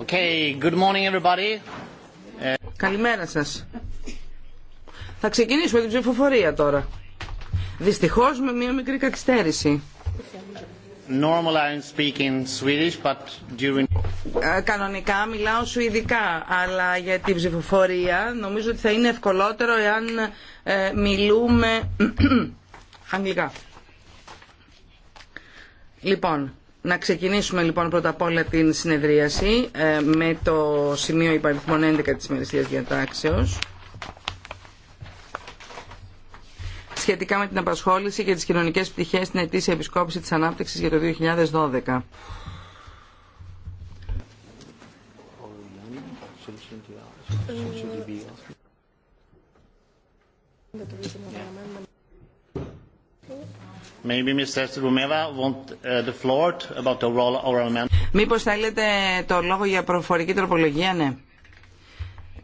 Okay, good morning everybody. Καλημέρα σας. Θα ξεκινήσουμε την ψηφοφορία τώρα. Δυστυχώς με μία μικρή καθυστέρηση. During... Ε, κανονικά μιλάω σου αλλά για την ψηφοφορία νομίζω ότι θα είναι ευκολότερο εάν ε, μιλούμε αγγλικά. Λοιπόν, να ξεκινήσουμε λοιπόν πρώτα απ' όλα την συνεδρίαση ε, με το σημείο υπαριθμών 11 της Μερισίας Διατάξεως σχετικά με την απασχόληση και τις κοινωνικές πτυχές στην ετήσια επισκόπηση της ανάπτυξης για το 2012. Maybe Μήπως θέλετε το λόγο για προφορική τροπολογία, ναι.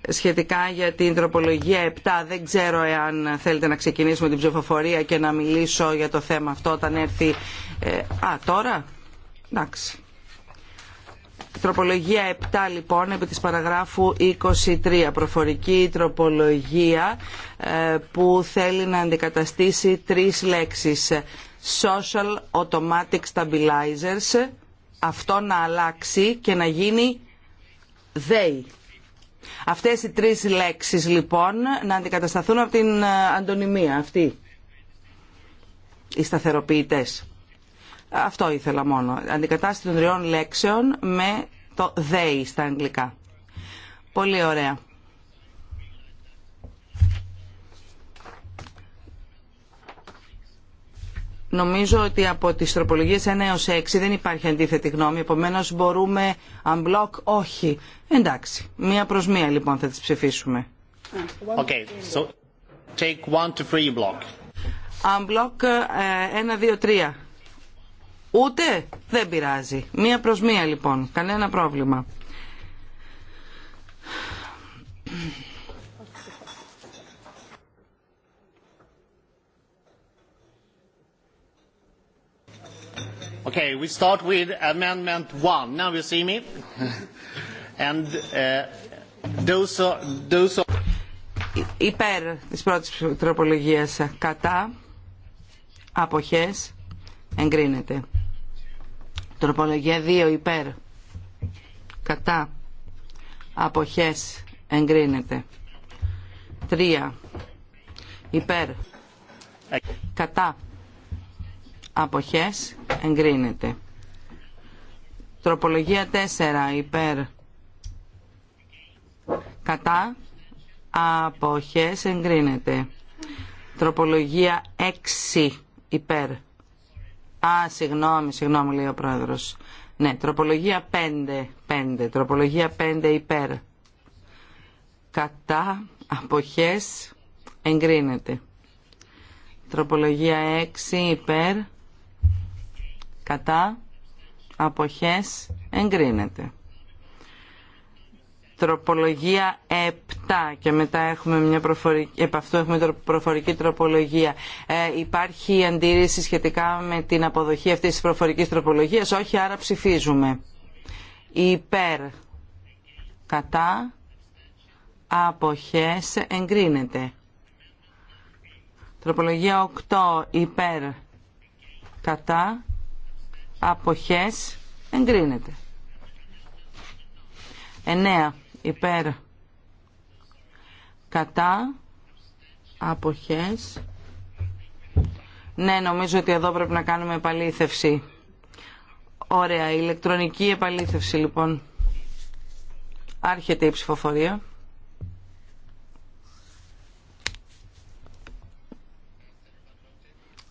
Σχετικά για την τροπολογία 7, δεν ξέρω εάν θέλετε να ξεκινήσουμε την ψηφοφορία και να μιλήσω για το θέμα αυτό όταν έρθει... Ε, α, τώρα? Εντάξει. Τροπολογία 7 λοιπόν επί της παραγράφου 23. Προφορική τροπολογία ε, που θέλει να αντικαταστήσει τρεις λέξεις social automatic stabilizers αυτό να αλλάξει και να γίνει they. Αυτές οι τρεις λέξεις λοιπόν να αντικατασταθούν από την ε, αντωνυμία αυτή. Οι σταθεροποιητές. Αυτό ήθελα μόνο. Αντικατάσταση των τριών λέξεων με το they στα αγγλικά. Πολύ ωραία. Νομίζω ότι από τις τροπολογίες 1 έως 6 δεν υπάρχει αντίθετη γνώμη, επομένως μπορούμε unblock όχι. Εντάξει, μία προς μία λοιπόν θα τις ψηφίσουμε. Okay, so take one to three block. Unblock 1, 2, 3. Ούτε δεν πειράζει. Μία προς μία λοιπόν, κανένα πρόβλημα. Okay, we start with Amendment 1. Now you see me. And uh, Those are... Υπέρ της πρώτης τροπολογίας κατά αποχές εγκρίνεται. Τροπολογία 2 υπέρ κατά αποχές εγκρίνεται. 3 υπέρ κατά αποχές εγκρίνεται. Τροπολογία 4 υπέρ κατά αποχές εγκρίνεται. Τροπολογία 6 υπέρ. Α, συγγνώμη, συγγνώμη λέει ο πρόεδρος. Ναι, τροπολογία 5, 5, τροπολογία 5 υπέρ. Κατά αποχές εγκρίνεται. Τροπολογία 6 υπέρ κατά αποχές εγκρίνεται. Τροπολογία 7 και μετά έχουμε μια προφορική, επ' έχουμε προφορική τροπολογία. Ε, υπάρχει αντίρρηση σχετικά με την αποδοχή αυτής της προφορικής τροπολογίας. Όχι, άρα ψηφίζουμε. Υπέρ, κατά, αποχές, εγκρίνεται. Τροπολογία 8, υπέρ, κατά, αποχές εγκρίνεται. 9 υπέρ κατά αποχές ναι, νομίζω ότι εδώ πρέπει να κάνουμε επαλήθευση. Ωραία, ηλεκτρονική επαλήθευση λοιπόν. Άρχεται η ψηφοφορία.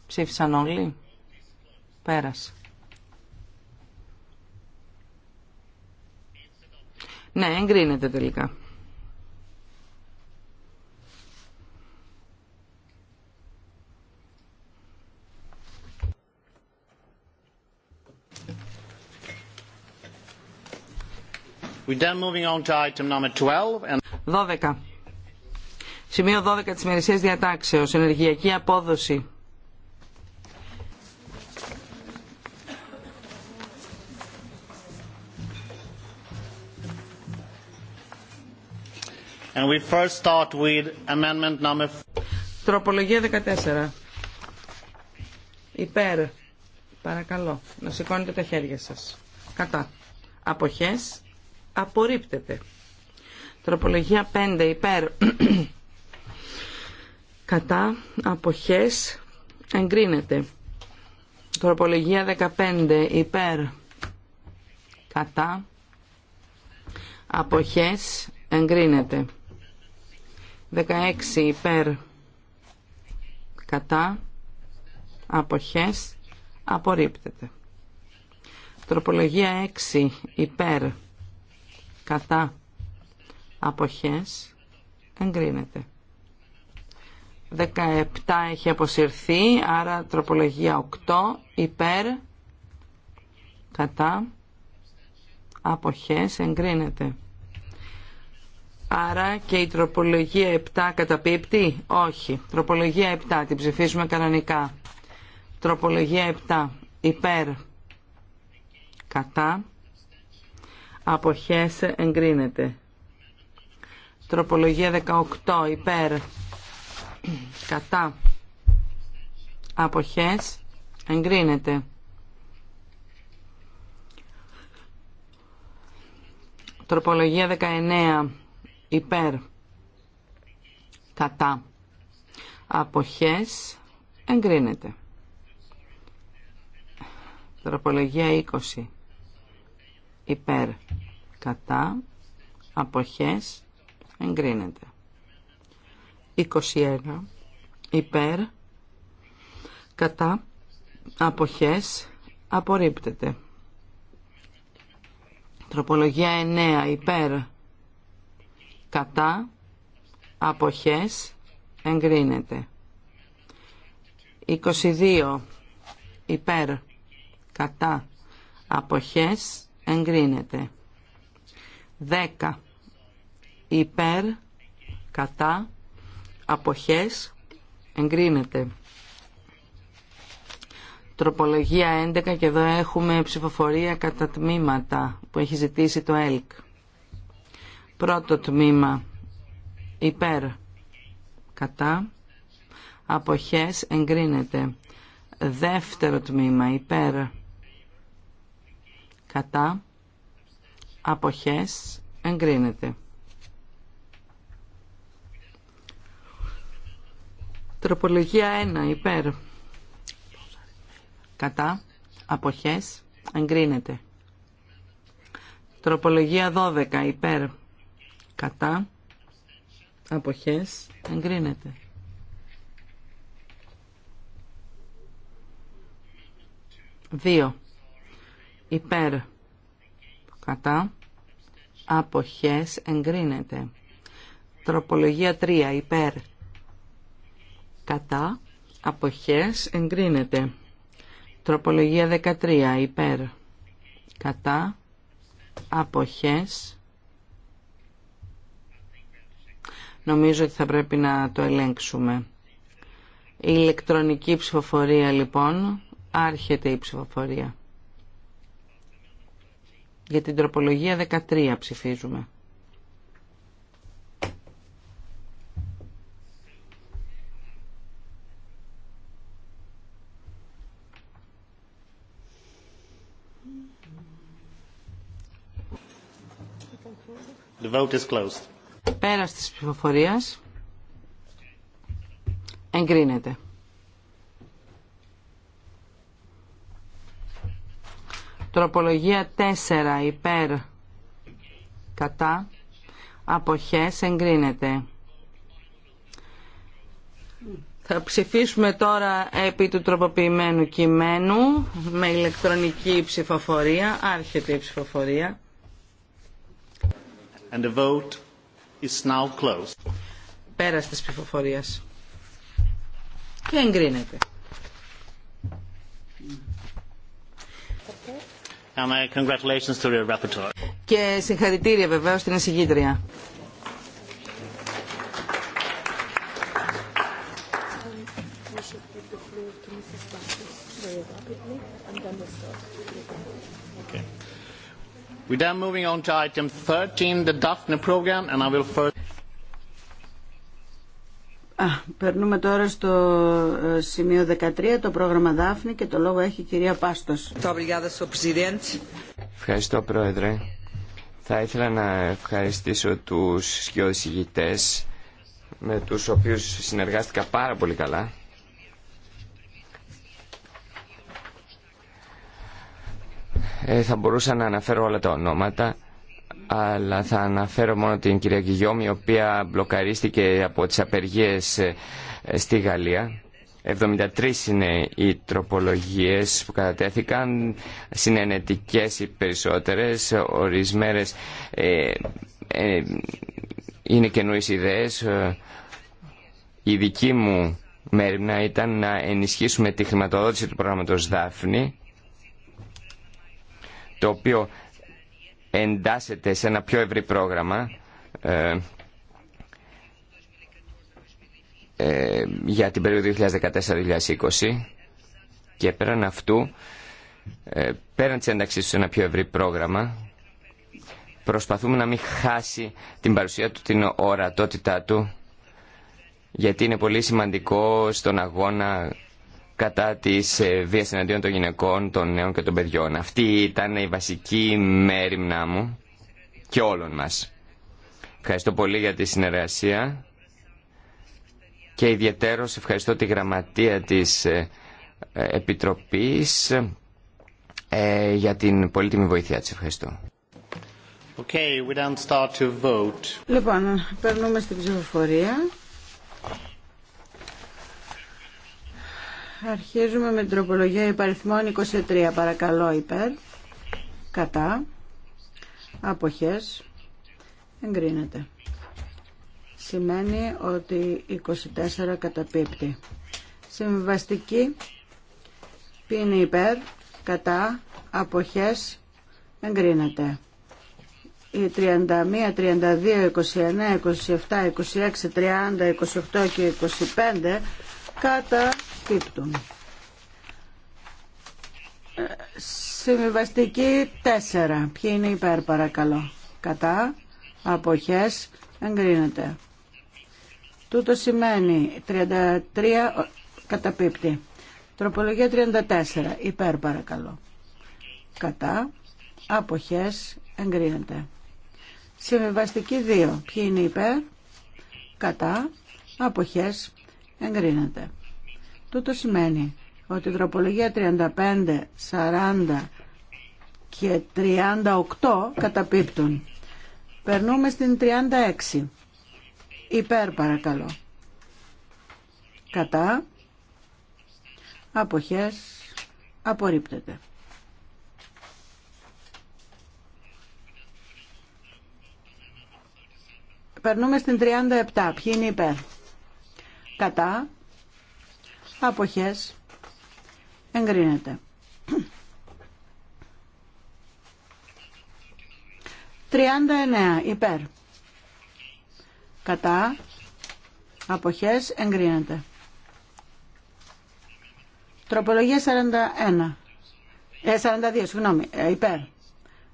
Ψήφισαν όλοι. Πέρασε. Ναι, εγκρίνεται τελικά. 12 and 12. Σημείο 12 της μερισσίας διατάξεως, ενεργειακή απόδοση. And we first start with amendment number... Τροπολογία 14. Υπέρ. Παρακαλώ, να σηκώνετε τα χέρια σας. Κατά. Αποχές. Απορρίπτεται. Τροπολογία 5. Υπέρ. Κατά. Αποχές. Εγκρίνεται. Τροπολογία 15. Υπέρ. Κατά. Αποχές. Εγκρίνεται. 16 υπέρ κατά αποχές απορρίπτεται. Τροπολογία 6 υπέρ κατά αποχές εγκρίνεται. 17 έχει αποσυρθεί, άρα τροπολογία 8 υπέρ κατά αποχές εγκρίνεται. Άρα και η τροπολογία 7 καταπίπτει. Όχι. Τροπολογία 7. Την ψηφίζουμε κανονικά. Τροπολογία 7. Υπέρ. Κατά. Αποχές εγκρίνεται. Τροπολογία 18. Υπέρ. Κατά. Αποχές εγκρίνεται. Τροπολογία 19 υπέρ κατά αποχές εγκρίνεται. Τροπολογία 20 υπέρ κατά αποχές εγκρίνεται. 21 υπέρ κατά αποχές απορρίπτεται. Τροπολογία 9 υπέρ κατά, αποχές, εγκρίνεται. 22 υπέρ, κατά, αποχές, εγκρίνεται. 10 υπέρ, κατά, αποχές, εγκρίνεται. Τροπολογία 11 και εδώ έχουμε ψηφοφορία κατά τμήματα που έχει ζητήσει το ΕΛΚ. Πρώτο τμήμα υπέρ κατά αποχές εγκρίνεται. Δεύτερο τμήμα υπέρ κατά αποχές εγκρίνεται. Τροπολογία 1 υπέρ κατά αποχές εγκρίνεται. Τροπολογία 12 υπέρ κατά αποχές εγκρίνεται. 2. Υπέρ κατά αποχές εγκρίνεται. Τροπολογία 3. Υπέρ κατά αποχές εγκρίνεται. Τροπολογία 13. Υπέρ κατά αποχές νομίζω ότι θα πρέπει να το ελέγξουμε. Η ηλεκτρονική ψηφοφορία λοιπόν, άρχεται η ψηφοφορία. Για την τροπολογία 13 ψηφίζουμε. The vote is closed. Πέρας της ψηφοφορίας εγκρίνεται. Τροπολογία 4 υπέρ κατά αποχές εγκρίνεται. Θα ψηφίσουμε τώρα επί του τροποποιημένου κειμένου με ηλεκτρονική ψηφοφορία. Άρχεται η ψηφοφορία. And vote is now closed. Και εγκρίνεται. Και συγχαρητήρια βεβαίως στην εισηγήτρια. then moving on to item 13, the Daphne program, and I will first... περνούμε τώρα στο ε, σημείο 13, το πρόγραμμα Δάφνη και το λόγο έχει η κυρία Πάστος. Ευχαριστώ Πρόεδρε. Θα ήθελα να ευχαριστήσω τους σκιώδης ηγητές με τους οποίους συνεργάστηκα πάρα πολύ καλά Ε, θα μπορούσα να αναφέρω όλα τα ονόματα, αλλά θα αναφέρω μόνο την κυρία Κιγιώμη, η οποία μπλοκαρίστηκε από τις απεργίες ε, στη Γαλλία. 73 είναι οι τροπολογίες που κατατέθηκαν, συνενετικές οι περισσότερες, ορισμένες ε, ε, είναι καινούριες ιδέες. Η δική μου μέρημνα ήταν να ενισχύσουμε τη χρηματοδότηση του προγράμματος Δάφνη το οποίο εντάσσεται σε ένα πιο ευρύ πρόγραμμα ε, ε για την περίοδο 2014-2020 και πέραν αυτού, ε, πέραν της ένταξης σε ένα πιο ευρύ πρόγραμμα, προσπαθούμε να μην χάσει την παρουσία του, την ορατότητά του, γιατί είναι πολύ σημαντικό στον αγώνα κατά τη ε, βία εναντίον των γυναικών, των νέων και των παιδιών. Αυτή ήταν η βασική μέρημνά μου και όλων μας. Ευχαριστώ πολύ για τη συνεργασία και ιδιαίτερος ευχαριστώ τη γραμματεία της ε, Επιτροπής ε, για την πολύτιμη βοήθειά της. Ευχαριστώ. we don't Λοιπόν, περνούμε στην ψηφοφορία. Αρχίζουμε με την τροπολογία υπαριθμών 23. Παρακαλώ υπέρ. Κατά. Αποχές. Εγκρίνεται. Σημαίνει ότι 24 καταπίπτει. Συμβαστική. πίνει υπέρ. Κατά. Αποχές. Εγκρίνεται. Οι 31, 32, 29, 27, 26, 30, 28 και 25 καταπίπτουν. Ε, συμβιβαστική 4. Ποιοι είναι υπέρ παρακαλώ. Κατά. Αποχές. Εγκρίνεται. Τούτο σημαίνει 33 πίπτη. Τροπολογία 34. Υπέρ παρακαλώ. Κατά. Αποχές. Εγκρίνεται. Συμβιβαστική 2. Ποιοι είναι υπέρ. Κατά. Αποχές εγκρίνεται. Τούτο σημαίνει ότι η τροπολογία 35, 40 και 38 καταπίπτουν. Περνούμε στην 36. Υπέρ παρακαλώ. Κατά. Αποχές. Απορρίπτεται. Περνούμε στην 37. Ποιοι είναι υπέρ κατά, αποχές, εγκρίνεται. 39 υπέρ, κατά, αποχές, εγκρίνεται. Τροπολογία 41, ε, 42, συγγνώμη, ε, υπέρ,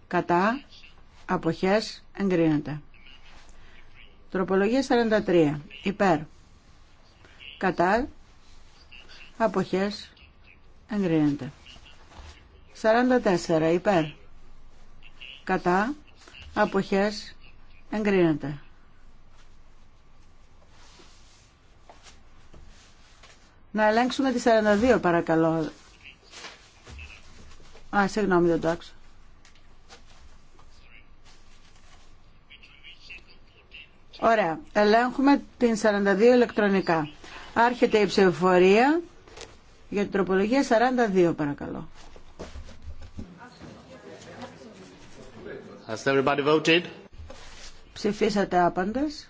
κατά, αποχές, εγκρίνεται. Τροπολογία 43. Υπέρ κατά αποχές εγκρίνεται 44 υπέρ κατά αποχές εγκρίνεται Να ελέγξουμε τη 42 παρακαλώ. Α, συγγνώμη δεν το άκουσα. Ωραία. Ελέγχουμε την 42 ηλεκτρονικά. Άρχεται η ψηφοφορία για την τροπολογία 42 παρακαλώ. Has everybody voted? Ψηφίσατε άπαντες.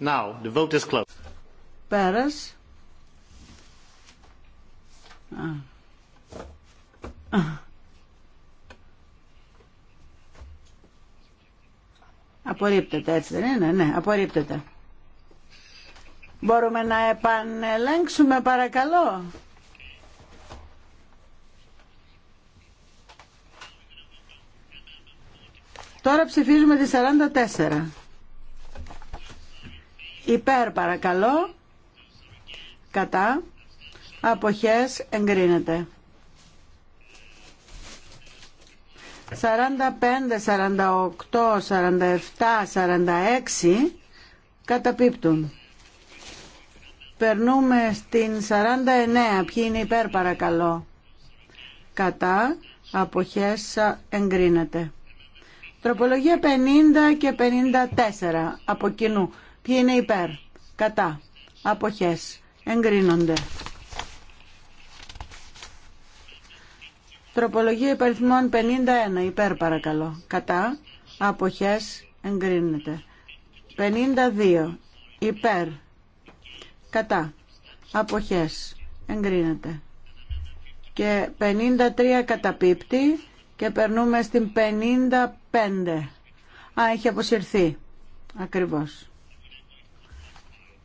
Now, the vote is closed. Πέρας. Απορρίπτεται, έτσι δεν είναι, ναι, απορρίπτεται. Μπορούμε να επανελέγξουμε παρακαλώ. Τώρα ψηφίζουμε τη 44. Υπέρ παρακαλώ. Κατά. Αποχές εγκρίνεται. 45, 48, 47, 46 καταπίπτουν. Περνούμε στην 49. Ποιοι είναι υπέρ παρακαλώ. Κατά. Αποχές εγκρίνεται. Τροπολογία 50 και 54 από κοινού. Ποιοι είναι υπέρ. Κατά. Αποχές εγκρίνονται. Τροπολογία υπαριθμών 51 υπέρ παρακαλώ. Κατά. Αποχές εγκρίνεται. 52 υπέρ. Κατά. Αποχές εγκρίνεται. Και 53 καταπίπτει και περνούμε στην 55. Α, έχει αποσυρθεί. Ακριβώς.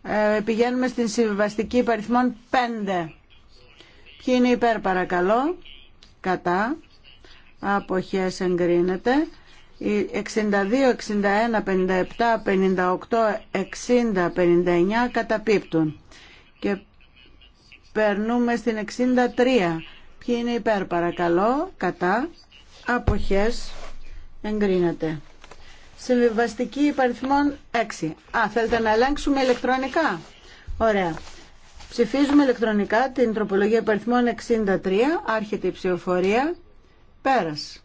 Ε, πηγαίνουμε στην συμβαστική υπαριθμών 5. Ποιοι είναι υπέρ παρακαλώ κατά αποχές εγκρίνεται 62, 61, 57, 58, 60, 59 καταπίπτουν και περνούμε στην 63 ποιοι είναι υπέρ παρακαλώ κατά αποχές εγκρίνεται συμβιβαστική υπαριθμών 6 α θέλετε να ελέγξουμε ηλεκτρονικά ωραία Ψηφίζουμε ηλεκτρονικά την τροπολογία υπαριθμών 63, άρχεται η ψηφοφορία, πέρας.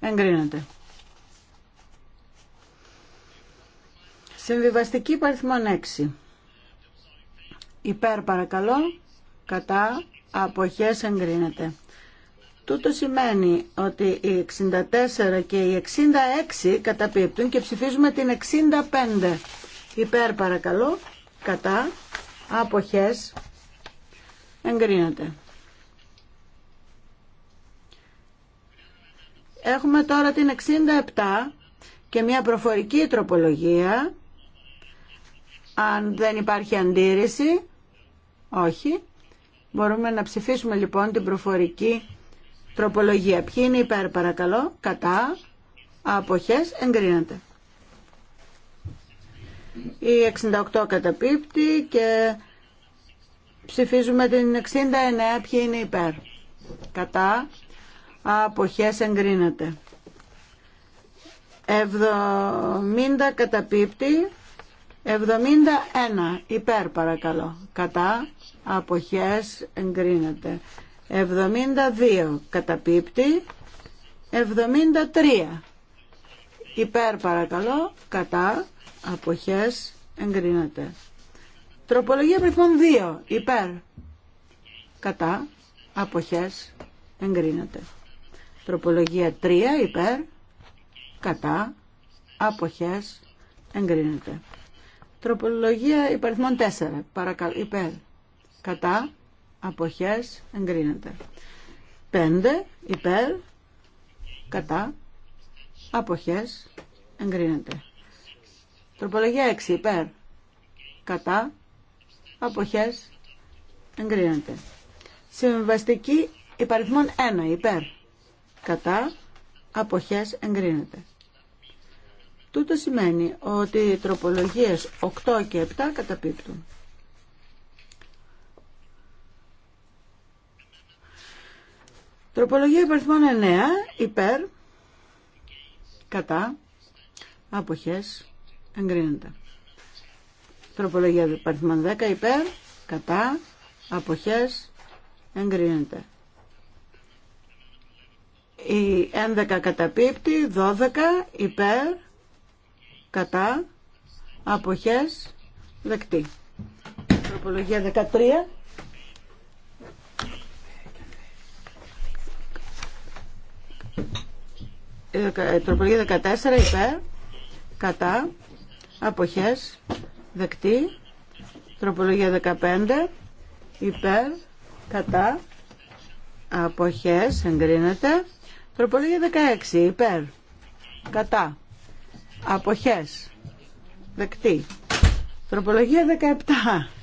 Εγκρίνεται. Συμβιβαστική υπαριθμών 6. Υπέρ παρακαλώ, κατά, αποχές εγκρίνεται. Τούτο σημαίνει ότι οι 64 και οι 66 καταπίπτουν και ψηφίζουμε την 65. Υπέρ παρακαλώ, κατά αποχές εγκρίνεται. Έχουμε τώρα την 67 και μια προφορική τροπολογία. Αν δεν υπάρχει αντίρρηση, όχι. Μπορούμε να ψηφίσουμε λοιπόν την προφορική τροπολογία. Ποιοι είναι υπέρ παρακαλώ, κατά, αποχές, εγκρίνεται. Η 68 καταπίπτει και ψηφίζουμε την 69. Ποιοι είναι υπέρ. Κατά. Αποχές εγκρίνεται. 70 καταπίπτει. 71 υπέρ παρακαλώ. Κατά. Αποχές εγκρίνεται. 72 καταπίπτει. 73 υπέρ παρακαλώ. Κατά αποχές εγκρίνεται. Τροπολογία αριθμών 2 υπέρ κατά αποχές εγκρίνεται. Τροπολογία 3 υπέρ κατά αποχές εγκρίνεται. Τροπολογία υπαριθμών 4 παρακαλώ, υπέρ κατά αποχές εγκρίνεται. 5 υπέρ κατά αποχές εγκρίνεται. Τροπολογία 6 υπέρ. Κατά. Αποχές. Εγκρίνεται. Συμβαστική υπαριθμών 1 υπέρ. Κατά. Αποχές. Εγκρίνεται. Τούτο σημαίνει ότι οι τροπολογίες 8 και 7 καταπίπτουν. Τροπολογία υπαριθμών 9 υπέρ. Κατά. Αποχές εγκρίνεται. Τροπολογία 10 υπέρ, κατά, αποχές, εγκρίνεται. Η 11 καταπίπτει, 12 υπέρ, κατά, αποχές, δεκτή. Τροπολογία 13. Ε, ε, τροπολογία 14 υπέρ, κατά, αποχές δεκτή τροπολογία 15 υπέρ κατά αποχές εγκρίνεται τροπολογία 16 υπέρ κατά αποχές δεκτή τροπολογία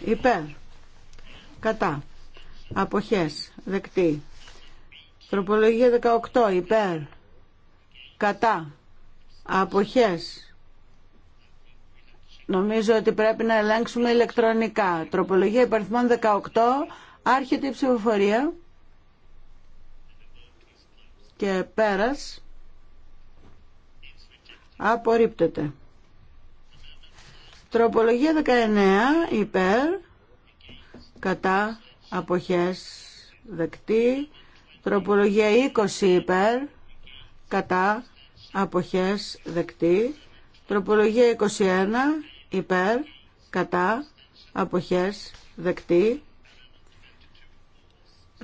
17 υπέρ κατά αποχές δεκτή τροπολογία 18 υπέρ κατά αποχές Νομίζω ότι πρέπει να ελέγξουμε ηλεκτρονικά. Τροπολογία υπαριθμών 18. Άρχεται η ψηφοφορία. Και πέρας. Απορρίπτεται. Τροπολογία 19. Υπέρ. Κατά. Αποχές. Δεκτή. Τροπολογία 20. Υπέρ. Κατά. Αποχές. Δεκτή. Τροπολογία 21 υπέρ, κατά, αποχές, δεκτή.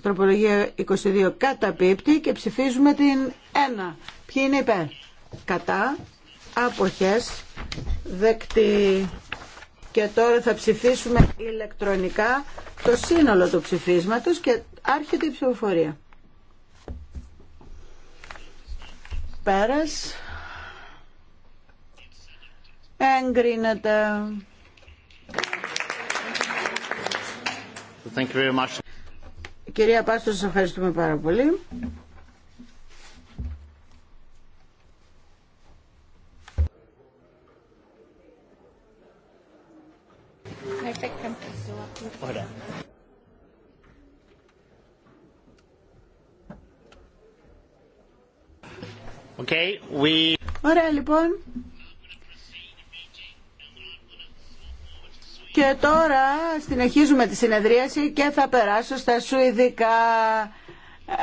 Τροπολογία 22 καταπίπτει και ψηφίζουμε την 1. Ποιοι είναι υπέρ, κατά, αποχές, δεκτή. Και τώρα θα ψηφίσουμε ηλεκτρονικά το σύνολο του ψηφίσματος και άρχεται η ψηφοφορία. Πέρας. Εγκρίνεται. Thank you very much. Κυρία Πάστο, σας ευχαριστούμε πάρα πολύ. Okay, we... Ωραία, λοιπόν. Και τώρα συνεχίζουμε τη συνεδρίαση και θα περάσω στα Σουηδικά. Ε,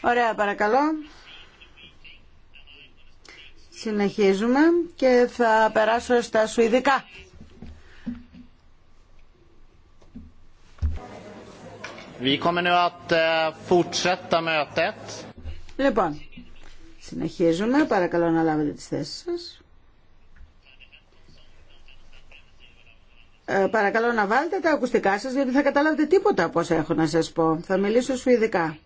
Ωραία, παρακαλώ. Συνεχίζουμε και θα περάσω στα σουηδικά. Eh, λοιπόν, συνεχίζουμε. Παρακαλώ να λάβετε τις θέσεις σας. Ε, παρακαλώ να βάλετε τα ακουστικά σας γιατί θα καταλάβετε τίποτα από όσα έχω να σας πω. Θα μιλήσω σου ειδικά.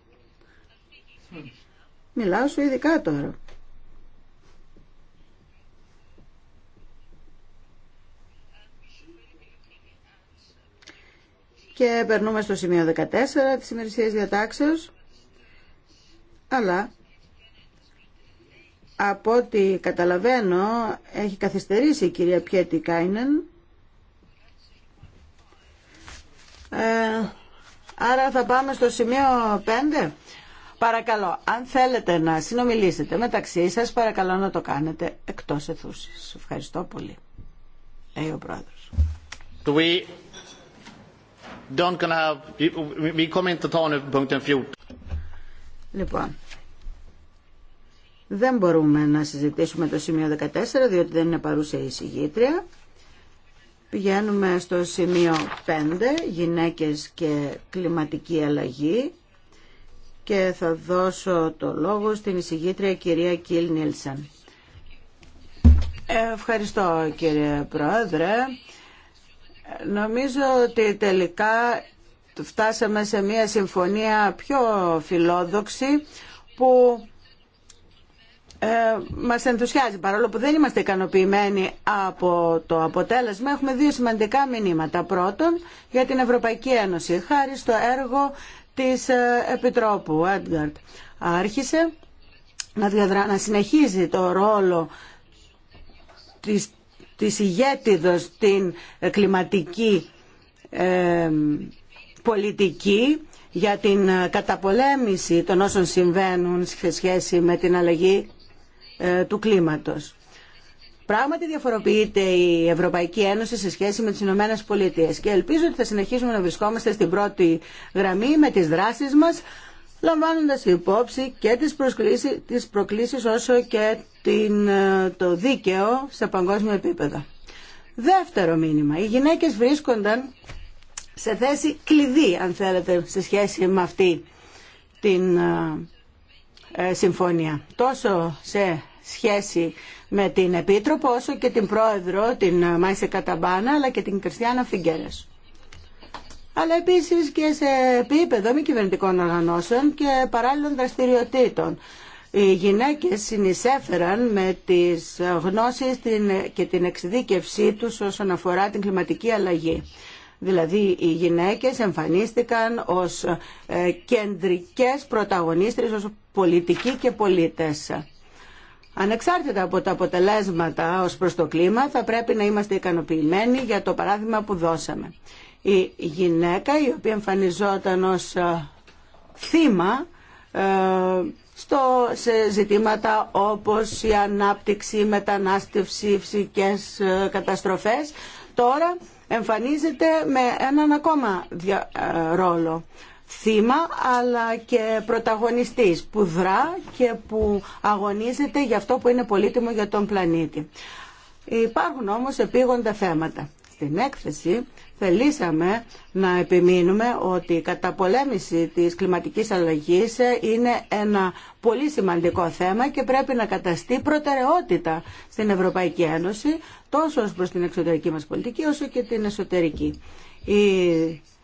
Μιλάω σου ειδικά τώρα. Και περνούμε στο σημείο 14 της ημερησίας διατάξεως. Αλλά από ό,τι καταλαβαίνω έχει καθυστερήσει η κυρία Πιέτη Κάινεν Ε, άρα θα πάμε στο σημείο 5. Παρακαλώ, αν θέλετε να συνομιλήσετε μεταξύ σας, παρακαλώ να το κάνετε εκτός αιθούσης. Ευχαριστώ πολύ. Λέει ο πρόεδρος. We don't λοιπόν, δεν μπορούμε να συζητήσουμε το σημείο 14, διότι δεν είναι παρούσα η συγγήτρια. Πηγαίνουμε στο σημείο 5, γυναίκες και κλιματική αλλαγή και θα δώσω το λόγο στην εισηγήτρια κυρία Κιλ Νίλσαν. Ευχαριστώ κύριε Πρόεδρε. Νομίζω ότι τελικά φτάσαμε σε μια συμφωνία πιο φιλόδοξη που ε, μας ενθουσιάζει παρόλο που δεν είμαστε ικανοποιημένοι από το αποτέλεσμα έχουμε δύο σημαντικά μηνύματα πρώτον για την Ευρωπαϊκή Ένωση χάρη στο έργο της ε, Επιτρόπου Έντγκαρτ άρχισε να, διαδρα... να συνεχίζει το ρόλο της, της ηγέτιδος στην κλιματική ε, πολιτική για την καταπολέμηση των όσων συμβαίνουν σε σχέση με την αλλαγή ε, του κλίματος. Πράγματι διαφοροποιείται η Ευρωπαϊκή Ένωση σε σχέση με τις Ηνωμένε Πολιτείε και ελπίζω ότι θα συνεχίσουμε να βρισκόμαστε στην πρώτη γραμμή με τις δράσεις μας λαμβάνοντας υπόψη και τι προκλήσει τις προκλήσεις όσο και την, ε, το δίκαιο σε παγκόσμιο επίπεδο. Δεύτερο μήνυμα. Οι γυναίκες βρίσκονταν σε θέση κλειδί, αν θέλετε, σε σχέση με αυτή την ε, συμφωνία. Τόσο σε σχέση με την Επίτροπο όσο και την Πρόεδρο, την Μάισε Καταμπάνα αλλά και την Κριστιάνα Φιγκέρες. Αλλά επίσης και σε επίπεδο μη κυβερνητικών οργανώσεων και παράλληλων δραστηριοτήτων. Οι γυναίκες συνεισέφεραν με τις γνώσεις και την εξειδίκευσή τους όσον αφορά την κλιματική αλλαγή. Δηλαδή οι γυναίκες εμφανίστηκαν ως ε, κεντρικές πρωταγωνίστρες, ως πολιτικοί και πολίτες. Ανεξάρτητα από τα αποτελέσματα ως προς το κλίμα θα πρέπει να είμαστε ικανοποιημένοι για το παράδειγμα που δώσαμε. Η γυναίκα η οποία εμφανιζόταν ως ε, θύμα ε, στο, σε ζητήματα όπως η ανάπτυξη, η μετανάστευση, οι ε, καταστροφές τώρα εμφανίζεται με έναν ακόμα ρόλο θύμα αλλά και πρωταγωνιστής που δρά και που αγωνίζεται για αυτό που είναι πολύτιμο για τον πλανήτη. Υπάρχουν όμως επίγοντα θέματα. Στην έκθεση θελήσαμε να επιμείνουμε ότι η καταπολέμηση της κλιματικής αλλαγής είναι ένα πολύ σημαντικό θέμα και πρέπει να καταστεί προτεραιότητα στην Ευρωπαϊκή Ένωση τόσο προς την εξωτερική μας πολιτική όσο και την εσωτερική. Η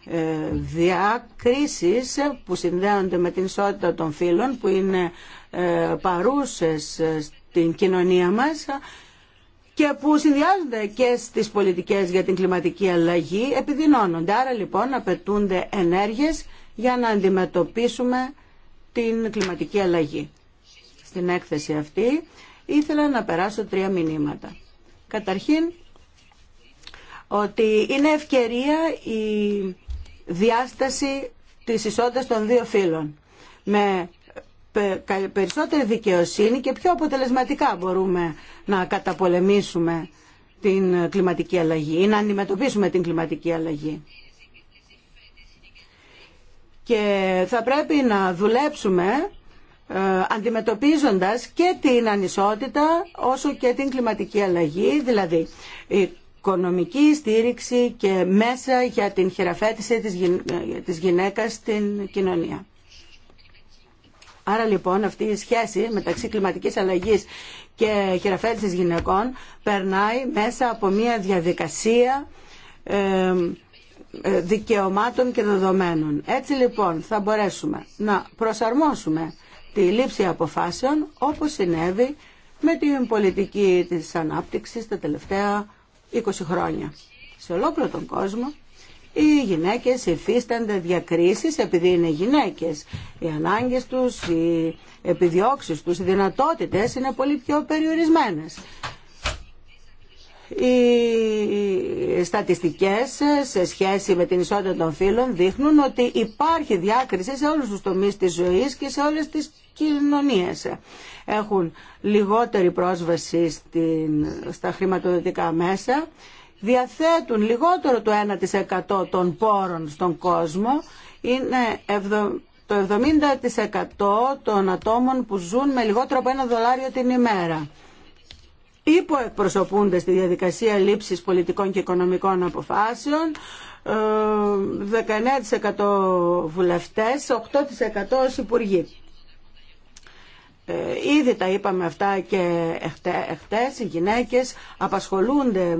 ε, διακρίσεις που συνδέονται με την ισότητα των φύλων που είναι ε, παρούσες ε, στην κοινωνία μας και που συνδυάζονται και στις πολιτικές για την κλιματική αλλαγή επιδεινώνονται. Άρα λοιπόν απαιτούνται ενέργειες για να αντιμετωπίσουμε την κλιματική αλλαγή. Στην έκθεση αυτή ήθελα να περάσω τρία μηνύματα. Καταρχήν ότι είναι ευκαιρία η διάσταση της ισότητας των δύο φύλων. Με περισσότερη δικαιοσύνη και πιο αποτελεσματικά μπορούμε να καταπολεμήσουμε την κλιματική αλλαγή ή να αντιμετωπίσουμε την κλιματική αλλαγή. Και θα πρέπει να δουλέψουμε ε, αντιμετωπίζοντας και την ανισότητα όσο και την κλιματική αλλαγή, δηλαδή οικονομική στήριξη και μέσα για την χειραφέτηση της, γυ... Ε, γυναίκας στην κοινωνία. Άρα λοιπόν αυτή η σχέση μεταξύ κλιματικής αλλαγής και χειραφέτησης γυναικών περνάει μέσα από μια διαδικασία ε, δικαιωμάτων και δεδομένων. Έτσι λοιπόν θα μπορέσουμε να προσαρμόσουμε τη λήψη αποφάσεων όπως συνέβη με την πολιτική της ανάπτυξης τα τελευταία 20 χρόνια. Σε ολόκληρο τον κόσμο οι γυναίκες υφίστανται διακρίσεις επειδή είναι γυναίκες. Οι ανάγκες τους, οι επιδιώξεις τους, οι δυνατότητες είναι πολύ πιο περιορισμένες. Οι στατιστικές σε σχέση με την ισότητα των φύλων δείχνουν ότι υπάρχει διάκριση σε όλους τους τομείς της ζωής και σε όλες τις κοινωνίες. Έχουν λιγότερη πρόσβαση στην, στα χρηματοδοτικά μέσα, διαθέτουν λιγότερο το 1% των πόρων στον κόσμο, είναι το 70% των ατόμων που ζουν με λιγότερο από ένα δολάριο την ημέρα υποεκπροσωπούνται στη διαδικασία λήψης πολιτικών και οικονομικών αποφάσεων, 19% ε, βουλευτές, 8% ως υπουργοί. Ε, ήδη τα είπαμε αυτά και εχθές, οι γυναίκες απασχολούνται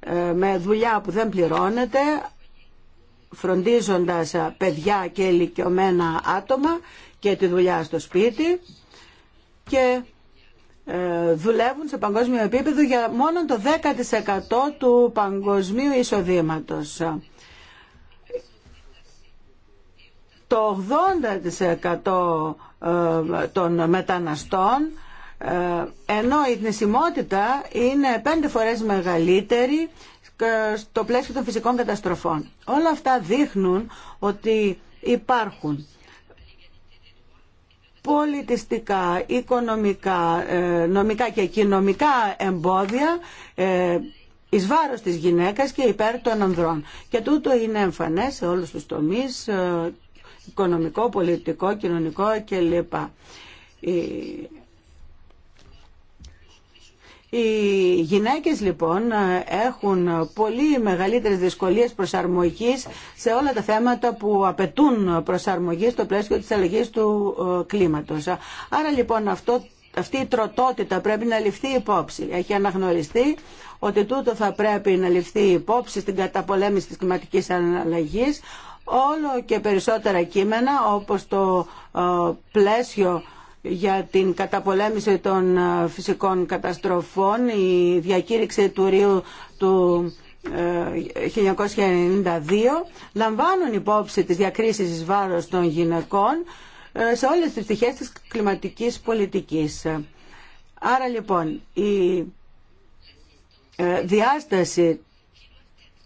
ε, με δουλειά που δεν πληρώνεται, φροντίζοντας ε, παιδιά και ηλικιωμένα άτομα και τη δουλειά στο σπίτι και δουλεύουν σε παγκόσμιο επίπεδο για μόνο το 10% του παγκοσμίου εισοδήματος. Το 80% των μεταναστών ε, ενώ η θνησιμότητα είναι πέντε φορές μεγαλύτερη στο πλαίσιο των φυσικών καταστροφών. Όλα αυτά δείχνουν ότι υπάρχουν πολιτιστικά, οικονομικά, ε, νομικά και κοινωνικά εμπόδια ε, εις βάρος της γυναίκας και υπέρ των ανδρών. Και τούτο είναι εμφανές σε όλους τους τομείς οικονομικό, πολιτικό, κοινωνικό κλπ. Οι γυναίκες λοιπόν έχουν πολύ μεγαλύτερες δυσκολίες προσαρμογής σε όλα τα θέματα που απαιτούν προσαρμογή στο πλαίσιο της αλλαγής του ε, κλίματος. Άρα λοιπόν αυτό, αυτή η τροτότητα πρέπει να ληφθεί υπόψη. Έχει αναγνωριστεί ότι τούτο θα πρέπει να ληφθεί υπόψη στην καταπολέμηση της κλιματικής αλλαγής όλο και περισσότερα κείμενα όπως το ε, πλαίσιο για την καταπολέμηση των ε, φυσικών καταστροφών, η διακήρυξη του Ρίου του 1992 ε, λαμβάνουν υπόψη τις διακρίσεις βάρος των γυναικών σε όλες τις πτυχές της κλιματικής πολιτικής. Άρα λοιπόν η διάσταση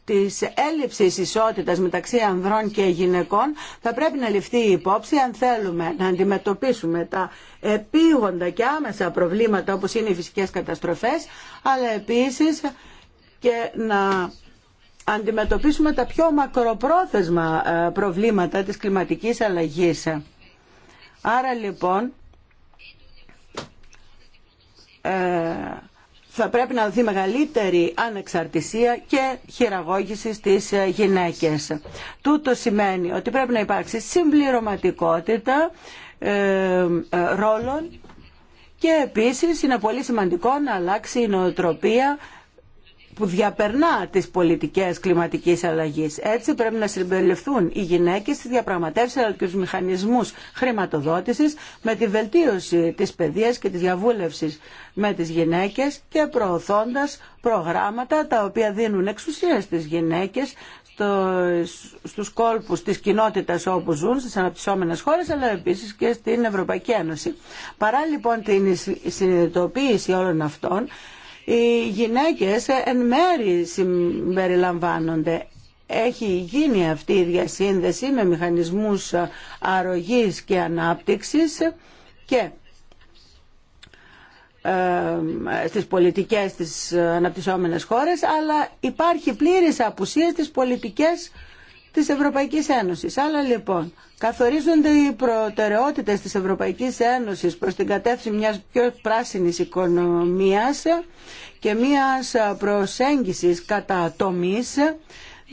της έλλειψης ισότητας μεταξύ ανδρών και γυναικών θα πρέπει να ληφθεί υπόψη αν θέλουμε να αντιμετωπίσουμε τα επίγοντα και άμεσα προβλήματα όπως είναι οι φυσικές καταστροφές αλλά επίσης και να αντιμετωπίσουμε τα πιο μακροπρόθεσμα ε, προβλήματα της κλιματικής αλλαγής. Άρα λοιπόν ε, θα πρέπει να δοθεί μεγαλύτερη ανεξαρτησία και χειραγώγηση στις ε, γυναίκες. Τούτο σημαίνει ότι πρέπει να υπάρξει συμπληρωματικότητα ε, ε, ρόλων και επίσης είναι πολύ σημαντικό να αλλάξει η νοοτροπία που διαπερνά τις πολιτικές κλιματικής αλλαγής. Έτσι πρέπει να συμπεριληφθούν οι γυναίκες στις διαπραγματεύσεις αλλά και τους μηχανισμούς χρηματοδότησης με τη βελτίωση της παιδείας και της διαβούλευσης με τις γυναίκες και προωθώντας προγράμματα τα οποία δίνουν εξουσία στις γυναίκες στους κόλπους της κοινότητας όπου ζουν στις αναπτυσσόμενες χώρες αλλά επίσης και στην Ευρωπαϊκή Ένωση. Παρά λοιπόν την συνειδητοποίηση όλων αυτών οι γυναίκες εν μέρη συμπεριλαμβάνονται. Έχει γίνει αυτή η διασύνδεση με μηχανισμούς αρρωγής και ανάπτυξης και ε, στις πολιτικές της αναπτυσσόμενες χώρες αλλά υπάρχει πλήρης απουσία στις πολιτικές της Ευρωπαϊκής Ένωσης. Αλλά λοιπόν καθορίζονται οι προτεραιότητες της Ευρωπαϊκής Ένωσης προς την κατεύθυνση μιας πιο πράσινης οικονομίας και μιας προσέγγισης κατά τομής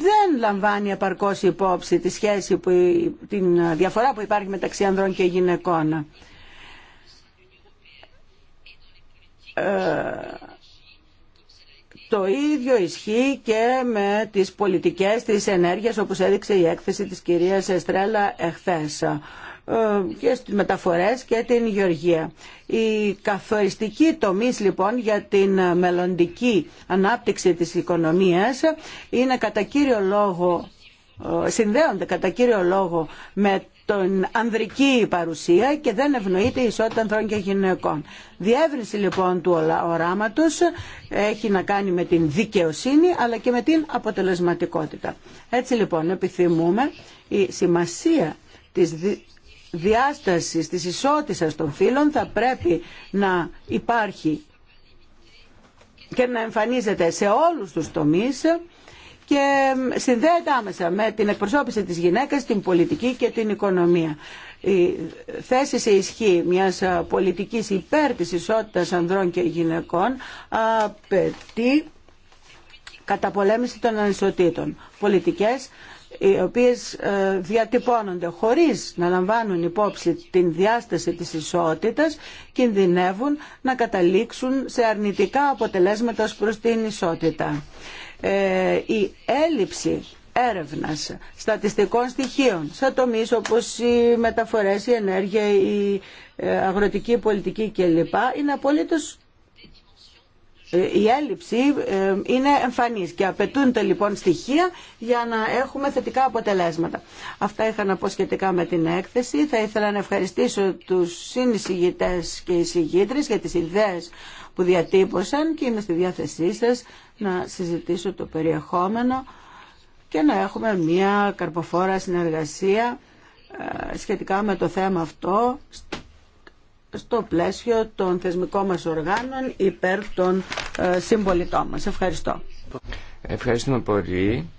δεν λαμβάνει επαρκώς υπόψη τη σχέση που, την διαφορά που υπάρχει μεταξύ ανδρών και γυναικών. Ε, το ίδιο ισχύει και με τις πολιτικές της ενέργειας όπως έδειξε η έκθεση της κυρίας Εστρέλα εχθές ε, και στις μεταφορές και την γεωργία. Η καθοριστική τομή, λοιπόν για την μελλοντική ανάπτυξη της οικονομίας είναι κατά κύριο λόγο ε, συνδέονται κατά κύριο λόγο με την ανδρική παρουσία και δεν ευνοείται η ισότητα ανθρώπων και γυναικών. Διεύρυνση λοιπόν του οράματος έχει να κάνει με την δικαιοσύνη αλλά και με την αποτελεσματικότητα. Έτσι λοιπόν επιθυμούμε η σημασία της διάσταση της ισότητας των φύλων θα πρέπει να υπάρχει και να εμφανίζεται σε όλους τους τομείς και συνδέεται άμεσα με την εκπροσώπηση της γυναίκας, την πολιτική και την οικονομία. Η θέση σε ισχύ μιας πολιτικής υπέρ της ισότητας ανδρών και γυναικών απαιτεί καταπολέμηση των ανισοτήτων. Πολιτικές οι οποίες ε, διατυπώνονται χωρίς να λαμβάνουν υπόψη την διάσταση της ισότητας κινδυνεύουν να καταλήξουν σε αρνητικά αποτελέσματα προς την ισότητα. Ε, η έλλειψη έρευνας στατιστικών στοιχείων σε τομείς όπως οι μεταφορές, η ενέργεια, η ε, αγροτική πολιτική κλπ. είναι ε, η έλλειψη είναι εμφανής και απαιτούνται λοιπόν στοιχεία για να έχουμε θετικά αποτελέσματα. Αυτά είχα να πω σχετικά με την έκθεση. Θα ήθελα να ευχαριστήσω τους συνεισηγητές και εισηγήτρες για τις ιδέες που διατύπωσαν και είμαι στη διάθεσή σας να συζητήσω το περιεχόμενο και να έχουμε μια καρποφόρα συνεργασία ε, σχετικά με το θέμα αυτό στο πλαίσιο των θεσμικών μας οργάνων υπέρ των ε, συμπολιτών μας. Ευχαριστώ. Ευχαριστούμε πολύ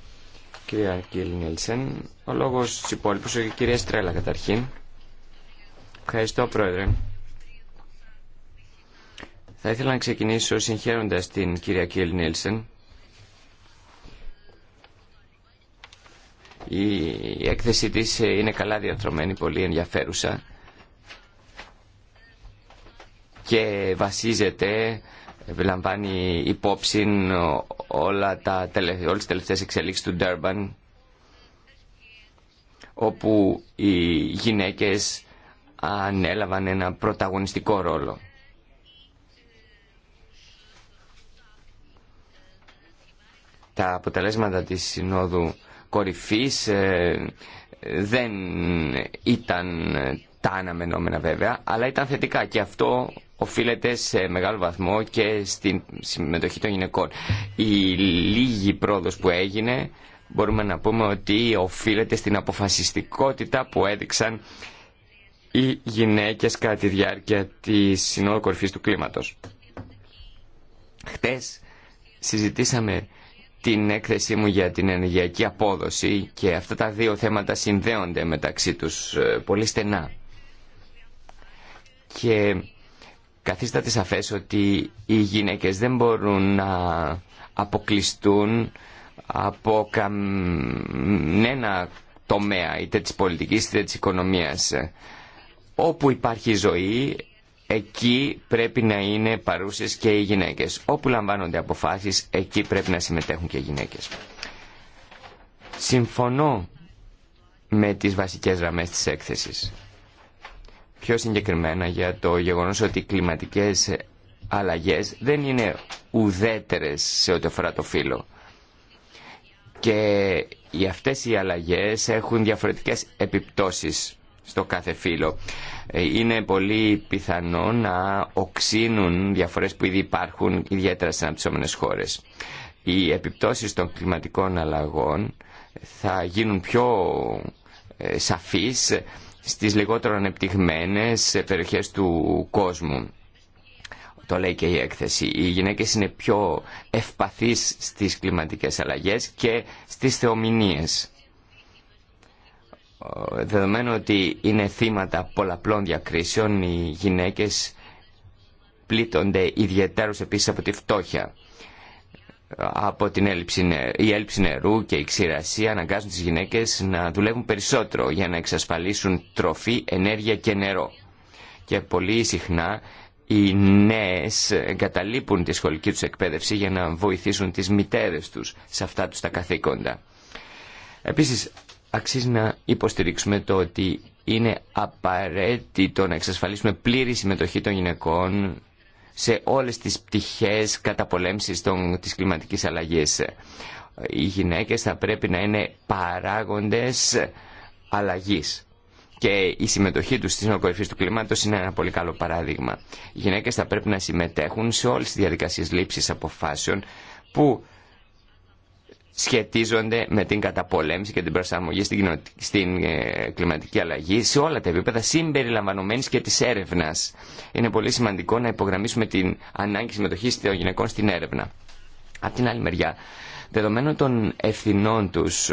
κυρία Κιλ Νίλσεν. Ο λόγος της υπόλοιπης, η κυρία Στρέλα καταρχήν. Ευχαριστώ πρόεδρε. Θα ήθελα να ξεκινήσω συγχαίροντας την κυρία Κιλ Νίλσεν. Η έκθεση της είναι καλά διατρομένη, πολύ ενδιαφέρουσα και βασίζεται, λαμβάνει υπόψη όλα τα, όλες τις τελευταίες εξελίξεις του Ντέρμπαν όπου οι γυναίκες ανέλαβαν ένα πρωταγωνιστικό ρόλο. τα αποτελέσματα της Συνόδου Κορυφής ε, δεν ήταν τα αναμενόμενα βέβαια, αλλά ήταν θετικά και αυτό οφείλεται σε μεγάλο βαθμό και στην συμμετοχή των γυναικών. Η λίγη πρόοδος που έγινε μπορούμε να πούμε ότι οφείλεται στην αποφασιστικότητα που έδειξαν οι γυναίκες κατά τη διάρκεια της Συνόδου Κορυφής του Κλίματος. Χτες συζητήσαμε την έκθεσή μου για την ενεργειακή απόδοση και αυτά τα δύο θέματα συνδέονται μεταξύ τους ε, πολύ στενά. Και καθίσταται σαφές ότι οι γυναίκες δεν μπορούν να αποκλειστούν από κανένα τομέα είτε της πολιτικής είτε της οικονομίας. Όπου υπάρχει ζωή εκεί πρέπει να είναι παρούσες και οι γυναίκες. Όπου λαμβάνονται αποφάσεις, εκεί πρέπει να συμμετέχουν και οι γυναίκες. Συμφωνώ με τις βασικές γραμμές της έκθεσης. Πιο συγκεκριμένα για το γεγονός ότι οι κλιματικές αλλαγές δεν είναι ουδέτερες σε ό,τι αφορά το φύλλο. Και αυτές οι αλλαγές έχουν διαφορετικές επιπτώσεις στο κάθε φύλλο είναι πολύ πιθανό να οξύνουν διαφορές που ήδη υπάρχουν ιδιαίτερα στις αναπτυσσόμενες χώρες. Οι επιπτώσεις των κλιματικών αλλαγών θα γίνουν πιο ε, σαφείς στις λιγότερο ανεπτυγμένες περιοχές του κόσμου. Το λέει και η έκθεση. Οι γυναίκες είναι πιο ευπαθείς στις κλιματικές αλλαγές και στις θεομηνίες δεδομένου ότι είναι θύματα πολλαπλών διακρίσεων, οι γυναίκες πλήττονται ιδιαίτερως επίσης από τη φτώχεια. Από την έλλειψη, η έλλειψη νερού και η ξηρασία αναγκάζουν τις γυναίκες να δουλεύουν περισσότερο για να εξασφαλίσουν τροφή, ενέργεια και νερό. Και πολύ συχνά οι νέες εγκαταλείπουν τη σχολική τους εκπαίδευση για να βοηθήσουν τις μητέρες τους σε αυτά τους τα καθήκοντα. Επίσης αξίζει να υποστηρίξουμε το ότι είναι απαραίτητο να εξασφαλίσουμε πλήρη συμμετοχή των γυναικών σε όλες τις πτυχές καταπολέμησης των, της κλιματικής αλλαγής. Οι γυναίκες θα πρέπει να είναι παράγοντες αλλαγής και η συμμετοχή τους στις κορυφή του κλίματος είναι ένα πολύ καλό παράδειγμα. Οι γυναίκες θα πρέπει να συμμετέχουν σε όλες τις διαδικασίες λήψης αποφάσεων που σχετίζονται με την καταπολέμηση και την προσαρμογή στην, στην ε, κλιματική αλλαγή σε όλα τα επίπεδα συμπεριλαμβανομένης και της έρευνας. Είναι πολύ σημαντικό να υπογραμμίσουμε την ανάγκη συμμετοχή των γυναικών στην έρευνα. Απ' την άλλη μεριά, δεδομένων των ευθυνών τους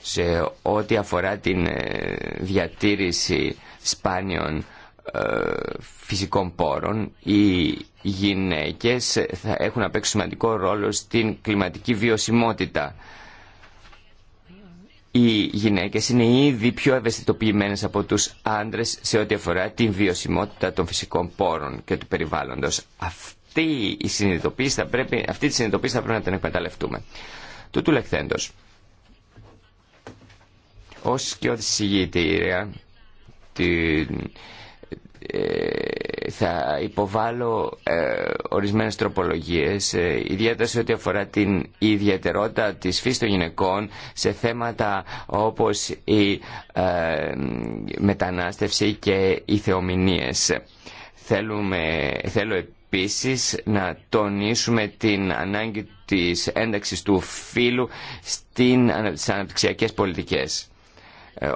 σε ό,τι αφορά την ε, διατήρηση σπάνιων ε, φυσικών πόρων οι γυναίκες θα έχουν να παίξουν σημαντικό ρόλο στην κλιματική βιωσιμότητα. Οι γυναίκες είναι ήδη πιο ευαισθητοποιημένες από τους άντρες σε ό,τι αφορά την βιωσιμότητα των φυσικών πόρων και του περιβάλλοντος. Αυτή, η συνειδητοποίηση θα πρέπει, αυτή τη συνειδητοποίηση θα πρέπει να την εκμεταλλευτούμε. Του του λεχθέντος. Ως και την θα υποβάλω ε, ορισμένες τροπολογίες, ε, ιδιαίτερα σε ό,τι αφορά την ιδιαιτερότητα της φύσης των γυναικών σε θέματα όπως η ε, μετανάστευση και οι θεομηνίες. Θέλουμε, θέλω επίσης να τονίσουμε την ανάγκη της ένταξης του φύλου στην, στις αναπτυξιακές πολιτικές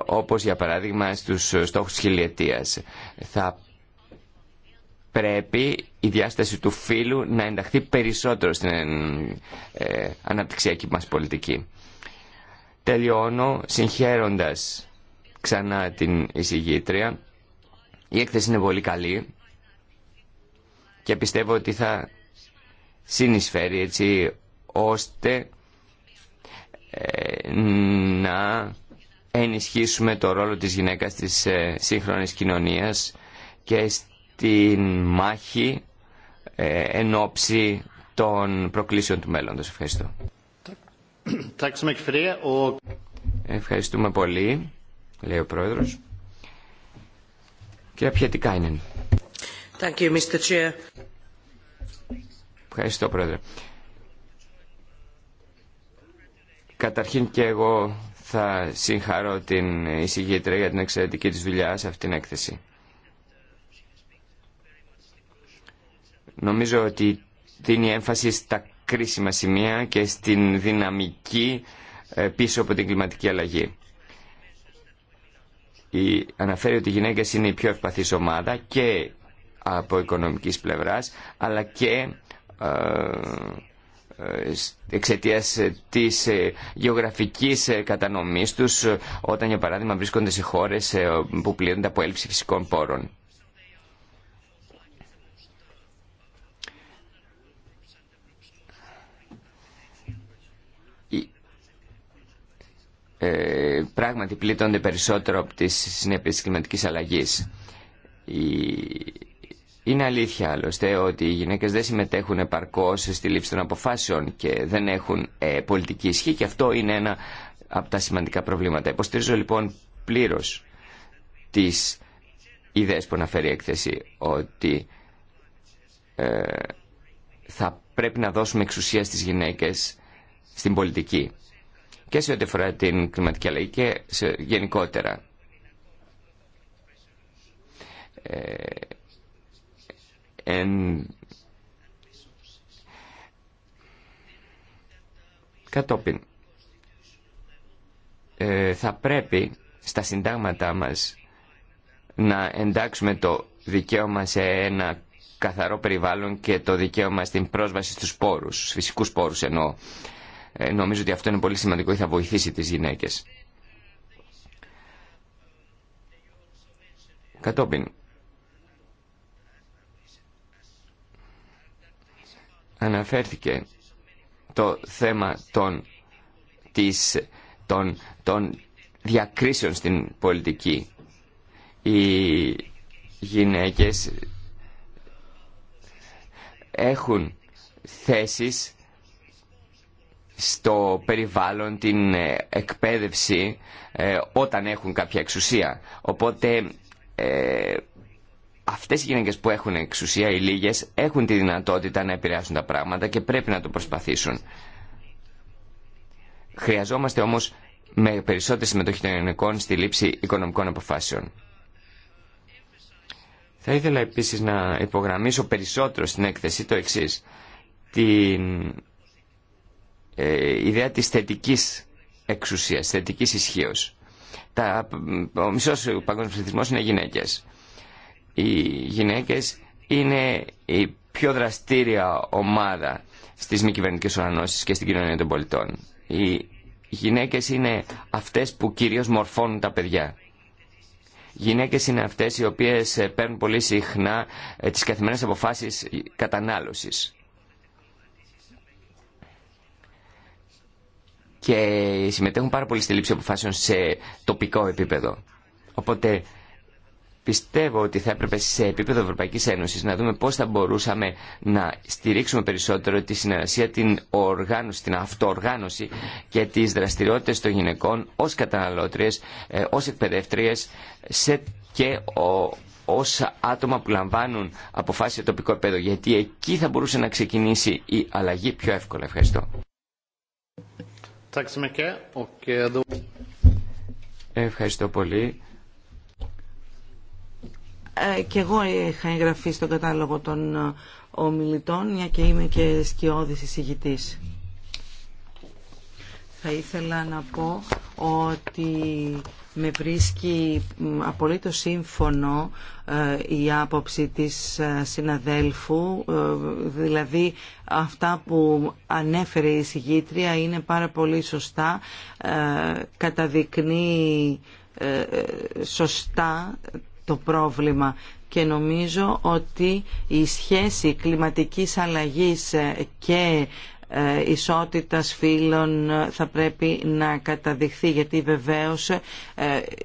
όπως για παράδειγμα στους στόχους χιλιετίας. Θα πρέπει η διάσταση του φύλου να ενταχθεί περισσότερο στην ε, ε, αναπτυξιακή μας πολιτική. Τελειώνω συγχαίροντας ξανά την εισηγήτρια. Η έκθεση είναι πολύ καλή και πιστεύω ότι θα συνεισφέρει έτσι ώστε ε, να ενισχύσουμε το ρόλο της γυναίκας της ε, σύγχρονης κοινωνίας και την μάχη ε, εν ώψη των προκλήσεων του μέλλοντος. Ευχαριστώ. Ευχαριστούμε πολύ, λέει ο Πρόεδρος. Κύριε Πιετικάινεν. Thank Ευχαριστώ, Πρόεδρε. Καταρχήν και εγώ θα συγχαρώ την εισηγήτρια για την εξαιρετική της δουλειά σε αυτήν την έκθεση. Νομίζω ότι δίνει έμφαση στα κρίσιμα σημεία και στην δυναμική ε, πίσω από την κλιματική αλλαγή. Η, αναφέρει ότι οι γυναίκες είναι η πιο ευπαθής ομάδα και από οικονομικής πλευράς, αλλά και ε, ε, εξαιτία της γεωγραφικής κατανομής τους, όταν για παράδειγμα βρίσκονται σε χώρες που πλήττονται από έλλειψη φυσικών πόρων. Ε, πράγματι πλήττονται περισσότερο από τις συνέπειες της κλιματικής αλλαγής. Είναι αλήθεια άλλωστε ότι οι γυναίκες δεν συμμετέχουν επαρκώς στη λήψη των αποφάσεων και δεν έχουν ε, πολιτική ισχύ και αυτό είναι ένα από τα σημαντικά προβλήματα. Υποστηρίζω λοιπόν πλήρως τις ιδέες που αναφέρει η έκθεση ότι ε, θα πρέπει να δώσουμε εξουσία στις γυναίκες στην πολιτική και σε ό,τι αφορά την κλιματική αλλαγή και σε, γενικότερα. Ε, κατόπιν ε, θα πρέπει στα συντάγματα μας να εντάξουμε το δικαίωμα σε ένα καθαρό περιβάλλον και το δικαίωμα στην πρόσβαση στους πόρους, στους φυσικούς πόρους εννοώ. Ε, νομίζω ότι αυτό είναι πολύ σημαντικό και θα βοηθήσει τις γυναίκες. Κατόπιν, αναφέρθηκε το θέμα των, της, των, των διακρίσεων στην πολιτική. Οι γυναίκες έχουν θέσεις στο περιβάλλον, την ε, εκπαίδευση ε, όταν έχουν κάποια εξουσία. Οπότε ε, αυτές οι γυναίκες που έχουν εξουσία, οι λίγες, έχουν τη δυνατότητα να επηρεάσουν τα πράγματα και πρέπει να το προσπαθήσουν. Χρειαζόμαστε όμως με περισσότερη συμμετοχή των γυναικών στη λήψη οικονομικών αποφάσεων. Θα ήθελα επίσης να υπογραμμίσω περισσότερο στην έκθεση το εξής. Την ε, ιδέα της θετικής εξουσίας, θετικής ισχύω. Ο μισός παγκόσμιος πληθυσμός είναι γυναίκες. Οι γυναίκες είναι η πιο δραστήρια ομάδα στις μη κυβερνητικέ οργανώσεις και στην κοινωνία των πολιτών. Οι γυναίκες είναι αυτές που κυρίως μορφώνουν τα παιδιά. Οι Γυναίκες είναι αυτές οι οποίες ε, παίρνουν πολύ συχνά ε, τις καθημερινές αποφάσεις κατανάλωσης και συμμετέχουν πάρα πολύ στη λήψη αποφάσεων σε τοπικό επίπεδο. Οπότε πιστεύω ότι θα έπρεπε σε επίπεδο Ευρωπαϊκής Ένωσης να δούμε πώς θα μπορούσαμε να στηρίξουμε περισσότερο τη συνεργασία, την οργάνωση, την αυτοοργάνωση και τις δραστηριότητες των γυναικών ω καταναλώτριες, ε, ω εκπαιδεύτριε και ο, ως άτομα που λαμβάνουν αποφάσεις σε τοπικό επίπεδο, γιατί εκεί θα μπορούσε να ξεκινήσει η αλλαγή πιο εύκολα. Ευχαριστώ. Eh, Ευχαριστώ πολύ. Ε, και εγώ είχα εγγραφεί στον κατάλογο των ε, ομιλητών, μια και είμαι και σκιώδης εισηγητής θα ήθελα να πω ότι με βρίσκει απολύτω σύμφωνο ε, η άποψη της ε, συναδέλφου, ε, δηλαδή αυτά που ανέφερε η συγγήτρια είναι πάρα πολύ σωστά, καταδεικνύει σωστά το πρόβλημα και νομίζω ότι η σχέση κλιματικής αλλαγής και ε, ισότητας φύλων θα πρέπει να καταδειχθεί γιατί βεβαίως ε,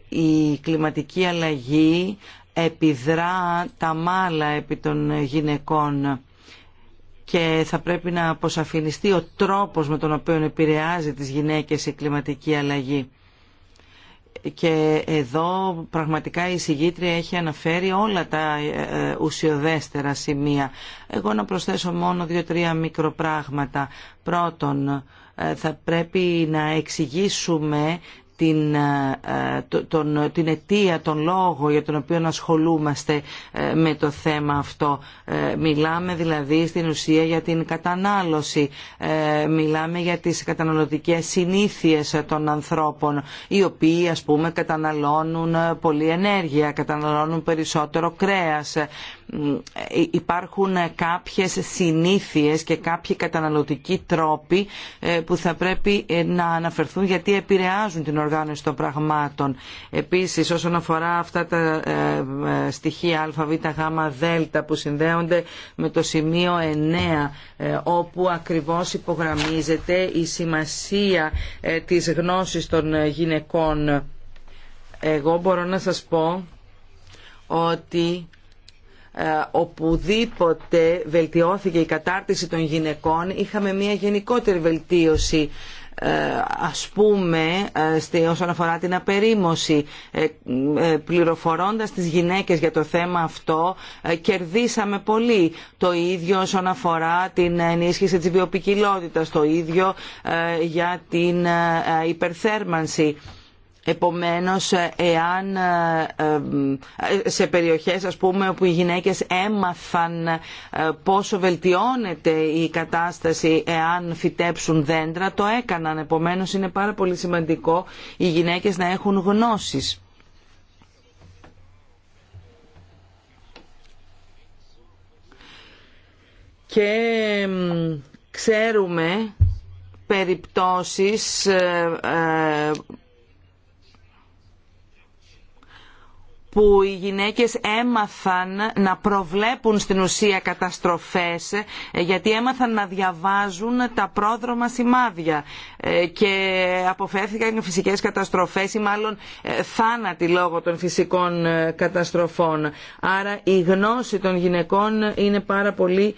η κλιματική αλλαγή επιδρά τα μάλα επί των γυναικών και θα πρέπει να αποσαφινιστεί ο τρόπος με τον οποίο επηρεάζει τις γυναίκες η κλιματική αλλαγή και εδώ πραγματικά η συγγήτρια έχει αναφέρει όλα τα ε, ε, ουσιοδέστερα σημεία. Εγώ να προσθέσω μόνο δύο-τρία μικροπράγματα. Πρώτον, ε, θα πρέπει να εξηγήσουμε την, ε, τον, την αιτία, τον λόγο για τον οποίο ασχολούμαστε ε, με το θέμα αυτό. Ε, μιλάμε δηλαδή στην ουσία για την κατανάλωση, μιλάμε για τις καταναλωτικές συνήθειες των ανθρώπων, οι οποίοι ας πούμε καταναλώνουν πολλή ενέργεια, καταναλώνουν περισσότερο κρέας, ε, υπάρχουν κάποιες συνήθειες και κάποιοι καταναλωτικοί τρόποι ε, που θα πρέπει ε, να αναφερθούν γιατί επηρεάζουν την οργάνωση των πραγμάτων. Επίσης όσον αφορά αυτά τα στοιχεία α, β, γ, δ που συνδέονται με το σημείο 9 όπου ακριβώς υπογραμμίζεται η σημασία της γνώσης των γυναικών. Εγώ μπορώ να σας πω ότι ε, οπουδήποτε βελτιώθηκε η κατάρτιση των γυναικών είχαμε μια γενικότερη βελτίωση ε, ας πούμε ε, όσον αφορά την απερίμωση πληροφορώντας τις γυναίκες για το θέμα αυτό κερδίσαμε πολύ το ίδιο όσον αφορά την ενίσχυση της βιοπικιλότητας το ίδιο για την υπερθέρμανση Επομένως, ε, εάν ε, ε, σε περιοχές ας πούμε όπου οι γυναίκες έμαθαν πόσο βελτιώνεται η κατάσταση εάν φυτέψουν δέντρα, το έκαναν. Επομένως, είναι πάρα πολύ σημαντικό οι γυναίκες να έχουν γνώσεις. Και ξέρουμε περιπτώσεις που οι γυναίκες έμαθαν να προβλέπουν στην ουσία καταστροφές ε, γιατί έμαθαν να διαβάζουν τα πρόδρομα σημάδια ε, και αποφεύθηκαν φυσικές καταστροφές ή μάλλον ε, θάνατοι λόγω των φυσικών καταστροφών. Άρα η γνώση των γυναικών είναι πάρα πολύ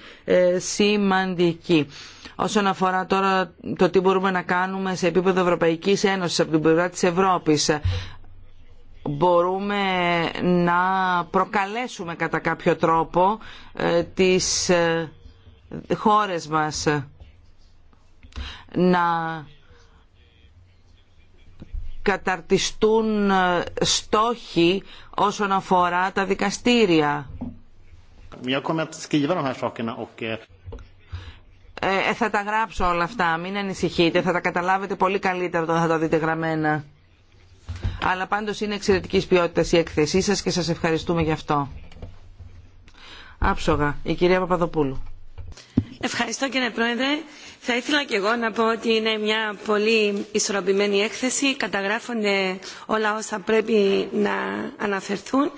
σημαντική. Όσον αφορά τώρα το τι μπορούμε να κάνουμε σε επίπεδο Ευρωπαϊκής Ένωσης από την πλευρά της Ευρώπης, μπορούμε να προκαλέσουμε κατά κάποιο τρόπο ε, τις ε, χώρες μας να καταρτιστούν ε, στόχοι όσον αφορά τα δικαστήρια. θα τα γράψω όλα αυτά, μην ανησυχείτε, θα τα καταλάβετε πολύ καλύτερα όταν θα τα δείτε γραμμένα. Αλλά πάντως είναι εξαιρετικής ποιότητας η έκθεσή σας και σας ευχαριστούμε γι' αυτό. Άψογα, η κυρία Παπαδοπούλου. Ευχαριστώ κύριε Πρόεδρε. Θα ήθελα και εγώ να πω ότι είναι μια πολύ ισορροπημένη έκθεση. Καταγράφονται όλα όσα πρέπει να αναφερθούν.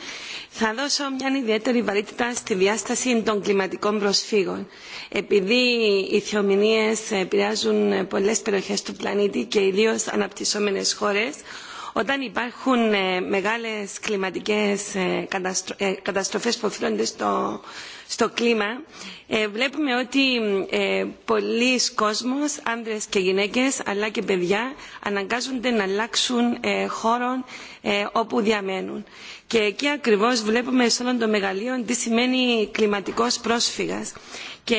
Θα δώσω μια ιδιαίτερη βαρύτητα στη διάσταση των κλιματικών προσφύγων. Επειδή οι θεομηνίες επηρεάζουν πολλές περιοχές του πλανήτη και ιδίως αναπτυσσόμενες χώρες, όταν υπάρχουν ε, μεγάλες κλιματικές ε, ε, καταστροφές που οφείλονται στο στο κλίμα ε, βλέπουμε ότι ε, πολλοί κόσμοι, άνδρες και γυναίκες αλλά και παιδιά αναγκάζονται να αλλάξουν ε, χώρο όπου διαμένουν. Και εκεί ακριβώς βλέπουμε σε όλων των μεγαλείων τι σημαίνει κλιματικός πρόσφυγας και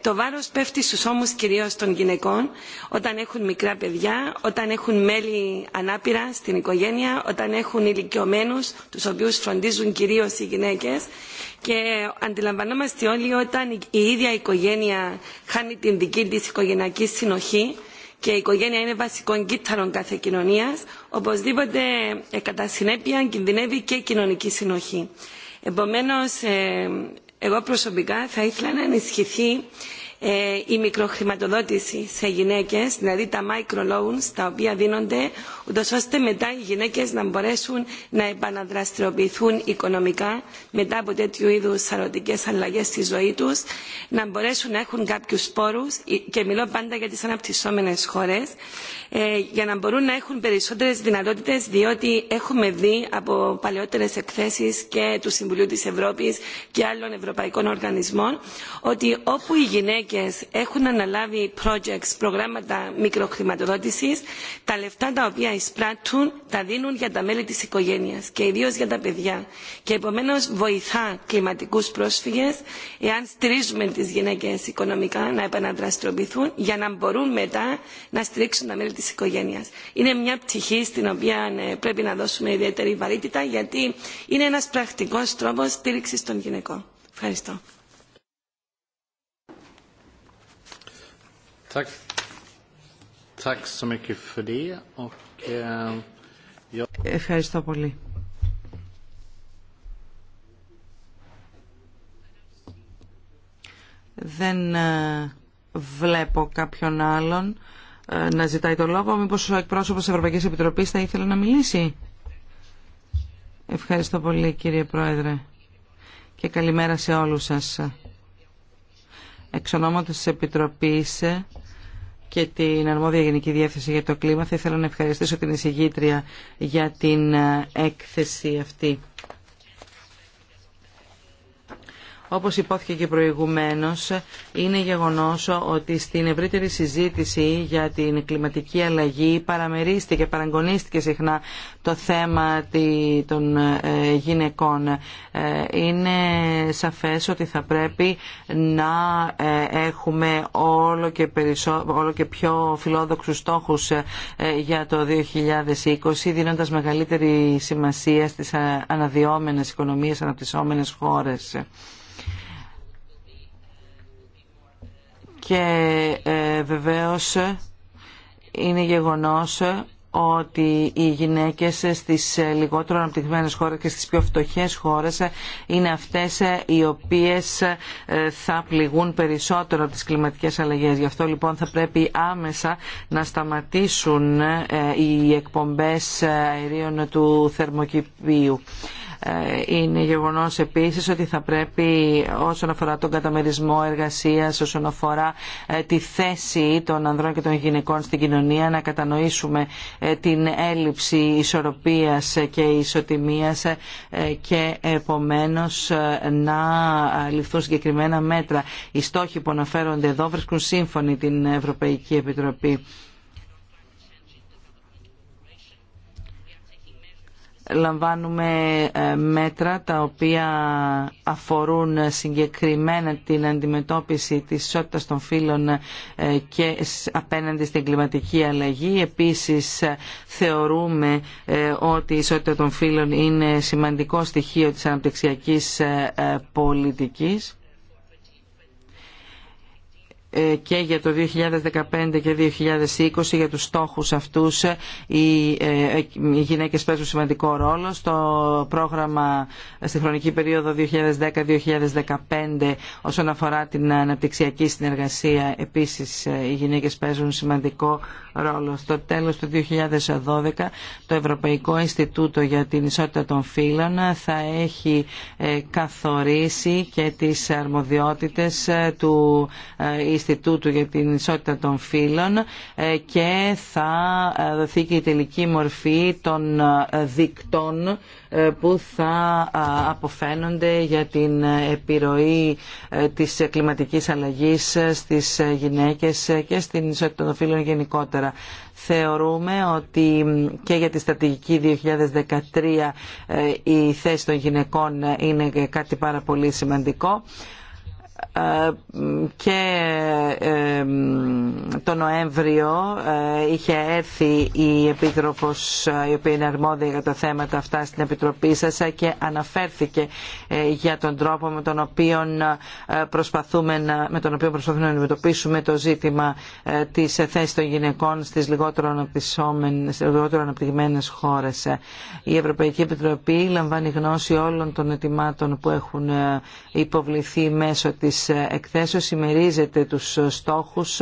το βάρος πέφτει στους ώμους κυρίως των γυναικών όταν έχουν μικρά παιδιά, όταν έχουν μέλη ανάπηρα στην οικογένεια, όταν έχουν ηλικιωμένους τους οποίους φροντίζουν κυρίως οι γυναίκες και αντιλαμβανόμαστε όλοι όταν η ίδια οικογένεια χάνει την δική της οικογενειακή συνοχή και η οικογένεια είναι βασικό κύτταρο κάθε κοινωνία, οπωσδήποτε ε, κατά συνέπεια κινδυνεύει και η κοινωνική συνοχή. Επομένω, ε, εγώ προσωπικά θα ήθελα να ενισχυθεί ε, η μικροχρηματοδότηση σε γυναίκες, δηλαδή τα microloans τα οποία δίνονται, ούτως ώστε μετά οι γυναίκες να μπορέσουν να επαναδραστηριοποιηθούν οικονομικά μετά από τέτοιου είδους σαρωτικές αλλαγές στη ζωή τους, να μπορέσουν να έχουν κάποιους σπόρους ε, και μιλώ πάντα για τις αναπτυσσόμενες χώρες, ε, για να μπορούν να έχουν περισσότερες δυνατότητες διότι έχουμε δει από παλαιότερες εκθέσεις και του Συμβουλίου της Ευρώπης και άλλων ευρωπαϊκών οργανισμών ότι όπου οι γυναίκες έχουν αναλάβει projects, προγράμματα μικροχρηματοδότησης τα λεφτά τα οποία εισπράττουν τα δίνουν για τα μέλη της οικογένειας και ιδίω για τα παιδιά και επομένως βοηθά κλιματικούς πρόσφυγες εάν στηρίζουμε τις γυναίκες οικονομικά να επαναδραστροποιηθούν για να μπορούν μετά να στηρίξουν τα μέλη της Είναι μια ψυχή στην οποία ε, πρέπει να δώσουμε ιδιαίτερη βαρύτητα γιατί είναι ένας πρακτικός τρόπος στήριξης των γυναικών. Ευχαριστώ. Eh, Ευχαριστώ πολύ. Δεν ε, βλέπω κάποιον άλλον. Ε, να ζητάει τον λόγο. Μήπως ο εκπρόσωπος της Ευρωπαϊκής Επιτροπής θα ήθελε να μιλήσει. Ευχαριστώ πολύ κύριε Πρόεδρε και καλημέρα σε όλους σας. Εξ ονόματος της Επιτροπής και την αρμόδια Γενική Διεύθυνση για το κλίμα θα ήθελα να ευχαριστήσω την εισηγήτρια για την ε, έκθεση αυτή. Όπως υπόθηκε και προηγουμένως, είναι γεγονός ότι στην ευρύτερη συζήτηση για την κλιματική αλλαγή παραμερίστηκε, παραγκονίστηκε συχνά το θέμα των ε, γυναικών. Ε, είναι σαφές ότι θα πρέπει να ε, έχουμε όλο και, περισσό, πιο φιλόδοξους στόχους για το 2020, δίνοντας μεγαλύτερη σημασία στις αναδυόμενες οικονομίες, αναπτυσσόμενες χώρες. Και ε, βεβαίως είναι γεγονός ότι οι γυναίκες στις ε, λιγότερο αναπτυγμένες χώρες και στις πιο φτωχές χώρες είναι αυτές ε, οι οποίες θα πληγούν περισσότερο από τις κλιματικές αλλαγές. Γι' αυτό λοιπόν θα πρέπει άμεσα να σταματήσουν οι εκπομπές αερίων του θερμοκηπίου. Είναι γεγονός επίσης ότι θα πρέπει όσον αφορά τον καταμερισμό εργασίας, όσον αφορά ε, τη θέση των ανδρών και των γυναικών στην κοινωνία, να κατανοήσουμε ε, την έλλειψη ισορροπίας και ισοτιμίας ε, και επομένως να ληφθούν συγκεκριμένα μέτρα. Οι στόχοι που αναφέρονται εδώ βρίσκουν σύμφωνοι την Ευρωπαϊκή Επιτροπή. λαμβάνουμε ε, μέτρα τα οποία αφορούν συγκεκριμένα την αντιμετώπιση της ισότητας των φύλων ε, και απέναντι στην κλιματική αλλαγή. Επίσης ε, θεωρούμε ότι η ισότητα των φύλων είναι σημαντικό στοιχείο της αναπτυξιακής πολιτικής ε, και για το 2015 και 2020 για τους στόχους αυτούς ε, ε, οι γυναίκες παίζουν σημαντικό ρόλο. Στο πρόγραμμα στη χρονική περίοδο 2010-2015 όσον αφορά την αναπτυξιακή συνεργασία επίσης οι γυναίκες παίζουν σημαντικό στο τέλος του 2012 το Ευρωπαϊκό Ινστιτούτο για την Ισότητα των Φύλων θα έχει ε, καθορίσει και τις αρμοδιότητες ε, του ε, Ινστιτούτου για την Ισότητα των Φύλων και θα δοθεί και η τελική μορφή των δικτών ε, που θα αποφαίνονται για την ε, επιρροή ε, της κλιματικής αλλαγής στις γυναίκες και στην ισότητα των φύλων γενικότερα. Θεωρούμε ότι και για τη στρατηγική 2013 η θέση των γυναικών είναι κάτι πάρα πολύ σημαντικό. Ε, και ε, το Νοέμβριο ε, είχε έρθει η Επίτροπος η οποία είναι αρμόδια για τα θέματα αυτά στην Επιτροπή σας και αναφέρθηκε για τον τρόπο με τον οποίο προσπαθούμε να, με τον οποίο προσπαθούμε να αντιμετωπίσουμε το ζήτημα της θέσης των γυναικών στις λιγότερο, στις λιγότερο αναπτυγμένες χώρες. Η Ευρωπαϊκή Επιτροπή λαμβάνει γνώση όλων των ετοιμάτων που έχουν υποβληθεί μέσω της της εκθέσεως ημερίζεται τους στόχους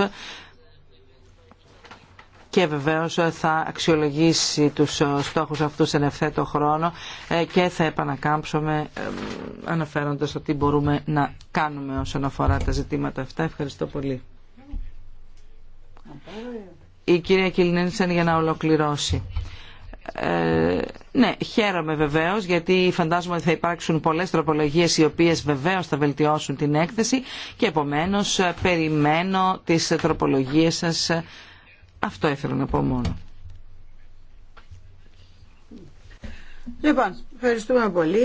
και βεβαίως θα αξιολογήσει τους στόχους αυτούς σε ευθέτω χρόνο ε, και θα επανακάμψουμε ε, αναφέροντας ότι μπορούμε να κάνουμε όσον αφορά τα ζητήματα αυτά. Ευχαριστώ πολύ. Η κυρία Κιλνένσεν για να ολοκληρώσει. Ε, ναι, χαίρομαι βεβαίω γιατί φαντάζομαι ότι θα υπάρξουν πολλέ τροπολογίε οι οποίε βεβαίω θα βελτιώσουν την έκθεση και επομένω ε, περιμένω τι τροπολογίε σα. Αυτό ήθελα να πω μόνο. Λοιπόν, ευχαριστούμε πολύ.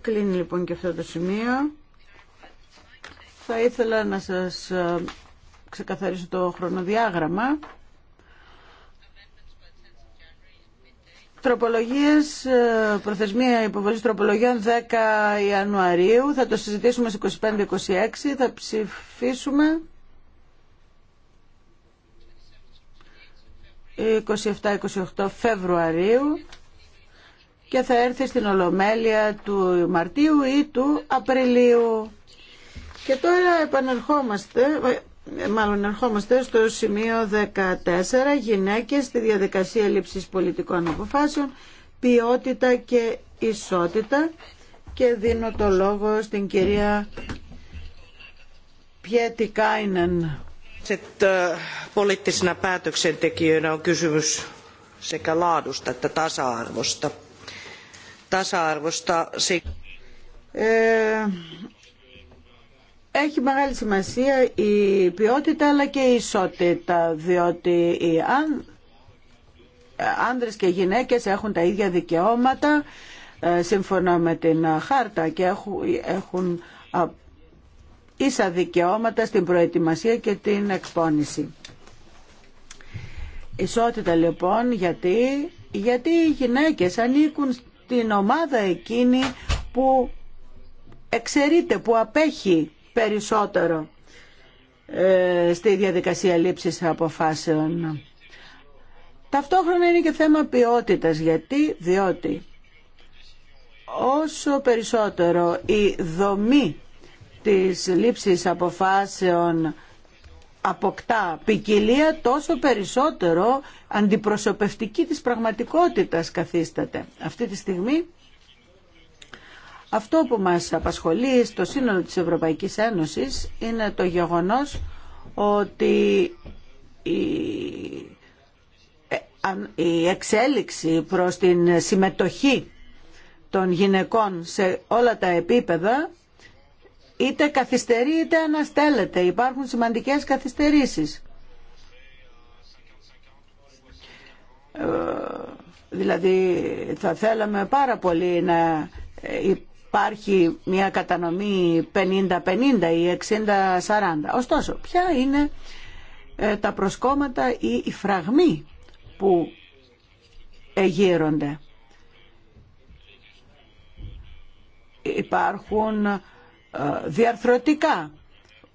Κλείνει λοιπόν και αυτό το σημείο. Θα ήθελα να σας ε, ξεκαθαρίσω το χρονοδιάγραμμα. Τροπολογίες, ε, προθεσμία υποβολής τροπολογιών 10 Ιανουαρίου. Θα το συζητήσουμε στις 25-26. Θα ψηφίσουμε 27-28 Φεβρουαρίου και θα έρθει στην Ολομέλεια του Μαρτίου ή του Απριλίου. Και τώρα επανερχόμαστε ε, μάλλον ερχόμαστε στο σημείο 14 γυναίκες στη διαδικασία λήψης πολιτικών αποφάσεων ποιότητα και ισότητα και δίνω το λόγο στην κυρία Πιέτη Κάινεν. Ε, poliittisena päätöksentekijöinä on kysymys sekä laadusta että tasa-arvosta. Tasa-arvosta ε, έχει μεγάλη σημασία η ποιότητα αλλά και η ισότητα, διότι οι άνδρες και γυναίκες έχουν τα ίδια δικαιώματα ε, σύμφωνα με την ε, χάρτα και έχουν ίσα δικαιώματα στην προετοιμασία και την εκπόνηση. Ισότητα λοιπόν γιατί, γιατί οι γυναίκες ανήκουν στην ομάδα εκείνη που εξαιρείται, που απέχει περισσότερο ε, στη διαδικασία λήψης αποφάσεων. Ταυτόχρονα είναι και θέμα ποιότητας. Γιατί, διότι όσο περισσότερο η δομή της λήψης αποφάσεων αποκτά ποικιλία, τόσο περισσότερο αντιπροσωπευτική της πραγματικότητας καθίσταται. Αυτή τη στιγμή αυτό που μας απασχολεί στο σύνολο της Ευρωπαϊκής Ένωσης είναι το γεγονός ότι ε, η εξέλιξη προς την συμμετοχή των γυναικών σε όλα τα επίπεδα είτε καθυστερεί είτε αναστέλλεται. Υπάρχουν σημαντικές καθυστερήσεις. Ε, δηλαδή θα θέλαμε πάρα πολύ να ε, υπάρχει μια κατανομή 50-50 ή 60-40. Ωστόσο, ποια είναι ε, τα προσκόμματα ή οι φραγμοί που εγείρονται. Υπάρχουν ε, διαρθρωτικά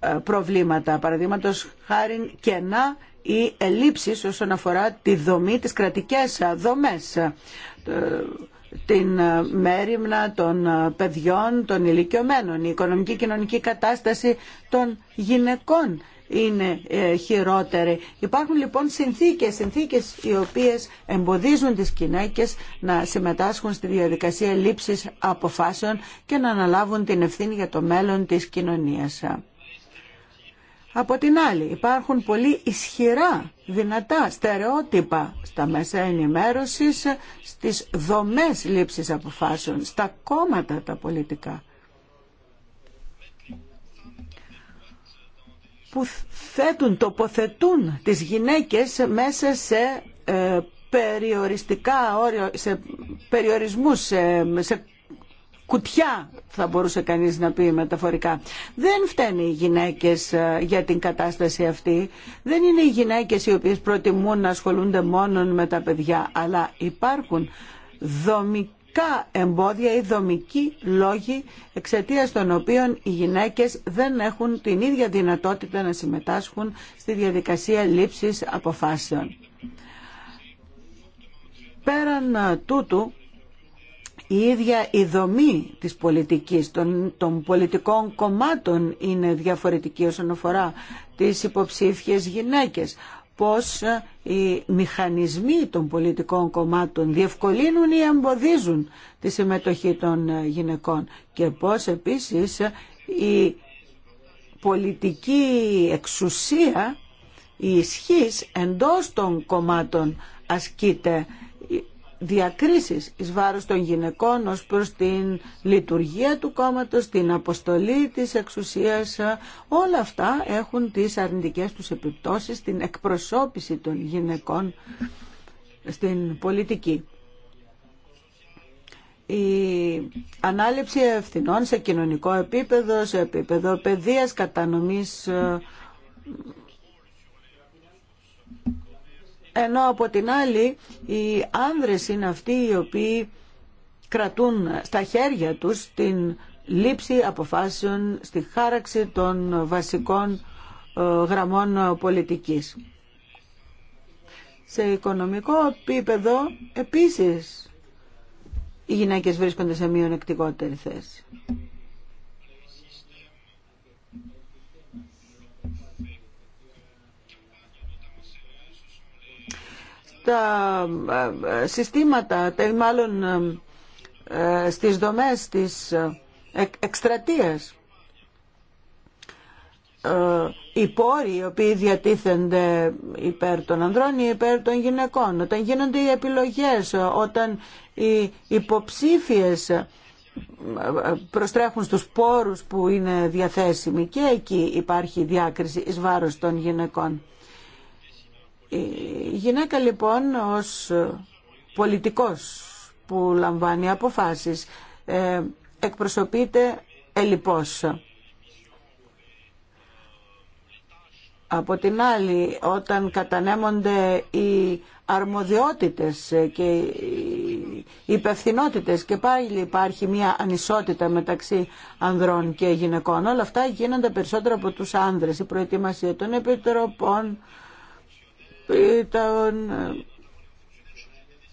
ε, προβλήματα, παραδείγματος χάρη κενά ή ελλείψεις όσον αφορά τη δομή, τις κρατικές δομές την ε, μέρημνα των ε, παιδιών, των ηλικιωμένων. Η οικονομική και κοινωνική κατάσταση των γυναικών είναι ε, χειρότερη. Υπάρχουν λοιπόν συνθήκες, συνθήκες οι οποίες εμποδίζουν τις γυναίκες να συμμετάσχουν στη διαδικασία λήψης αποφάσεων και να αναλάβουν την ευθύνη για το μέλλον της κοινωνίας. Από την άλλη υπάρχουν πολύ ισχυρά, δυνατά στερεότυπα στα μέσα ενημέρωσης, στις δομές λήψης αποφάσεων, στα κόμματα τα πολιτικά. που θέτουν, τοποθετούν τις γυναίκες μέσα σε ε, περιοριστικά όριο σε περιορισμούς, σε κουτιά θα μπορούσε κανείς να πει μεταφορικά. Δεν φταίνει οι γυναίκες ε, για την κατάσταση αυτή. Δεν είναι οι γυναίκες οι οποίες προτιμούν να ασχολούνται μόνο με τα παιδιά, αλλά υπάρχουν δομικά εμπόδια ή δομικοί λόγοι εξαιτία των οποίων οι γυναίκες δεν έχουν την ίδια δυνατότητα να συμμετάσχουν στη διαδικασία λήψης αποφάσεων. Πέραν ε, τούτου, η ίδια η δομή της πολιτικής, των, των πολιτικών κομμάτων είναι διαφορετική όσον αφορά τις υποψήφιες γυναίκες. Πώς ε, οι μηχανισμοί των πολιτικών κομμάτων διευκολύνουν ή εμποδίζουν τη συμμετοχή των ε, γυναικών και πώς επίσης ε, η πολιτική εξουσία, η ισχύς εντός των κομμάτων ασκείται διακρίσεις εις βάρος των γυναικών ως προς την λειτουργία του κόμματος, την αποστολή της εξουσίας. Ε, όλα αυτά έχουν τις αρνητικές τους επιπτώσεις στην εκπροσώπηση των γυναικών στην πολιτική. Η ανάληψη ευθυνών σε κοινωνικό επίπεδο, σε επίπεδο παιδείας, κατανομής ε, ενώ από την άλλη οι άνδρες είναι αυτοί οι οποίοι κρατούν στα χέρια τους την λήψη αποφάσεων στη χάραξη των βασικών ε, γραμμών πολιτικής. Σε οικονομικό επίπεδο επίσης οι γυναίκες βρίσκονται σε μειονεκτικότερη θέση. τα ε, ε, συστήματα, τα, μάλλον ε, στις δομές της εκστρατείας. Οι πόροι οι οποίοι διατίθενται υπέρ των ανδρών ή υπέρ των γυναικών, όταν γίνονται οι επιλογές, όταν οι υποψήφιες προστρέχουν στους πόρους που είναι διαθέσιμοι και εκεί υπάρχει διάκριση εις βάρος των γυναικών. Η γυναίκα λοιπόν ως πολιτικός που λαμβάνει αποφάσεις ε, εκπροσωπείται ελιπώς. Από την άλλη, όταν κατανέμονται οι αρμοδιότητες και οι υπευθυνότητες και πάλι υπάρχει μια ανισότητα μεταξύ ανδρών και γυναικών, όλα αυτά γίνονται περισσότερο από τους άνδρες. Η προετοιμασία των επιτροπών, οι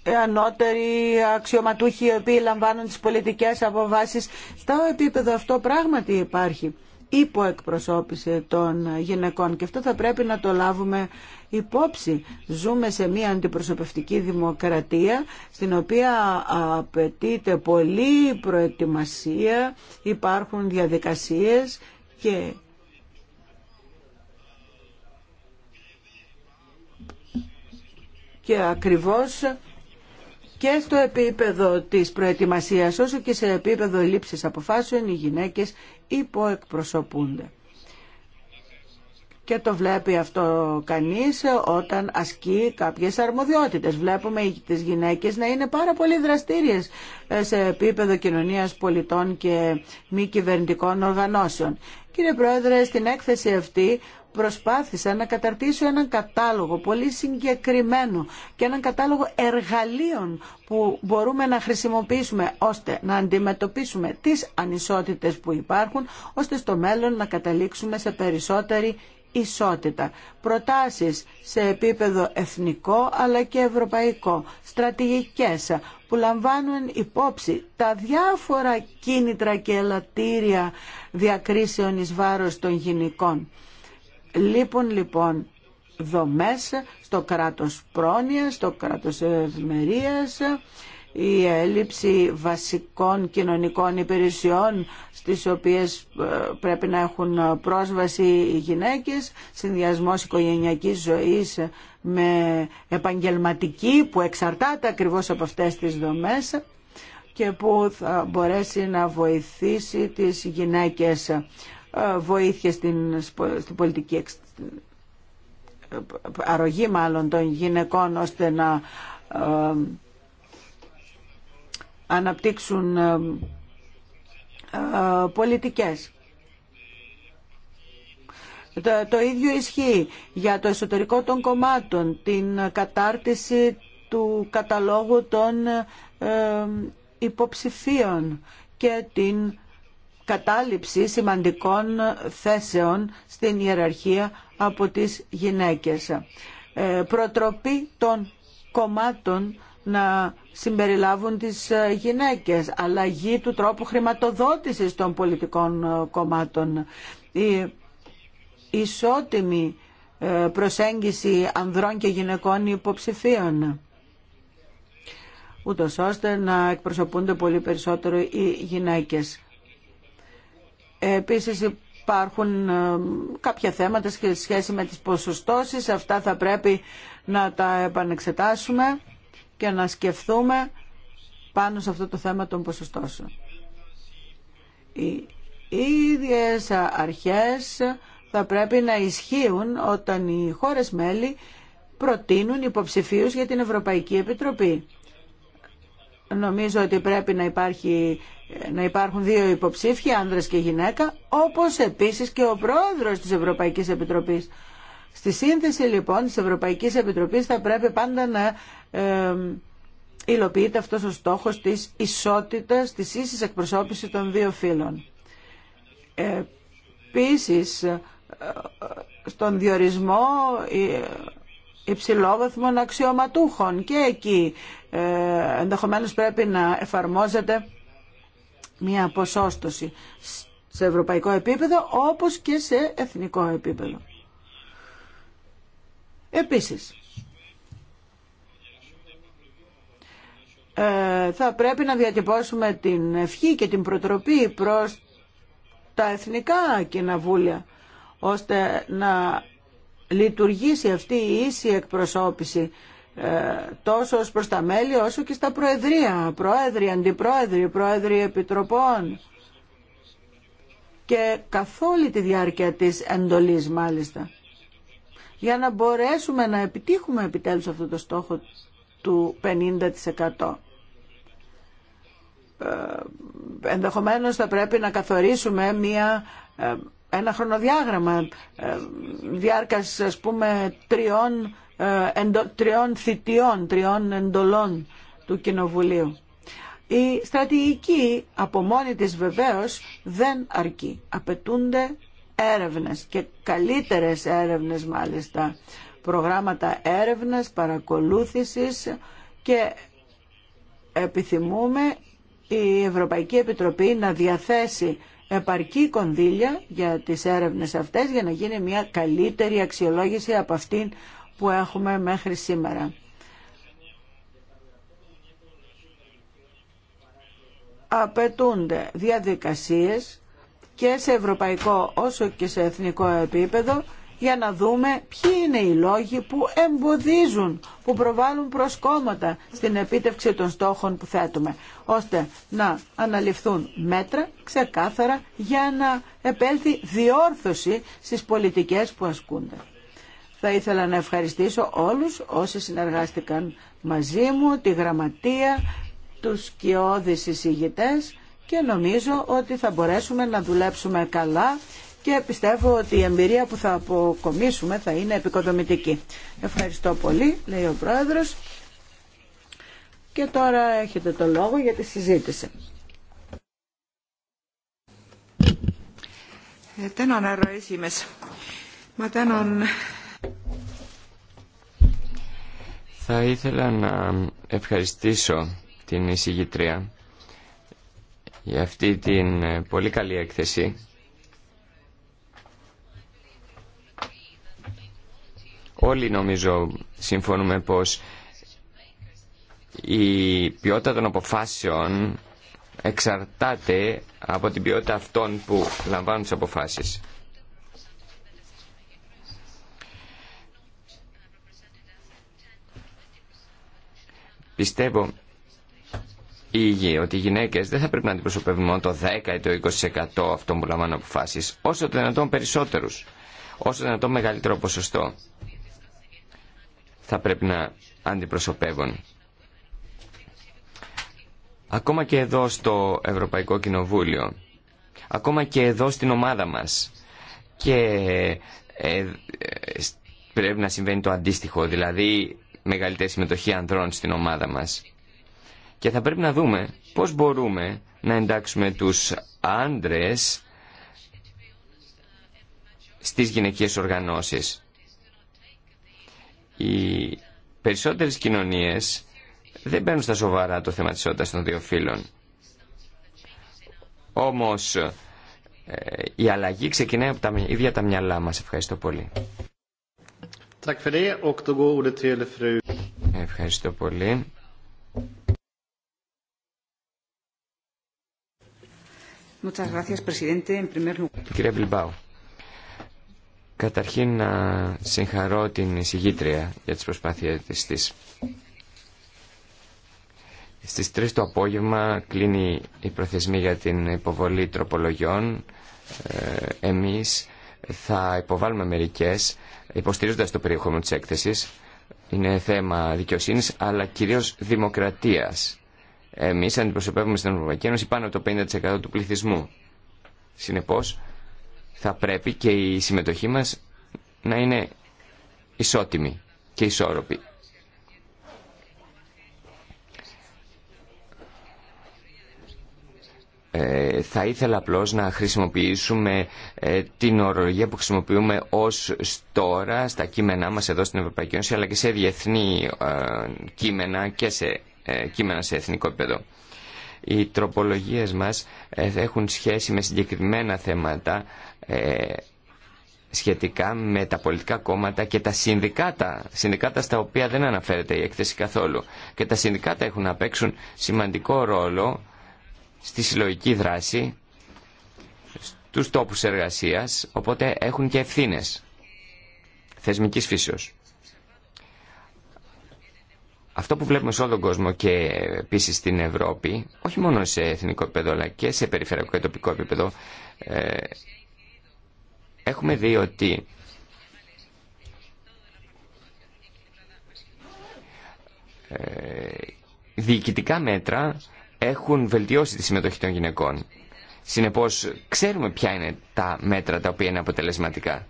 ε, ανώτεροι αξιωματούχοι οι οποίοι λαμβάνουν τις πολιτικές αποφάσεις. Στο επίπεδο αυτό πράγματι υπάρχει υποεκπροσώπηση των γυναικών και αυτό θα πρέπει να το λάβουμε υπόψη. Ζούμε σε μια αντιπροσωπευτική δημοκρατία στην οποία απαιτείται πολλή προετοιμασία, υπάρχουν διαδικασίες και και ακριβώς και στο επίπεδο της προετοιμασίας όσο και σε επίπεδο λήψης αποφάσεων οι γυναίκες υποεκπροσωπούνται. Και το βλέπει αυτό κανείς όταν ασκεί κάποιες αρμοδιότητες. Βλέπουμε τις γυναίκες να είναι πάρα πολύ δραστήριες ε, σε επίπεδο κοινωνίας πολιτών και μη κυβερνητικών οργανώσεων. Κύριε Πρόεδρε, στην έκθεση αυτή προσπάθησα να καταρτήσω έναν κατάλογο πολύ συγκεκριμένο και έναν κατάλογο εργαλείων που μπορούμε να χρησιμοποιήσουμε ώστε να αντιμετωπίσουμε τις ανισότητες που υπάρχουν, ώστε στο μέλλον να καταλήξουμε σε περισσότερη ισότητα. Προτάσεις σε επίπεδο εθνικό αλλά και ευρωπαϊκό. Στρατηγικές που λαμβάνουν υπόψη τα διάφορα κίνητρα και ελαττήρια διακρίσεων εις βάρος των γυναικών. Λείπουν λοιπόν δομές στο κράτος πρόνοιας, στο κράτος ευμερίας, η έλλειψη βασικών κοινωνικών υπηρεσιών στις οποίες ε, πρέπει να έχουν πρόσβαση οι γυναίκες, συνδυασμός οικογενειακής ζωής με επαγγελματική που εξαρτάται ακριβώς από αυτές τις δομές και που θα μπορέσει να βοηθήσει τις γυναίκες ε, βοήθεια στην, στην πολιτική ε, αρρωγή μάλλον των γυναικών ώστε να αναπτύξουν ε, ε, πολιτικές. Το ίδιο ισχύει για το εσωτερικό των κομμάτων, την κατάρτιση του καταλόγου των ε, υποψηφίων και την κατάληψη σημαντικών θέσεων στην ιεραρχία από τις γυναίκες. Προτροπή των κομμάτων να συμπεριλάβουν τις ε, γυναίκες, αλλαγή του τρόπου χρηματοδότησης των πολιτικών ε, κομμάτων, η ισότιμη ε, προσέγγιση ανδρών και γυναικών υποψηφίων ούτως ώστε να εκπροσωπούνται πολύ περισσότερο οι γυναίκες. Επίσης υπάρχουν κάποια θέματα σε σχέση με τις ποσοστώσεις, αυτά θα πρέπει να τα επανεξετάσουμε και να σκεφτούμε πάνω σε αυτό το θέμα των ποσοστώσεων. Οι ίδιες αρχές θα πρέπει να ισχύουν όταν οι χώρες μέλη προτείνουν υποψηφίους για την Ευρωπαϊκή Επιτροπή. Νομίζω ότι πρέπει να, υπάρχει, να υπάρχουν δύο υποψήφιοι, άνδρες και γυναίκα, όπως επίσης και ο πρόεδρος της Ευρωπαϊκής Επιτροπής. Στη σύνθεση λοιπόν της Ευρωπαϊκής Επιτροπής θα πρέπει πάντα να υλοποιείται αυτός ο στόχος της ισότητας, της ίσης εκπροσώπησης των δύο φύλων. Επίσης, ε, στον διορισμό ε, υψηλόβαθμων αξιωματούχων και εκεί ε, ενδεχομένως πρέπει να εφαρμόζεται μια ποσόστοση σε ευρωπαϊκό επίπεδο όπως και σε εθνικό επίπεδο. Επίσης, Ε, θα πρέπει να διατυπώσουμε την ευχή και την προτροπή προς τα εθνικά κοινοβούλια ώστε να λειτουργήσει αυτή η ίση εκπροσώπηση ε, τόσο ως προς τα μέλη όσο και στα προεδρία, πρόεδροι, αντιπρόεδροι, πρόεδροι επιτροπών και καθ' όλη τη διάρκεια της εντολής μάλιστα για να μπορέσουμε να επιτύχουμε επιτέλους αυτό το στόχο του 50%. Ε, ενδεχομένως θα πρέπει να καθορίσουμε μια, ε, ένα χρονοδιάγραμμα ε, διάρκας ας πούμε τριών, εντο, τριών θητιών, τριών εντολών του Κοινοβουλίου. Η στρατηγική από μόνη της βεβαίως δεν αρκεί. Απαιτούνται έρευνες και καλύτερες έρευνες μάλιστα. Προγράμματα έρευνας, παρακολούθησης και επιθυμούμε η Ευρωπαϊκή Επιτροπή να διαθέσει επαρκή κονδύλια για τις έρευνες αυτές για να γίνει μια καλύτερη αξιολόγηση από αυτήν που έχουμε μέχρι σήμερα. Απαιτούνται διαδικασίες και σε ευρωπαϊκό όσο και σε εθνικό επίπεδο για να δούμε ποιοι είναι οι λόγοι που εμποδίζουν, που προβάλλουν προσκόμματα στην επίτευξη των στόχων που θέτουμε, ώστε να αναλυφθούν μέτρα ξεκάθαρα για να επέλθει διόρθωση στις πολιτικές που ασκούνται. Θα ήθελα να ευχαριστήσω όλους όσοι συνεργάστηκαν μαζί μου, τη γραμματεία, τους κοιόδης εισηγητές και νομίζω ότι θα μπορέσουμε να δουλέψουμε καλά και πιστεύω ότι η εμπειρία που θα αποκομίσουμε θα είναι επικοδομητική. Ευχαριστώ πολύ, λέει ο Πρόεδρος. Και τώρα έχετε το λόγο για τη συζήτηση. θα ήθελα να ευχαριστήσω την εισηγητρία για αυτή την πολύ καλή έκθεση Όλοι νομίζω συμφωνούμε πως η ποιότητα των αποφάσεων εξαρτάται από την ποιότητα αυτών που λαμβάνουν τις αποφάσεις. Πιστεύω ήγη ότι οι γυναίκες δεν θα πρέπει να αντιπροσωπεύουν μόνο το 10 ή το 20% αυτών που λαμβάνουν αποφάσεις, όσο το δυνατόν περισσότερους, όσο το δυνατόν μεγαλύτερο ποσοστό θα πρέπει να αντιπροσωπεύουν. Ακόμα και εδώ στο Ευρωπαϊκό Κοινοβούλιο, ακόμα και εδώ στην ομάδα μας και ε, πρέπει να συμβαίνει το αντίστοιχο, δηλαδή μεγαλύτερη συμμετοχή ανδρών στην ομάδα μας. Και θα πρέπει να δούμε πώς μπορούμε να εντάξουμε τους άντρες στις γυναικείες οργανώσεις. Οι περισσότερες κοινωνίες δεν παίρνουν στα σοβαρά το θέμα της ισότητας των δύο φύλων. Όμως ε, η αλλαγή ξεκινάει από τα ίδια τα μυαλά μας. Ευχαριστώ πολύ. Ευχαριστώ πολύ. Κύριε Βιλμπάου. Καταρχήν να συγχαρώ την εισηγήτρια για τις προσπάθειες της. Στις 3 το απόγευμα κλείνει η προθεσμή για την υποβολή τροπολογιών. Ε, εμείς θα υποβάλουμε μερικές υποστηρίζοντας το περιεχόμενο της έκθεσης. Είναι θέμα δικαιοσύνης αλλά κυρίως δημοκρατίας. Εμείς αντιπροσωπεύουμε στην Ευρωπαϊκή Ένωση πάνω από το 50% του πληθυσμού. Συνεπώς θα πρέπει και η συμμετοχή μας να είναι ισότιμη και ισόρροπη. Ε, θα ήθελα απλώς να χρησιμοποιήσουμε ε, την ορολογία που χρησιμοποιούμε ως τώρα στα κείμενά μας εδώ στην Ευρωπαϊκή Ένωση αλλά και σε διεθνή ε, κείμενα και σε κείμενα σε εθνικό επίπεδο. Οι τροπολογίες μας έχουν σχέση με συγκεκριμένα θέματα ε, σχετικά με τα πολιτικά κόμματα και τα συνδικάτα, συνδικάτα στα οποία δεν αναφέρεται η έκθεση καθόλου. Και τα συνδικάτα έχουν να παίξουν σημαντικό ρόλο στη συλλογική δράση, στους τόπους εργασίας, οπότε έχουν και ευθύνες θεσμικής φύσεως. Αυτό που βλέπουμε σε όλο τον κόσμο και επίση στην Ευρώπη, όχι μόνο σε εθνικό επίπεδο αλλά και σε περιφερειακό και τοπικό επίπεδο, ε, Έχουμε δει ότι ε, διοικητικά μέτρα έχουν βελτιώσει τη συμμετοχή των γυναικών. Συνεπώς, ξέρουμε ποια είναι τα μέτρα τα οποία είναι αποτελεσματικά.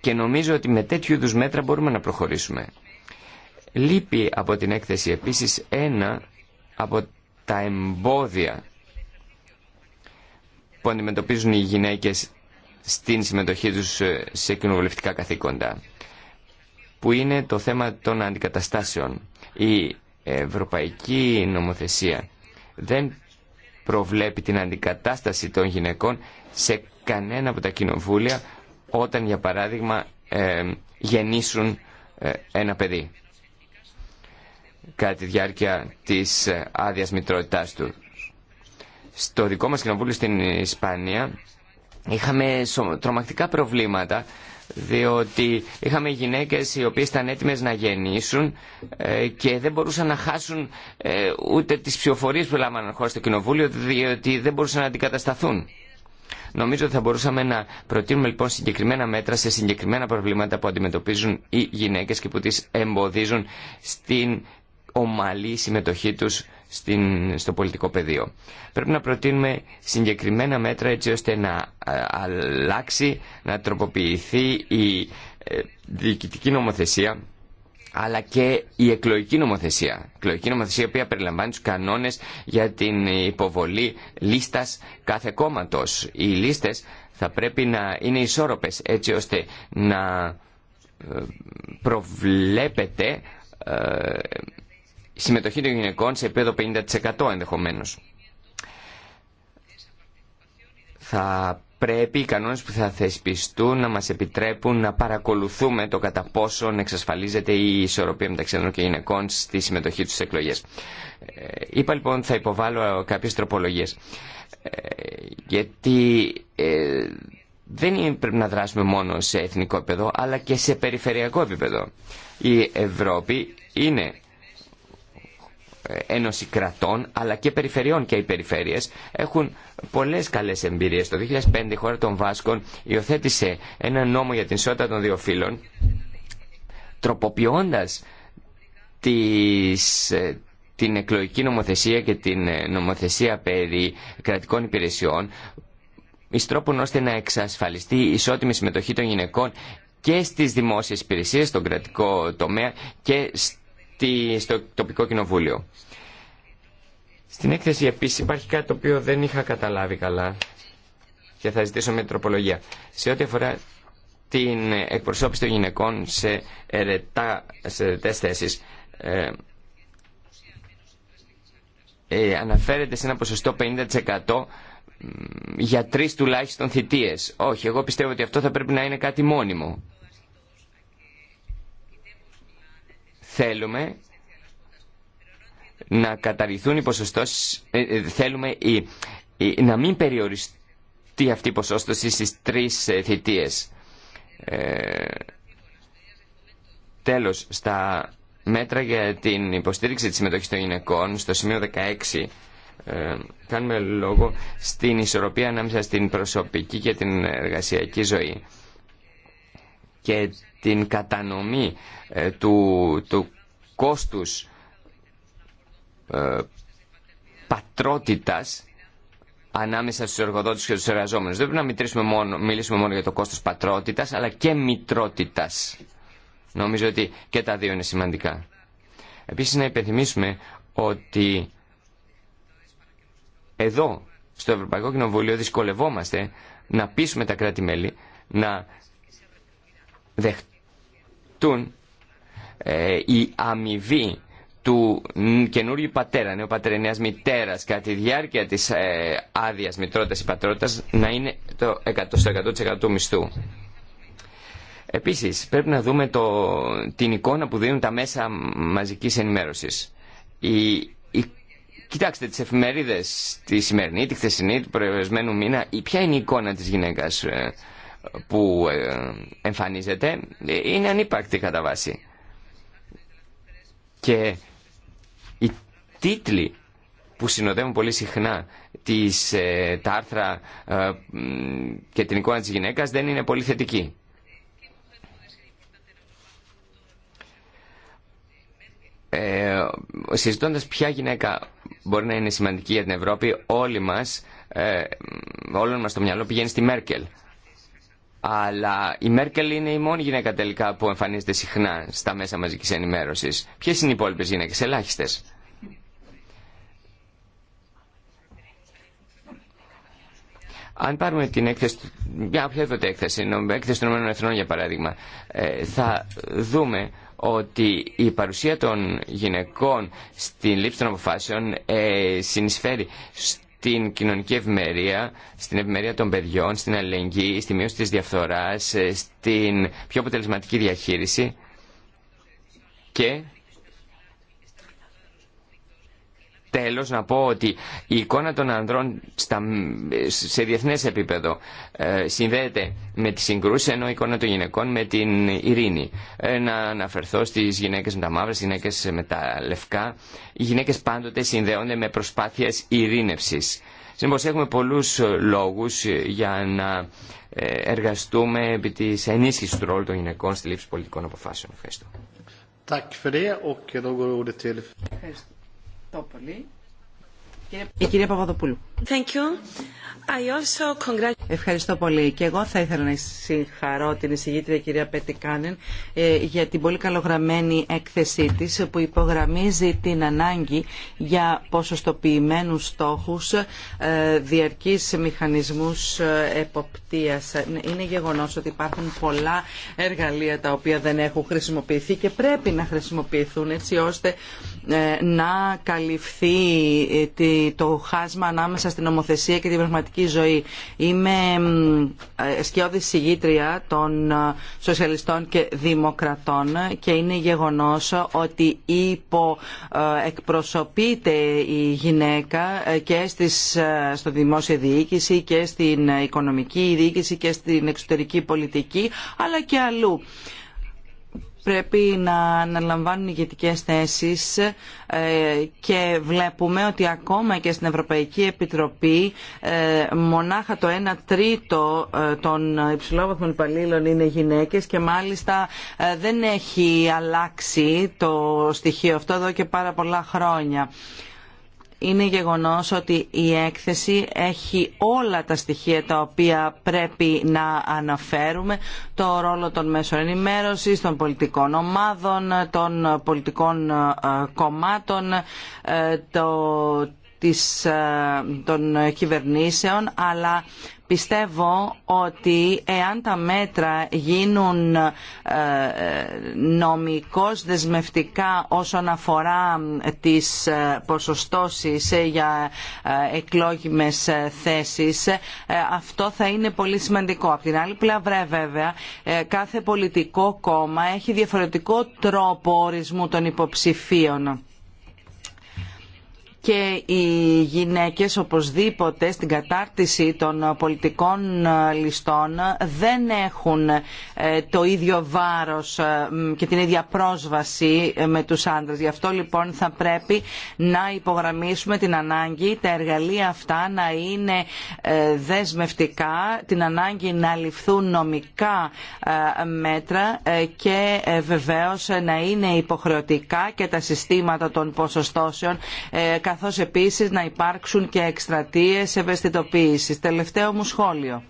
Και νομίζω ότι με τέτοιου είδου μέτρα μπορούμε να προχωρήσουμε. Λείπει από την έκθεση επίσης ένα από τα εμπόδια που αντιμετωπίζουν οι γυναίκες στην συμμετοχή τους σε κοινοβουλευτικά καθήκοντα, που είναι το θέμα των αντικαταστάσεων. Η ευρωπαϊκή νομοθεσία δεν προβλέπει την αντικατάσταση των γυναικών σε κανένα από τα κοινοβούλια όταν, για παράδειγμα, ε, γεννήσουν ε, ένα παιδί κατά τη διάρκεια της ε, άδειας μητρότητάς του στο δικό μας κοινοβούλιο στην Ισπανία είχαμε τρομακτικά προβλήματα διότι είχαμε γυναίκες οι οποίες ήταν έτοιμες να γεννήσουν ε, και δεν μπορούσαν να χάσουν ε, ούτε τις ψηφοφορίες που λάμβαναν χώρα στο κοινοβούλιο διότι δεν μπορούσαν να αντικατασταθούν. Νομίζω ότι θα μπορούσαμε να προτείνουμε λοιπόν συγκεκριμένα μέτρα σε συγκεκριμένα προβλήματα που αντιμετωπίζουν οι γυναίκες και που τις εμποδίζουν στην ομαλή συμμετοχή τους στην, στο πολιτικό πεδίο. Πρέπει να προτείνουμε συγκεκριμένα μέτρα έτσι ώστε να ε, αλλάξει, να τροποποιηθεί η ε, διοικητική νομοθεσία αλλά και η εκλογική νομοθεσία. Η εκλογική νομοθεσία η οποία περιλαμβάνει τους κανόνες για την υποβολή λίστας κάθε κόμματος. Οι λίστες θα πρέπει να είναι ισόρροπες έτσι ώστε να ε, προβλέπεται συμμετοχή των γυναικών σε επίπεδο 50% ενδεχομένως. Θα πρέπει οι κανόνες που θα θεσπιστούν να μας επιτρέπουν να παρακολουθούμε το κατά πόσον εξασφαλίζεται η ισορροπία μεταξύ ανδρών και γυναικών στη συμμετοχή τους στις εκλογές. Ε, είπα λοιπόν θα υποβάλω κάποιες τροπολογίες. Ε, γιατί ε, δεν πρέπει να δράσουμε μόνο σε εθνικό επίπεδο αλλά και σε περιφερειακό επίπεδο. Η Ευρώπη είναι Ένωση Κρατών αλλά και Περιφερειών και οι Περιφέρειες έχουν πολλές καλές εμπειρίες. Το 2005 η χώρα των Βάσκων υιοθέτησε ένα νόμο για την ισότητα των δύο φύλων τροποποιώντας τις, ε, την εκλογική νομοθεσία και την ε, νομοθεσία περί κρατικών υπηρεσιών εις τρόπον ώστε να εξασφαλιστεί η ισότιμη συμμετοχή των γυναικών και στις δημόσιες υπηρεσίες, στον κρατικό τομέα και στο τοπικό κοινοβούλιο. Στην έκθεση επίσης υπάρχει κάτι το οποίο δεν είχα καταλάβει καλά και θα ζητήσω με τροπολογία. Σε ό,τι αφορά την εκπροσώπηση των γυναικών σε, ερετά, σε θέσεις, ε, ε, αναφέρεται σε ένα ποσοστό 50% για τρεις τουλάχιστον θητείες. Όχι, εγώ πιστεύω ότι αυτό θα πρέπει να είναι κάτι μόνιμο. Θέλουμε να καταργηθούν οι ποσοστώσεις, ε, ε, θέλουμε να μην περιοριστεί αυτή η ποσόστοση στις τρεις ε, θητείες. Ε, τέλος, στα μέτρα για την υποστήριξη της συμμετοχής των γυναικών, στο σημείο 16, κάνουμε λόγο στην ισορροπία ανάμεσα στην προσωπική και την εργασιακή ζωή και την κατανομή ε, του, του κόστους ε, πατρότητας ανάμεσα στους εργοδότες και τους εργαζόμενους. Δεν πρέπει να μιλήσουμε μόνο, μιλήσουμε μόνο για το κόστος πατρότητας, αλλά και μητρότητας. Νομίζω ότι και τα δύο είναι σημαντικά. Επίσης να υπενθυμίσουμε ότι εδώ στο Ευρωπαϊκό Κοινοβούλιο δυσκολευόμαστε να πείσουμε τα κράτη-μέλη να δεχτούν ε, η αμοιβή του καινούριου πατέρα, νέου πατερινέας μητέρας κατά τη διάρκεια της ε, άδειας μητρότητας ή πατρότητας να είναι το 100%, στο 100% του μισθού. Επίσης, πρέπει να δούμε το, την εικόνα που δίνουν τα μέσα μαζικής ενημέρωσης. κοιτάξτε τις εφημερίδες τη σημερινή, τη χθεσινή, του προηγούμενου μήνα, ποια είναι η εικόνα της γυναίκας. Ε, που ε, εμφανίζεται είναι ανύπαρκτη κατά βάση. Και οι τίτλοι που συνοδεύουν πολύ συχνά τις, ε, τα άρθρα ε, και την εικόνα της γυναίκας δεν είναι πολύ θετικοί. Ε, συζητώντας ποια γυναίκα μπορεί να είναι σημαντική για την Ευρώπη, όλοι μας, ε, όλων μας το μυαλό πηγαίνει στη Μέρκελ. Αλλά η Μέρκελ είναι η μόνη γυναίκα τελικά που εμφανίζεται συχνά στα μέσα μαζικής ενημέρωσης. Ποιες είναι οι υπόλοιπε γυναίκες, ελάχιστες. Αν πάρουμε την έκθεση, μια οποιαδήποτε έκθεση, έκθεση των ΗΕ για παράδειγμα, ε, θα δούμε ότι η παρουσία των γυναικών στην λήψη των αποφάσεων ε, συνεισφέρει την κοινωνική ευημερία, στην ευημερία των παιδιών, στην αλληλεγγύη, στη μείωση της διαφθοράς, ε, στην πιο αποτελεσματική διαχείριση και Τέλο να πω ότι η εικόνα των ανδρών στα, σε διεθνές επίπεδο ε, συνδέεται με τη συγκρούση, ενώ η εικόνα των γυναικών με την ειρήνη. Ε, να αναφερθώ στις γυναίκες με τα μαύρα, στις γυναίκες με τα λευκά. Οι γυναίκες πάντοτε συνδέονται με προσπάθειες ειρήνευσης. Συνήθως έχουμε πολλούς ε, λόγους για να ε, εργαστούμε επί της ενίσχυσης του ρόλου των γυναικών στη λήψη πολιτικών αποφάσεων. Ευχαριστώ. Tack för det och då går ordet till... Ευχαριστώ. Η κυρία Παπαδοπούλου. Thank you. I also Ευχαριστώ πολύ. Και εγώ θα ήθελα να συγχαρώ την εισηγήτρια κυρία Πέτη Κάνεν ε, για την πολύ καλογραμμένη έκθεσή της που υπογραμμίζει την ανάγκη για ποσοστοποιημένους στόχους ε, διαρκείς μηχανισμούς ε, εποπτείας. Είναι γεγονός ότι υπάρχουν πολλά εργαλεία τα οποία δεν έχουν χρησιμοποιηθεί και πρέπει να χρησιμοποιηθούν έτσι ώστε ε, να καλυφθεί ε, το χάσμα ανάμεσα στην ομοθεσία και την πραγματική ζωή. Είμαι ε, σκιώδης συγγήτρια των σοσιαλιστών και δημοκρατών και είναι γεγονός ότι υποεκπροσωπείται η γυναίκα και στις, στο δημόσιο διοίκηση και στην οικονομική διοίκηση και στην εξωτερική πολιτική αλλά και αλλού πρέπει να αναλαμβάνουν ηγετικέ θέσεις ε, και βλέπουμε ότι ακόμα και στην Ευρωπαϊκή Επιτροπή ε, μονάχα το 1 τρίτο ε, των υψηλόβαθμων υπαλλήλων είναι γυναίκε και μάλιστα δεν έχει αλλάξει το στοιχείο αυτό εδώ και πάρα πολλά χρόνια είναι γεγονός ότι η έκθεση έχει όλα τα στοιχεία τα οποία πρέπει να αναφέρουμε, το ρόλο των μέσων ενημέρωσης, των πολιτικών ομάδων, των πολιτικών ε, κομμάτων, ε, το, της, ε, των κυβερνήσεων, αλλά Πιστεύω ότι εάν τα μέτρα γίνουν ε, νομικώς δεσμευτικά όσον αφορά ε, τις ε, ποσοστώσεις για εκλόγιμες θέσεις, αυτό θα είναι πολύ σημαντικό. Από την άλλη πλευρά βέβαια, κάθε πολιτικό κόμμα έχει διαφορετικό τρόπο ορισμού των υποψηφίων και οι γυναίκες οπωσδήποτε στην κατάρτιση των πολιτικών ε, ληστών δεν έχουν ε, το ίδιο βάρος ε, και την ίδια πρόσβαση με τους άντρες. Γι' αυτό λοιπόν θα πρέπει να υπογραμμίσουμε την ανάγκη τα εργαλεία αυτά να είναι δεσμευτικά, την ανάγκη να ληφθούν νομικά μέτρα και βεβαίως να είναι υποχρεωτικά και τα συστήματα των ποσοστώσεων καθώς επίσης να υπάρξουν και εκστρατείες ευαισθητοποίησης. Τελευταίο μου σχόλιο.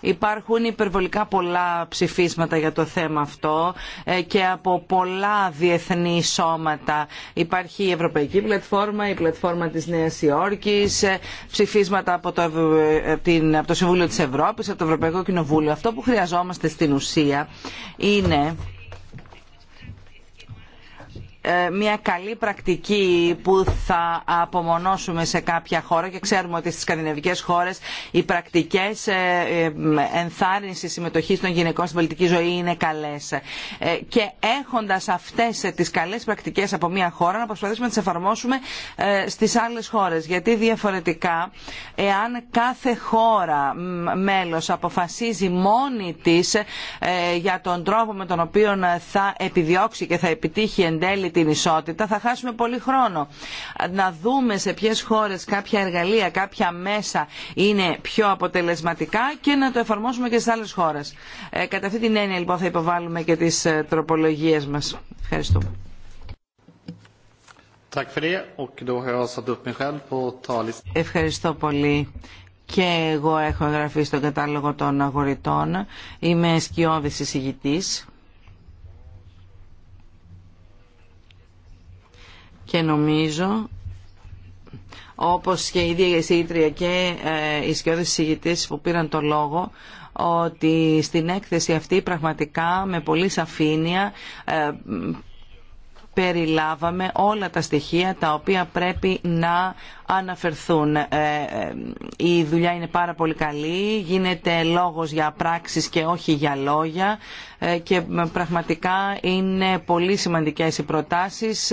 Υπάρχουν υπερβολικά πολλά ψηφίσματα για το θέμα αυτό ε, και από πολλά διεθνή σώματα. Υπάρχει η Ευρωπαϊκή Πλατφόρμα, η Πλατφόρμα της Νέας Υόρκης, ε, ψηφίσματα από το, ε, από το Συμβούλιο της Ευρώπης, από το Ευρωπαϊκό Κοινοβούλιο. Αυτό που χρειαζόμαστε στην ουσία είναι ε, μια καλή πρακτική που θα απομονώσουμε σε κάποια χώρα και ξέρουμε ότι στις σκανδιναβικές χώρες οι πρακτικές ε, ε, ενθάρρυνσης συμμετοχής των γυναικών στην πολιτική ζωή είναι καλές. Και έχοντας αυτές τις καλές πρακτικές από μια χώρα να προσπαθήσουμε να τις εφαρμόσουμε στις άλλες χώρες. Γιατί διαφορετικά εάν κάθε χώρα μέλος αποφασίζει μόνη της για τον τρόπο με τον οποίο θα επιδιώξει και θα επιτύχει εν τέλει την ισότητα θα χάσουμε πολύ χρόνο. Να δούμε σε ποιε χώρε κάποια εργαλεία, κάποια μέσα είναι πιο αποτελεσματικά και να το εφαρμόσουμε και στι άλλε χώρε. Ε, κατά αυτή την έννοια λοιπόν θα υποβάλουμε και τις ε, τροπολογίε μα. Ευχαριστούμε. Ευχαριστώ πολύ. Και εγώ έχω εγγραφεί στον κατάλογο των αγορητών. Είμαι σκιώδης εισηγητής. και νομίζω όπως και η ίδια η και ε, οι σκιώδες που πήραν το λόγο ότι στην έκθεση αυτή πραγματικά με πολύ σαφήνεια ε, περιλάβαμε όλα τα στοιχεία τα οποία πρέπει να αναφερθούν. Ε, ε, η δουλειά είναι πάρα πολύ καλή, γίνεται λόγος για πράξεις και όχι για λόγια ε, και πραγματικά είναι πολύ σημαντικές οι προτάσεις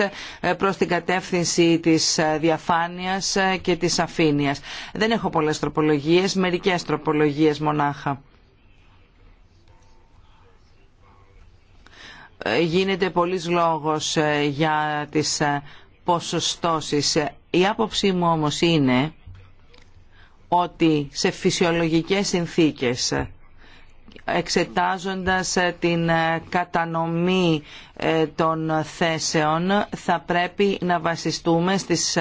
προς την κατεύθυνση της διαφάνειας και της αφήνειας. Δεν έχω πολλές τροπολογίες, μερικές τροπολογίες μονάχα. γίνεται πολλής λόγος ε, για τις ε, ποσοστώσεις. Η άποψή μου όμως είναι ότι σε φυσιολογικές συνθήκες εξετάζοντας ε, την ε, κατανομή ε, των θέσεων θα πρέπει να βασιστούμε στις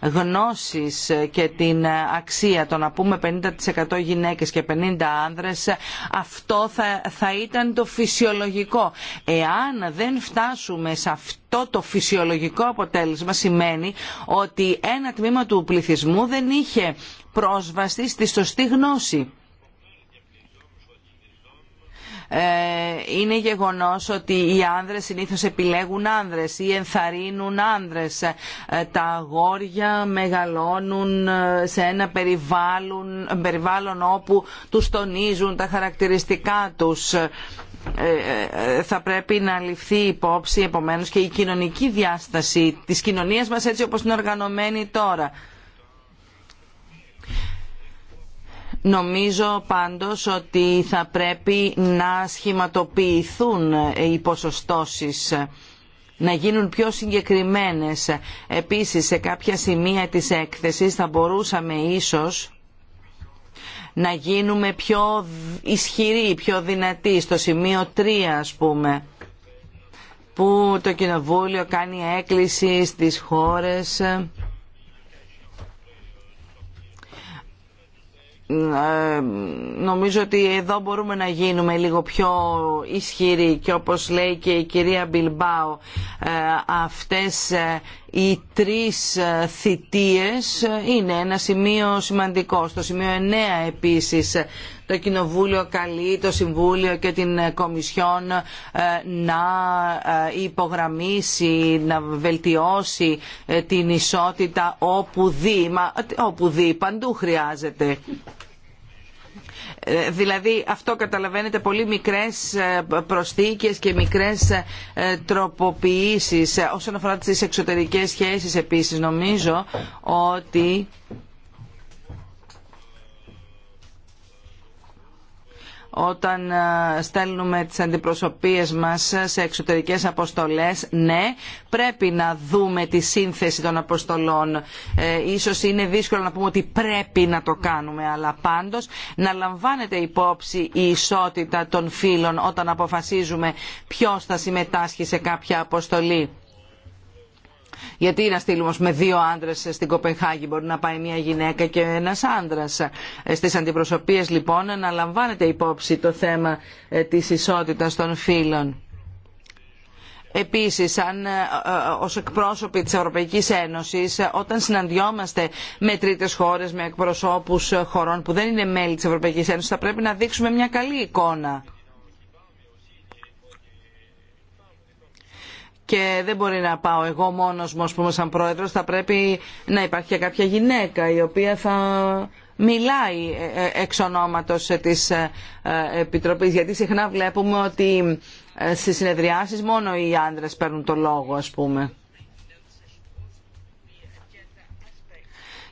γνώσεις και την αξία το να πούμε 50% γυναίκες και 50 άνδρες αυτό θα, θα ήταν το φυσιολογικό εάν δεν φτάσουμε σε αυτό το φυσιολογικό αποτέλεσμα σημαίνει ότι ένα τμήμα του πληθυσμού δεν είχε πρόσβαση στη σωστή γνώση ε, είναι γεγονός ότι οι άνδρες συνήθως επιλέγουν άνδρες ή ενθαρρύνουν άνδρες. Ε, τα αγόρια μεγαλώνουν ε, σε ένα περιβάλλον, περιβάλλον όπου τους τονίζουν τα χαρακτηριστικά τους θα πρέπει να ληφθεί υπόψη επομένως και η κοινωνική διάσταση της κοινωνίας μας έτσι όπως είναι οργανωμένη τώρα. Νομίζω πάντως ότι θα πρέπει να σχηματοποιηθούν οι ποσοστώσεις να γίνουν πιο συγκεκριμένες. Επίσης, σε κάποια σημεία της έκθεσης θα μπορούσαμε ίσως να γίνουμε πιο ισχυροί, πιο δυνατοί, στο σημείο 3 ας πούμε, που το Κοινοβούλιο κάνει έκκληση στις χώρες Ε, νομίζω ότι εδώ μπορούμε να γίνουμε λίγο πιο ισχυροί και όπως λέει και η κυρία Μπιλμπάου ε, αυτές ε, οι τρεις ε, θητείες ε, είναι ένα σημείο σημαντικό. Στο σημείο 9 επίσης ε, το Κοινοβούλιο καλεί το Συμβούλιο και την Κομισιόν να υπογραμμίσει, να βελτιώσει την ισότητα όπου δει, όπου δει παντού χρειάζεται. Ε, δηλαδή αυτό καταλαβαίνετε πολύ μικρές ε, προσθήκες και μικρές ε, τροποποιήσεις όσον αφορά τις εξωτερικές σχέσεις επίσης νομίζω ότι όταν ε, στέλνουμε τις αντιπροσωπείες μας σε εξωτερικές αποστολές, ναι, πρέπει να δούμε τη σύνθεση των αποστολών. Ε, ίσως είναι δύσκολο να πούμε ότι πρέπει να το κάνουμε, αλλά πάντως να λαμβάνεται υπόψη η ισότητα των φύλων όταν αποφασίζουμε ποιος θα συμμετάσχει σε κάποια αποστολή. Γιατί να στείλουμε με δύο άντρε στην Κοπενχάγη, μπορεί να πάει μια γυναίκα και ένα άντρα. Ε, Στι αντιπροσωπείε λοιπόν να υπόψη το θέμα ε, τη ισότητα των φύλων. Επίσης, αν ε, ως εκπρόσωποι της Ευρωπαϊκής Ένωσης, όταν συναντιόμαστε με τρίτες χώρες, με εκπροσώπους χωρών που δεν είναι μέλη της Ευρωπαϊκής Ένωσης, θα πρέπει να δείξουμε μια καλή εικόνα και δεν μπορεί να πάω εγώ μόνος μου ας πούμε σαν πρόεδρος θα πρέπει να υπάρχει και κάποια γυναίκα η οποία θα μιλάει ε, ε, εξ ονόματος ε, της Επιτροπής γιατί συχνά βλέπουμε ότι στις συνεδριάσεις μόνο οι άντρες παίρνουν το λόγο ας πούμε.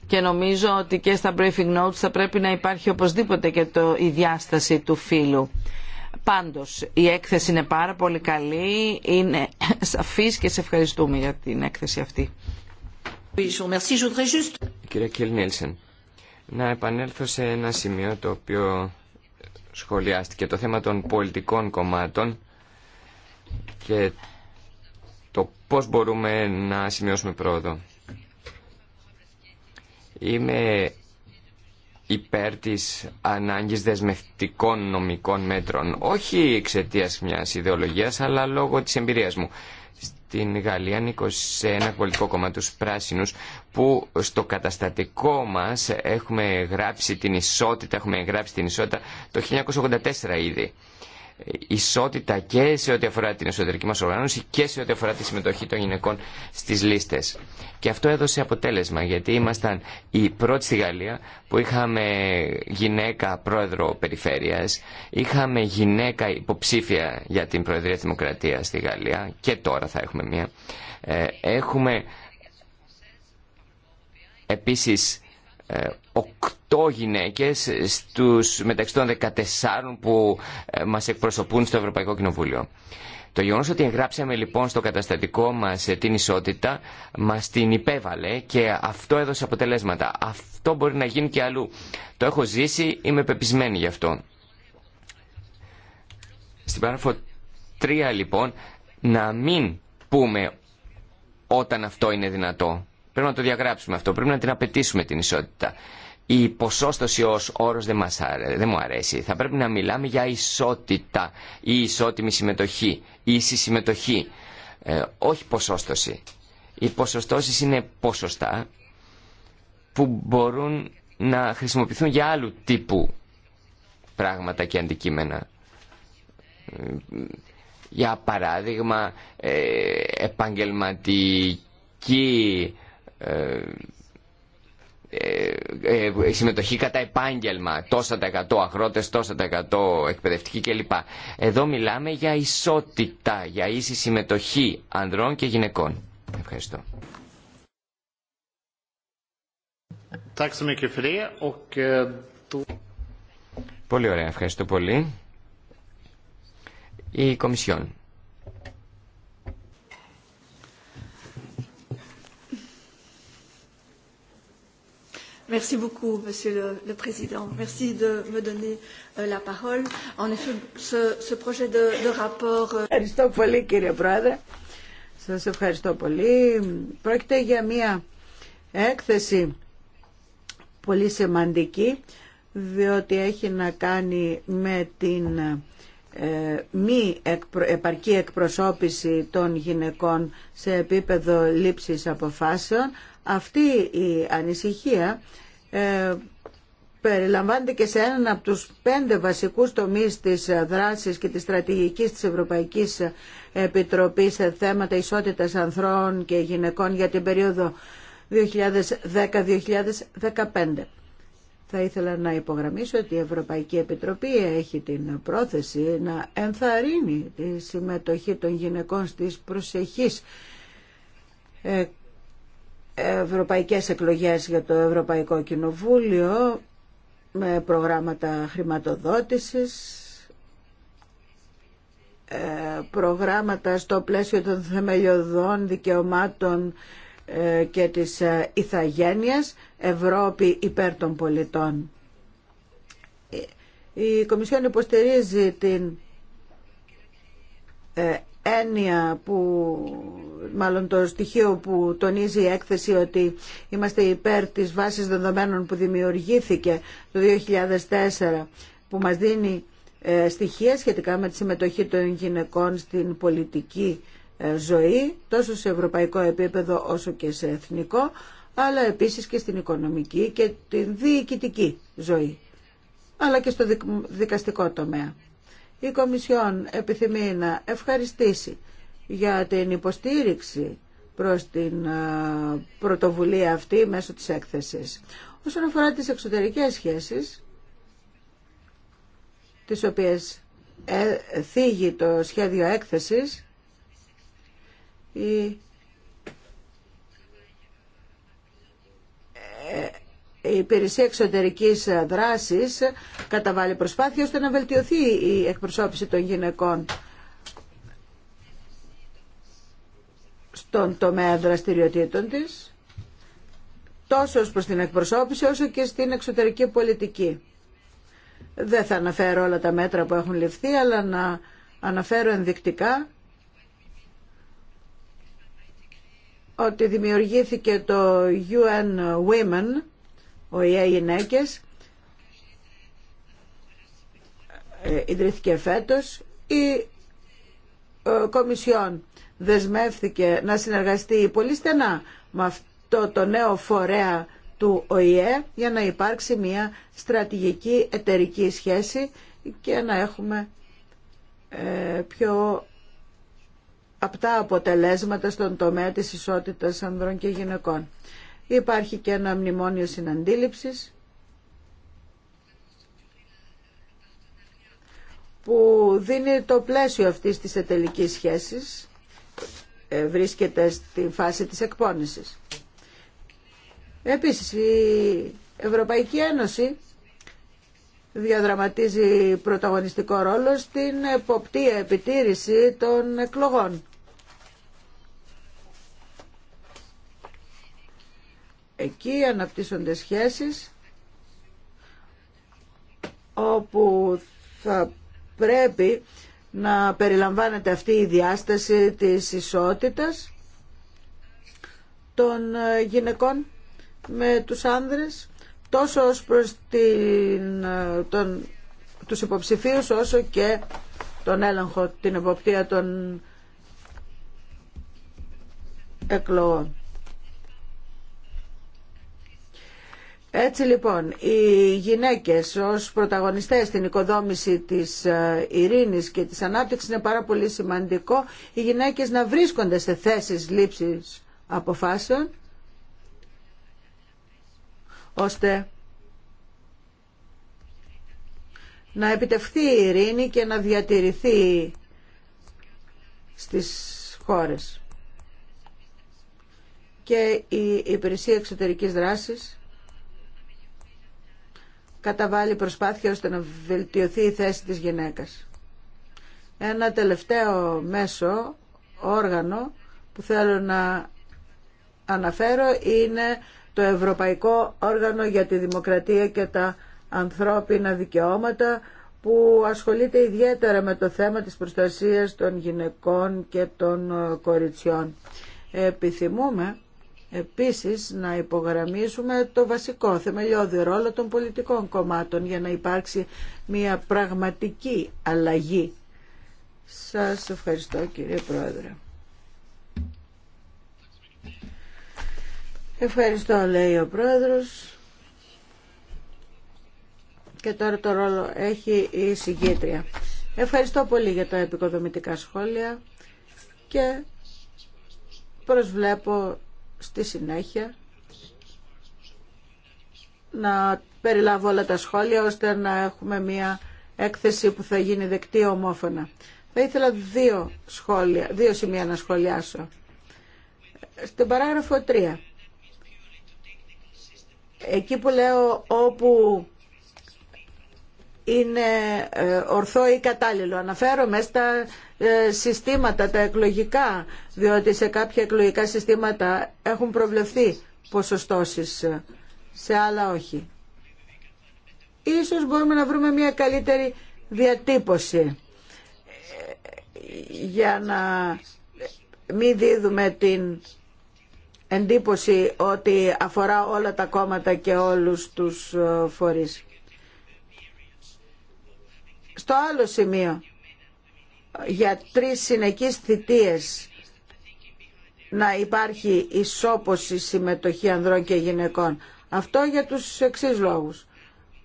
Και νομίζω ότι και στα briefing notes θα πρέπει να υπάρχει οπωσδήποτε και το, η διάσταση του φίλου. Πάντως, η έκθεση είναι πάρα πολύ καλή, είναι σαφής και σε ευχαριστούμε για την έκθεση αυτή. Κύριε Κιλ Νίλσεν, να επανέλθω σε ένα σημείο το οποίο σχολιάστηκε, το θέμα των πολιτικών κομμάτων και το πώς μπορούμε να σημειώσουμε πρόοδο. Είμαι υπέρ της ανάγκης δεσμευτικών νομικών μέτρων. Όχι εξαιτία μιας ιδεολογίας, αλλά λόγω της εμπειρίας μου. Στην Γαλλία ανήκω σε ένα πολιτικό κόμμα, τους πράσινους, που στο καταστατικό μας έχουμε γράψει την ισότητα, έχουμε γράψει την ισότητα το 1984 ήδη ισότητα και σε ό,τι αφορά την εσωτερική μας οργάνωση και σε ό,τι αφορά τη συμμετοχή των γυναικών στις λίστες. Και αυτό έδωσε αποτέλεσμα γιατί ήμασταν η πρώτη στη Γαλλία που είχαμε γυναίκα πρόεδρο περιφέρειας, είχαμε γυναίκα υποψήφια για την Προεδρία της Δημοκρατίας στη Γαλλία και τώρα θα έχουμε μία. Ε, έχουμε επίσης ε, οκτώ γυναίκες στους, μεταξύ των 14 που ε, μας εκπροσωπούν στο Ευρωπαϊκό Κοινοβούλιο. Το γεγονός ότι εγγράψαμε λοιπόν στο καταστατικό μας ε, την ισότητα μας την υπέβαλε και αυτό έδωσε αποτελέσματα. Αυτό μπορεί να γίνει και αλλού. Το έχω ζήσει, είμαι πεπισμένη γι' αυτό. Στην παράγραφο 3 λοιπόν, να μην πούμε όταν αυτό είναι δυνατό. Πρέπει να το διαγράψουμε αυτό. Πρέπει να την απαιτήσουμε την ισότητα. Η ποσόστοση ω όρο δεν, μου αρέσει. Θα πρέπει να μιλάμε για ισότητα ή ισότιμη συμμετοχή, ίση συμμετοχή. Ε, όχι ποσόστοση. Οι ποσοστώσει είναι ποσοστά που μπορούν να χρησιμοποιηθούν για άλλου τύπου πράγματα και αντικείμενα. Για παράδειγμα, ε, επαγγελματική ε, ε, ε, συμμετοχή κατά επάγγελμα, τόσα τα εκατό αγρότες, τόσα τα εκατό εκπαιδευτικοί κλπ. Εδώ μιλάμε για ισότητα, για ίση συμμετοχή ανδρών και γυναικών. Ευχαριστώ. Eh, πολύ ωραία, ευχαριστώ πολύ. Η Κομισιόν. Merci beaucoup, Monsieur le Président. Merci de me donner euh, la parole. En effet, euh, Ευχαριστώ πολύ, κύριε Πρόεδρε. Σας ευχαριστώ πολύ. Πρόκειται για μια έκθεση πολύ σημαντική, διότι έχει να κάνει με την ε, μη επαρκή εκπροσώπηση των γυναικών σε επίπεδο λήψης αποφάσεων. Αυτή η ανησυχία ε, περιλαμβάνεται και σε έναν από τους πέντε βασικούς τομείς της δράσης και της στρατηγικής της Ευρωπαϊκής Επιτροπής σε θέματα ισότητας ανθρώπων και γυναικών για την περίοδο 2010-2015. Θα ήθελα να υπογραμμίσω ότι η Ευρωπαϊκή Επιτροπή έχει την πρόθεση να ενθαρρύνει τη συμμετοχή των γυναικών στις προσεχείς ευρωπαϊκές εκλογές για το Ευρωπαϊκό Κοινοβούλιο με προγράμματα χρηματοδότησης, ε, προγράμματα στο πλαίσιο των θεμελιωδών δικαιωμάτων ε, και της ε, ηθαγένειας Ευρώπη υπέρ των πολιτών. Η Κομισιόν υποστηρίζει την έννοια που μάλλον το στοιχείο που τονίζει η έκθεση ότι είμαστε υπέρ της βάσης δεδομένων που δημιουργήθηκε το 2004 που μας δίνει ε, στοιχεία σχετικά με τη συμμετοχή των γυναικών στην πολιτική ε, ζωή τόσο σε ευρωπαϊκό επίπεδο όσο και σε εθνικό αλλά επίσης και στην οικονομική και την διοικητική ζωή αλλά και στο δικαστικό τομέα. Η Κομισιόν επιθυμεί να ευχαριστήσει για την υποστήριξη προς την ε, πρωτοβουλία αυτή μέσω της έκθεσης. Όσον αφορά τις εξωτερικές σχέσεις, τις οποίες ε, θίγει το σχέδιο έκθεσης, η ε, η υπηρεσία εξωτερικής δράσης καταβάλει προσπάθεια ώστε να βελτιωθεί η εκπροσώπηση των γυναικών στον τομέα δραστηριοτήτων της, τόσο ως προς την εκπροσώπηση όσο και στην εξωτερική πολιτική. Δεν θα αναφέρω όλα τα μέτρα που έχουν ληφθεί, αλλά να αναφέρω ενδεικτικά ότι δημιουργήθηκε το UN Women, ο ΙΕ γυναίκες, ε, ιδρύθηκε φέτος, η ε, Κομισιόν δεσμεύθηκε να συνεργαστεί πολύ στενά με αυτό το νέο φορέα του ΟΗΕ για να υπάρξει μια στρατηγική εταιρική σχέση και να έχουμε ε, πιο απτά αποτελέσματα στον τομέα της ισότητας ανδρών και γυναικών. Υπάρχει και ένα μνημόνιο συναντήληψης που δίνει το πλαίσιο αυτής της ετελικής σχέσης ε, βρίσκεται στη φάση της εκπόνησης. Επίσης, η Ευρωπαϊκή Ένωση διαδραματίζει πρωταγωνιστικό ρόλο στην εποπτεία επιτήρηση των εκλογών. Εκεί αναπτύσσονται σχέσεις όπου θα πρέπει να περιλαμβάνεται αυτή η διάσταση της ισότητας των ε, γυναικών με τους άνδρες τόσο ως προς την, ε, τον, τους υποψηφίους όσο και τον έλεγχο, την εποπτεία των εκλογών. Έτσι λοιπόν, οι γυναίκες ως πρωταγωνιστές στην οικοδόμηση της ε, ειρήνης και της ανάπτυξης είναι πάρα πολύ σημαντικό οι γυναίκες να βρίσκονται σε θέσεις λήψης αποφάσεων ώστε να επιτευχθεί η ειρήνη και να διατηρηθεί στις χώρες. Και η υπηρεσία εξωτερικής δράσης καταβάλει προσπάθεια ώστε να βελτιωθεί η θέση της γυναίκας. Ένα τελευταίο μέσο, όργανο, που θέλω να αναφέρω είναι το Ευρωπαϊκό Όργανο για τη Δημοκρατία και τα Ανθρώπινα Δικαιώματα που ασχολείται ιδιαίτερα με το θέμα της προστασίας των γυναικών και των κοριτσιών. Επιθυμούμε Επίσης να υπογραμμίσουμε το βασικό θεμελιώδη ρόλο των πολιτικών κομμάτων για να υπάρξει μια πραγματική αλλαγή. Σας ευχαριστώ κύριε Πρόεδρε. Ευχαριστώ λέει ο Πρόεδρος. Και τώρα το ρόλο έχει η συγκήτρια. Ευχαριστώ πολύ για τα επικοδομητικά σχόλια και προσβλέπω στη συνέχεια να περιλάβω όλα τα σχόλια ώστε να έχουμε μια έκθεση που θα γίνει δεκτή ομόφωνα. Θα ήθελα δύο, σχόλια, δύο σημεία να σχολιάσω. Στην παράγραφο 3, εκεί που λέω όπου είναι ε, ορθό ή κατάλληλο. Αναφέρομαι στα ε, συστήματα, τα εκλογικά, διότι σε κάποια εκλογικά συστήματα έχουν προβλεφθεί ποσοστώσεις, ε, σε άλλα όχι. Ίσως μπορούμε να βρούμε μια καλύτερη διατύπωση για να μην δίδουμε την εντύπωση ότι αφορά όλα τα κόμματα και όλους τους φορείς. Στο άλλο σημείο, για τρεις συνεχείς θητείες να υπάρχει ισόποση συμμετοχή ανδρών και γυναικών. Αυτό για τους εξή λόγους.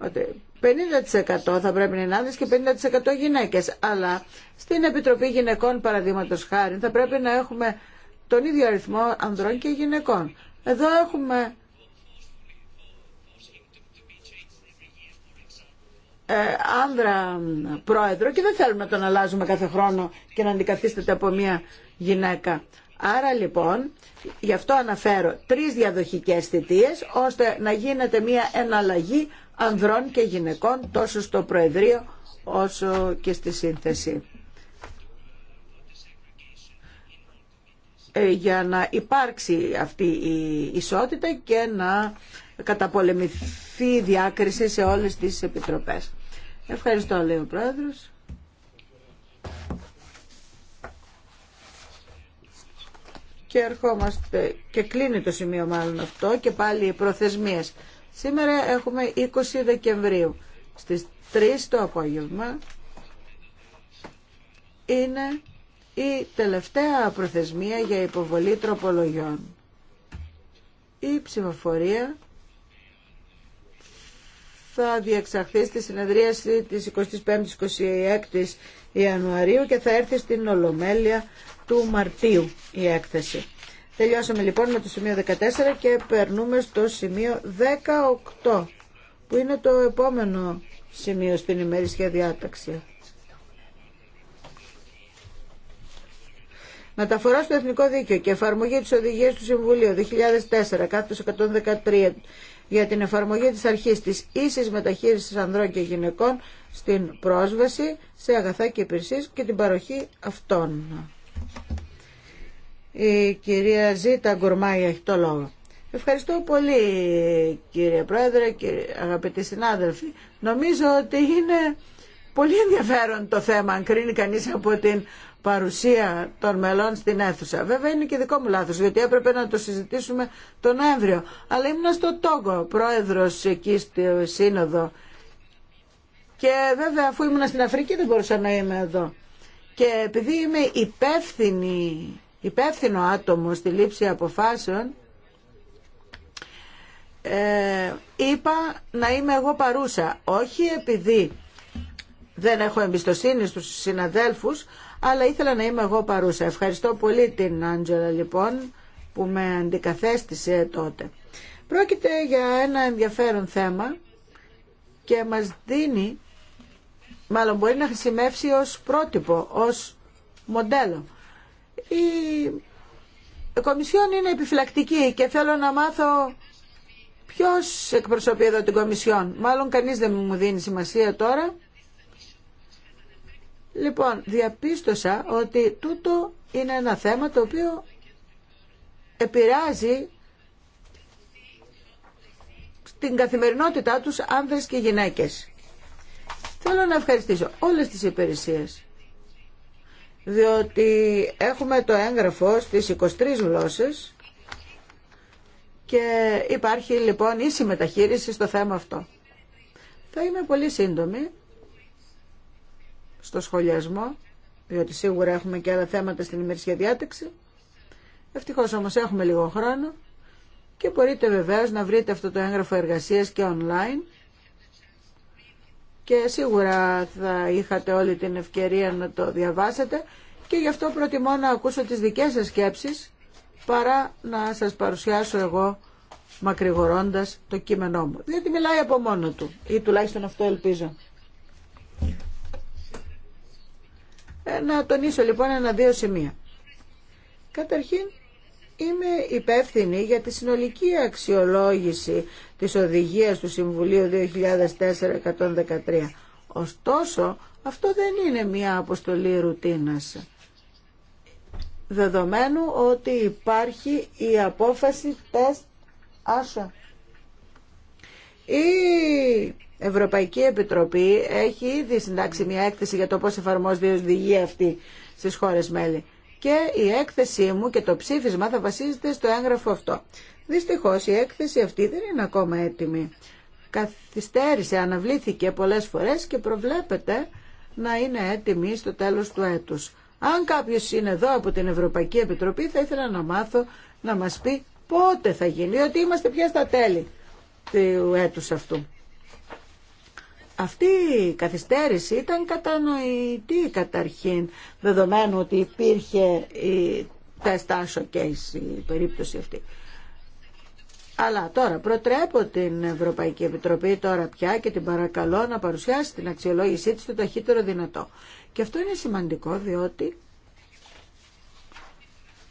50% θα πρέπει να είναι άνδρες και 50% γυναίκες. Αλλά στην Επιτροπή Γυναικών, παραδείγματο χάρη, θα πρέπει να έχουμε τον ίδιο αριθμό ανδρών και γυναικών. Εδώ έχουμε Ε, άνδρα πρόεδρο και δεν θέλουμε να τον αλλάζουμε κάθε χρόνο και να αντικαθίσταται από μια γυναίκα. Άρα λοιπόν, γι' αυτό αναφέρω τρεις διαδοχικές θητείες, ώστε να γίνεται μια εναλλαγή ανδρών και γυναικών τόσο στο Προεδρείο όσο και στη σύνθεση. Ε, για να υπάρξει αυτή η ισότητα και να καταπολεμηθεί η διάκριση σε όλες τις επιτροπές. Ευχαριστώ, λέει ο Πρόεδρος. Και ερχόμαστε και κλείνει το σημείο μάλλον αυτό και πάλι οι προθεσμίες. Σήμερα έχουμε 20 Δεκεμβρίου. Στις 3 το απόγευμα είναι η τελευταία προθεσμία για υποβολή τροπολογιών. Η ψηφοφορία θα διεξαχθεί στη συνεδρίαση της 25ης-26ης Ιανουαρίου και θα έρθει στην Ολομέλεια του Μαρτίου η έκθεση. Τελειώσαμε λοιπόν με το σημείο 14 και περνούμε στο σημείο 18 που είναι το επόμενο σημείο στην ημερήσια διάταξη. Μεταφορά στο Εθνικό Δίκαιο και εφαρμογή της Οδηγίας του Συμβουλίου 2004, 113 για την εφαρμογή της αρχής της ίσης μεταχείρισης ανδρών και γυναικών στην πρόσβαση σε αγαθά και υπηρεσίες και την παροχή αυτών. Η κυρία Ζήτα Γκουρμάη έχει το λόγο. Ευχαριστώ πολύ κύριε Πρόεδρε, κύριε, αγαπητοί συνάδελφοι. Νομίζω ότι είναι πολύ ενδιαφέρον το θέμα αν κρίνει κανείς από την παρουσία των μελών στην αίθουσα. Βέβαια είναι και δικό μου λάθο, γιατί έπρεπε να το συζητήσουμε τον Νοέμβριο. Αλλά ήμουν στο Τόγκο, πρόεδρος εκεί στη Σύνοδο. Και βέβαια αφού ήμουν στην Αφρική δεν μπορούσα να είμαι εδώ. Και επειδή είμαι υπεύθυνη, υπεύθυνο άτομο στη λήψη αποφάσεων, ε, είπα να είμαι εγώ παρούσα. Όχι επειδή δεν έχω εμπιστοσύνη στους συναδέλφους, αλλά ήθελα να είμαι εγώ παρούσα. Ευχαριστώ πολύ την Άντζελα λοιπόν που με αντικαθέστησε τότε. Πρόκειται για ένα ενδιαφέρον θέμα και μας δίνει, μάλλον μπορεί να χρησιμεύσει ως πρότυπο, ως μοντέλο. Η Κομισιόν είναι επιφυλακτική και θέλω να μάθω ποιος εκπροσωπεί εδώ την Κομισιόν. Μάλλον κανείς δεν μου δίνει σημασία τώρα. Λοιπόν, διαπίστωσα ότι τούτο είναι ένα θέμα το οποίο επηρεάζει την καθημερινότητά τους άνδρες και γυναίκες. Θέλω να ευχαριστήσω όλες τις υπηρεσίες διότι έχουμε το έγγραφο στις 23 γλώσσες και υπάρχει λοιπόν ίση μεταχείριση στο θέμα αυτό. Θα είμαι πολύ σύντομη στο σχολιασμό, διότι σίγουρα έχουμε και άλλα θέματα στην ημερησία διάταξη. Ευτυχώς όμως έχουμε λίγο χρόνο και μπορείτε βεβαίως να βρείτε αυτό το έγγραφο εργασίας και online και σίγουρα θα είχατε όλη την ευκαιρία να το διαβάσετε και γι' αυτό προτιμώ να ακούσω τις δικές σας σκέψεις παρά να σας παρουσιάσω εγώ μακρηγορώντας το κείμενό μου. Διότι μιλάει από μόνο του ή τουλάχιστον αυτό ελπίζω. Ε, να τονίσω λοιπόν ένα-δύο σημεία. Καταρχήν, είμαι υπεύθυνη για τη συνολική αξιολόγηση της οδηγίας του Συμβουλίου 2004-113. Ωστόσο, αυτό δεν είναι μια αποστολή ρουτίνας. Δεδομένου ότι υπάρχει η απόφαση τεστ άσο. Η Ευρωπαϊκή Επιτροπή έχει ήδη συντάξει μια έκθεση για το πώς εφαρμόζεται η οδηγία αυτή στις χώρες μέλη. Και η έκθεσή μου και το ψήφισμα θα βασίζεται στο έγγραφο αυτό. Δυστυχώς η έκθεση αυτή δεν είναι ακόμα έτοιμη. Καθυστέρησε, αναβλήθηκε πολλές φορές και προβλέπεται να είναι έτοιμη στο τέλος του έτους. Αν κάποιος είναι εδώ από την Ευρωπαϊκή Επιτροπή θα ήθελα να μάθω να μας πει πότε θα γίνει, ότι είμαστε πια στα τέλη του έτους αυτού. Αυτή η καθυστέρηση ήταν κατανοητή καταρχήν, δεδομένου ότι υπήρχε η τεστά case, η περίπτωση αυτή. Αλλά τώρα προτρέπω την Ευρωπαϊκή Επιτροπή τώρα πια και την παρακαλώ να παρουσιάσει την αξιολόγησή της το ταχύτερο δυνατό. Και αυτό είναι σημαντικό διότι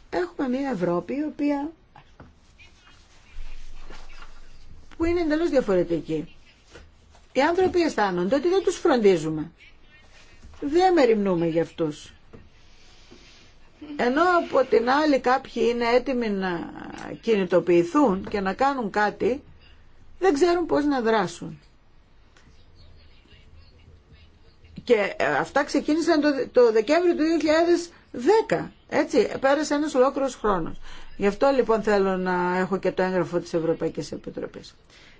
έχουμε μια Ευρώπη η οποία που είναι εντελώς διαφορετική. Οι άνθρωποι αισθάνονται ότι δεν τους φροντίζουμε. Δεν μεριμνούμε για αυτούς. Ενώ από την άλλη κάποιοι είναι έτοιμοι να κινητοποιηθούν και να κάνουν κάτι, δεν ξέρουν πώς να δράσουν. Και ε, αυτά ξεκίνησαν το, το Δεκέμβριο του 2010. Έτσι, πέρασε ένας ολόκληρος χρόνος. Γι' αυτό λοιπόν θέλω να έχω και το έγγραφο της Ευρωπαϊκής Επιτροπής.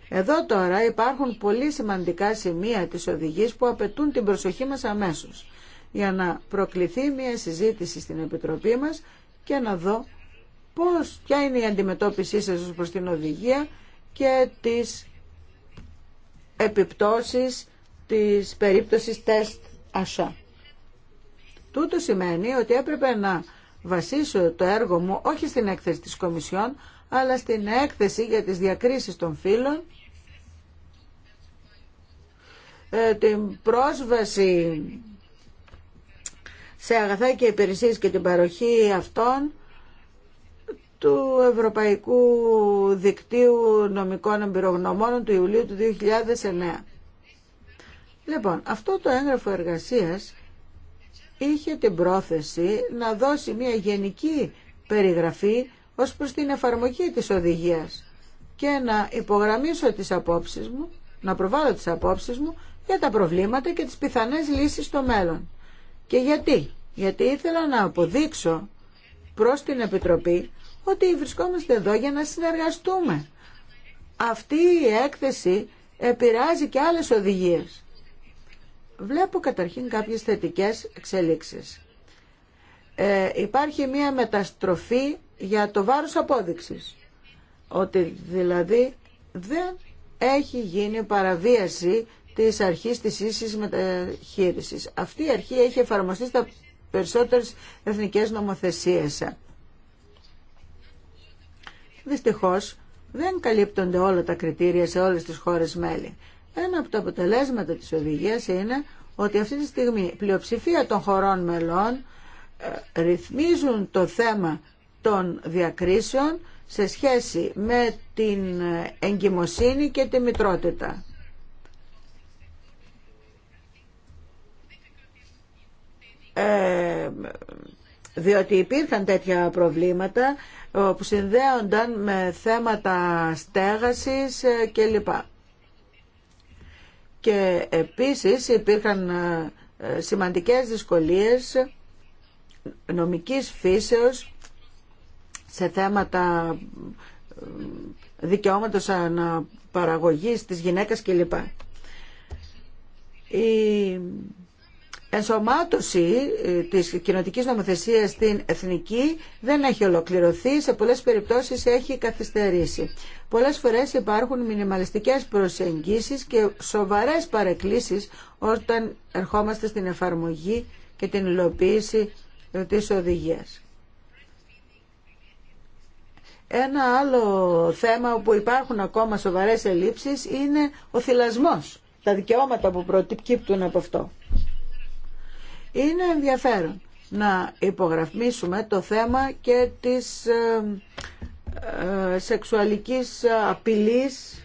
Εδώ τώρα υπάρχουν πολύ σημαντικά σημεία της οδηγής που απαιτούν την προσοχή μας αμέσως για να προκληθεί μια συζήτηση στην Επιτροπή μας και να δω πώς, ποια είναι η αντιμετώπιση σας ως προς την οδηγία και τις επιπτώσεις της περίπτωσης τεστ ασά. Τούτο σημαίνει ότι έπρεπε να βασίσω το έργο μου όχι στην έκθεση της Κομισιόν, αλλά στην έκθεση για τις διακρίσεις των φύλων ε, την πρόσβαση σε αγαθά και υπηρεσίες και την παροχή αυτών του Ευρωπαϊκού Δικτύου Νομικών Εμπειρογνωμών του Ιουλίου του 2009. Λοιπόν, αυτό το έγγραφο εργασίας είχε την πρόθεση να δώσει μια γενική περιγραφή ως προς την εφαρμογή της οδηγίας και να υπογραμμίσω τις απόψεις μου, να προβάλλω τις απόψεις μου για τα προβλήματα και τις πιθανές λύσεις στο μέλλον. Και γιατί. Γιατί ήθελα να αποδείξω προς την Επιτροπή ότι βρισκόμαστε εδώ για να συνεργαστούμε. Αυτή η έκθεση επηρεάζει και άλλες οδηγίες. Βλέπω καταρχήν κάποιες θετικές εξελίξεις. Ε, υπάρχει μία μεταστροφή για το βάρος απόδειξης. Ότι δηλαδή δεν έχει γίνει παραβίαση της αρχής της ίσης μεταχείρισης. Αυτή η αρχή έχει εφαρμοστεί στα περισσότερες εθνικές νομοθεσίες. Δυστυχώς δεν καλύπτονται όλα τα κριτήρια σε όλες τις χώρες μέλη. Ένα από τα αποτελέσματα της οδηγίας είναι ότι αυτή τη στιγμή πλειοψηφία των χωρών μελών ε, ρυθμίζουν το θέμα των διακρίσεων σε σχέση με την ε, εγκυμοσύνη και τη μητρότητα. Ε, διότι υπήρχαν τέτοια προβλήματα που συνδέονταν με θέματα στέγασης ε, κλπ. Και επίσης υπήρχαν ε, σημαντικές δυσκολίες νομικής φύσεως σε θέματα δικαιώματος αναπαραγωγής της γυναίκας κλπ. Η ενσωμάτωση ε, της κοινοτικής νομοθεσίας στην εθνική δεν έχει ολοκληρωθεί, σε πολλές περιπτώσεις έχει καθυστερήσει. Πολλές φορές υπάρχουν μινιμαλιστικές προσεγγίσεις και σοβαρές παρεκκλήσεις όταν ερχόμαστε στην εφαρμογή και την υλοποίηση ε, της οδηγίας. Ένα άλλο θέμα όπου υπάρχουν ακόμα σοβαρέ ελλείψεις είναι ο θυλασμός, τα δικαιώματα που προκύπτουν από αυτό. Είναι ενδιαφέρον να υπογραφμίσουμε το θέμα και της ε, ε, σεξουαλικής απειλής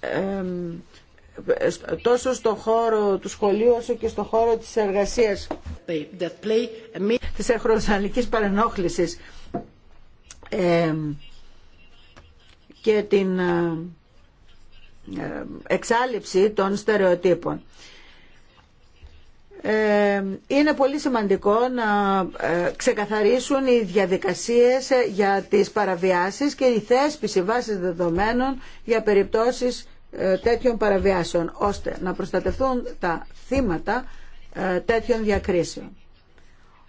ε, τόσο στο χώρο του σχολείου όσο και στο χώρο της εργασίας της εχροσανικής παρενόχλησης και την εξάλληψη των στερεοτύπων. Ε, είναι πολύ σημαντικό να ε, ξεκαθαρίσουν οι διαδικασίες ε, για τις παραβιάσεις και η θέσπιση βάσης δεδομένων για περιπτώσεις τέτοιων παραβιάσεων, ώστε να προστατευτούν τα θύματα τέτοιων διακρίσεων.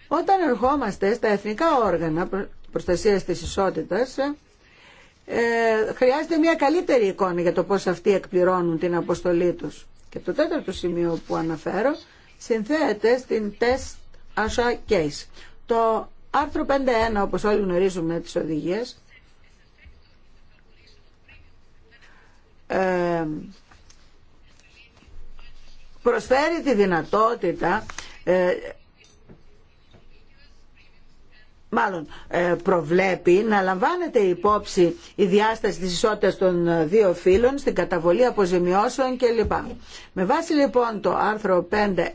Όταν ερχόμαστε στα εθνικά όργανα προστασίας της ισότητας, χρειάζεται μια καλύτερη εικόνα για το πώς αυτοί εκπληρώνουν την αποστολή τους. Και το τέταρτο σημείο που αναφέρω συνθέεται στην Test Asha Case. Το άρθρο 5.1, όπως όλοι γνωρίζουμε τις οδηγίες, ε, προσφέρει τη δυνατότητα ε, μάλλον ε, προβλέπει να λαμβάνεται υπόψη η διάσταση της ισότητας των δύο φύλων στην καταβολή αποζημιώσεων κλπ. Με βάση λοιπόν το άρθρο 5.1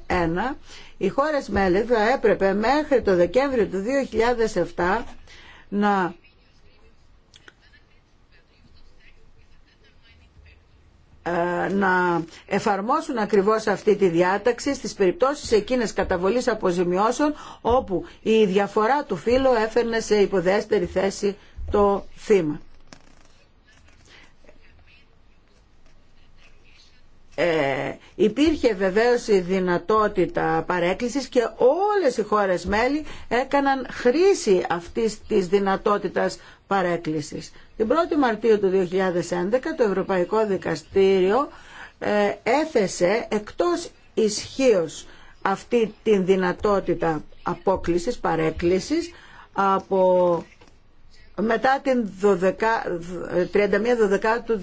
οι χώρες μέλη θα έπρεπε μέχρι το Δεκέμβριο του 2007 να Ε, να εφαρμόσουν ακριβώς αυτή τη διάταξη στις περιπτώσεις εκείνες καταβολής αποζημιώσεων όπου η διαφορά του φύλου έφερνε σε υποδέστερη θέση το θύμα. Ε, υπήρχε βεβαίως η δυνατότητα παρέκκλησης και όλες οι χώρες μέλη έκαναν χρήση αυτής της δυνατότητας παρέκκλησης. Την 1η Μαρτίου του 2011 το Ευρωπαϊκό Δικαστήριο ε, έθεσε εκτός ισχύως αυτή την δυνατότητα απόκλησης, παρέκκλησης από μετά την 31 του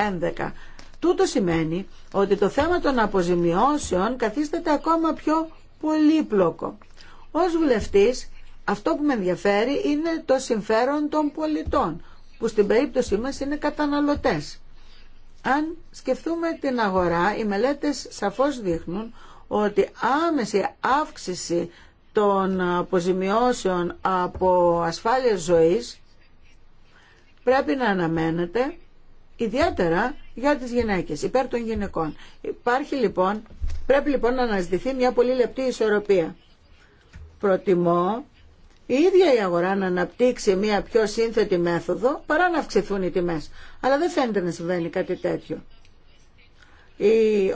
2011. Τούτο σημαίνει ότι το θέμα των αποζημιώσεων καθίσταται ακόμα πιο πολύπλοκο. Ως βουλευτής αυτό που με ενδιαφέρει είναι το συμφέρον των πολιτών, που στην περίπτωση μας είναι καταναλωτές. Αν σκεφτούμε την αγορά, οι μελέτες σαφώς δείχνουν ότι άμεση αύξηση των αποζημιώσεων από ασφάλεια ζωής πρέπει να αναμένεται ιδιαίτερα για τις γυναίκες, υπέρ των γυναικών. Υπάρχει λοιπόν, πρέπει λοιπόν να αναζητηθεί μια πολύ λεπτή ισορροπία. Προτιμώ η ίδια η αγορά να αναπτύξει μια πιο σύνθετη μέθοδο παρά να αυξηθούν οι τιμές. Αλλά δεν φαίνεται να συμβαίνει κάτι τέτοιο.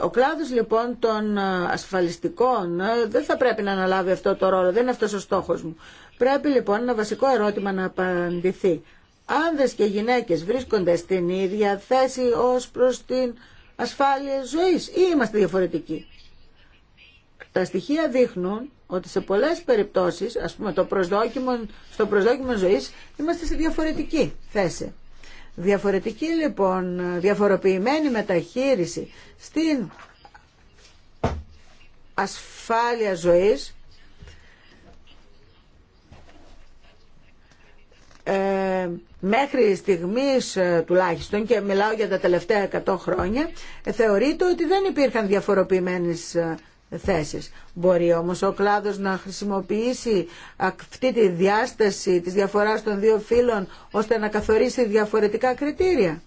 Ο κλάδος λοιπόν των ασφαλιστικών ε, δεν θα πρέπει να αναλάβει αυτό το ρόλο, δεν είναι αυτός ο στόχος μου. Πρέπει λοιπόν ένα βασικό ερώτημα να απαντηθεί. Άνδρες και γυναίκες βρίσκονται στην ίδια θέση ως προς την ασφάλεια ζωής ή είμαστε διαφορετικοί. Τα στοιχεία δείχνουν ότι σε πολλές περιπτώσεις, ας πούμε το προσδόκιμο, στο προσδόκιμο ζωής, είμαστε σε διαφορετική θέση. Διαφορετική λοιπόν, διαφοροποιημένη μεταχείριση στην ασφάλεια ζωής ε, μέχρι στιγμής ε, τουλάχιστον και μιλάω για τα τελευταία 100 χρόνια ε, θεωρείται ότι δεν υπήρχαν διαφοροποιημένες ε, θέσεις. Μπορεί όμως ο κλάδος να χρησιμοποιήσει αυτή τη διάσταση της διαφοράς των δύο φύλων ώστε να καθορίσει διαφορετικά κριτήρια.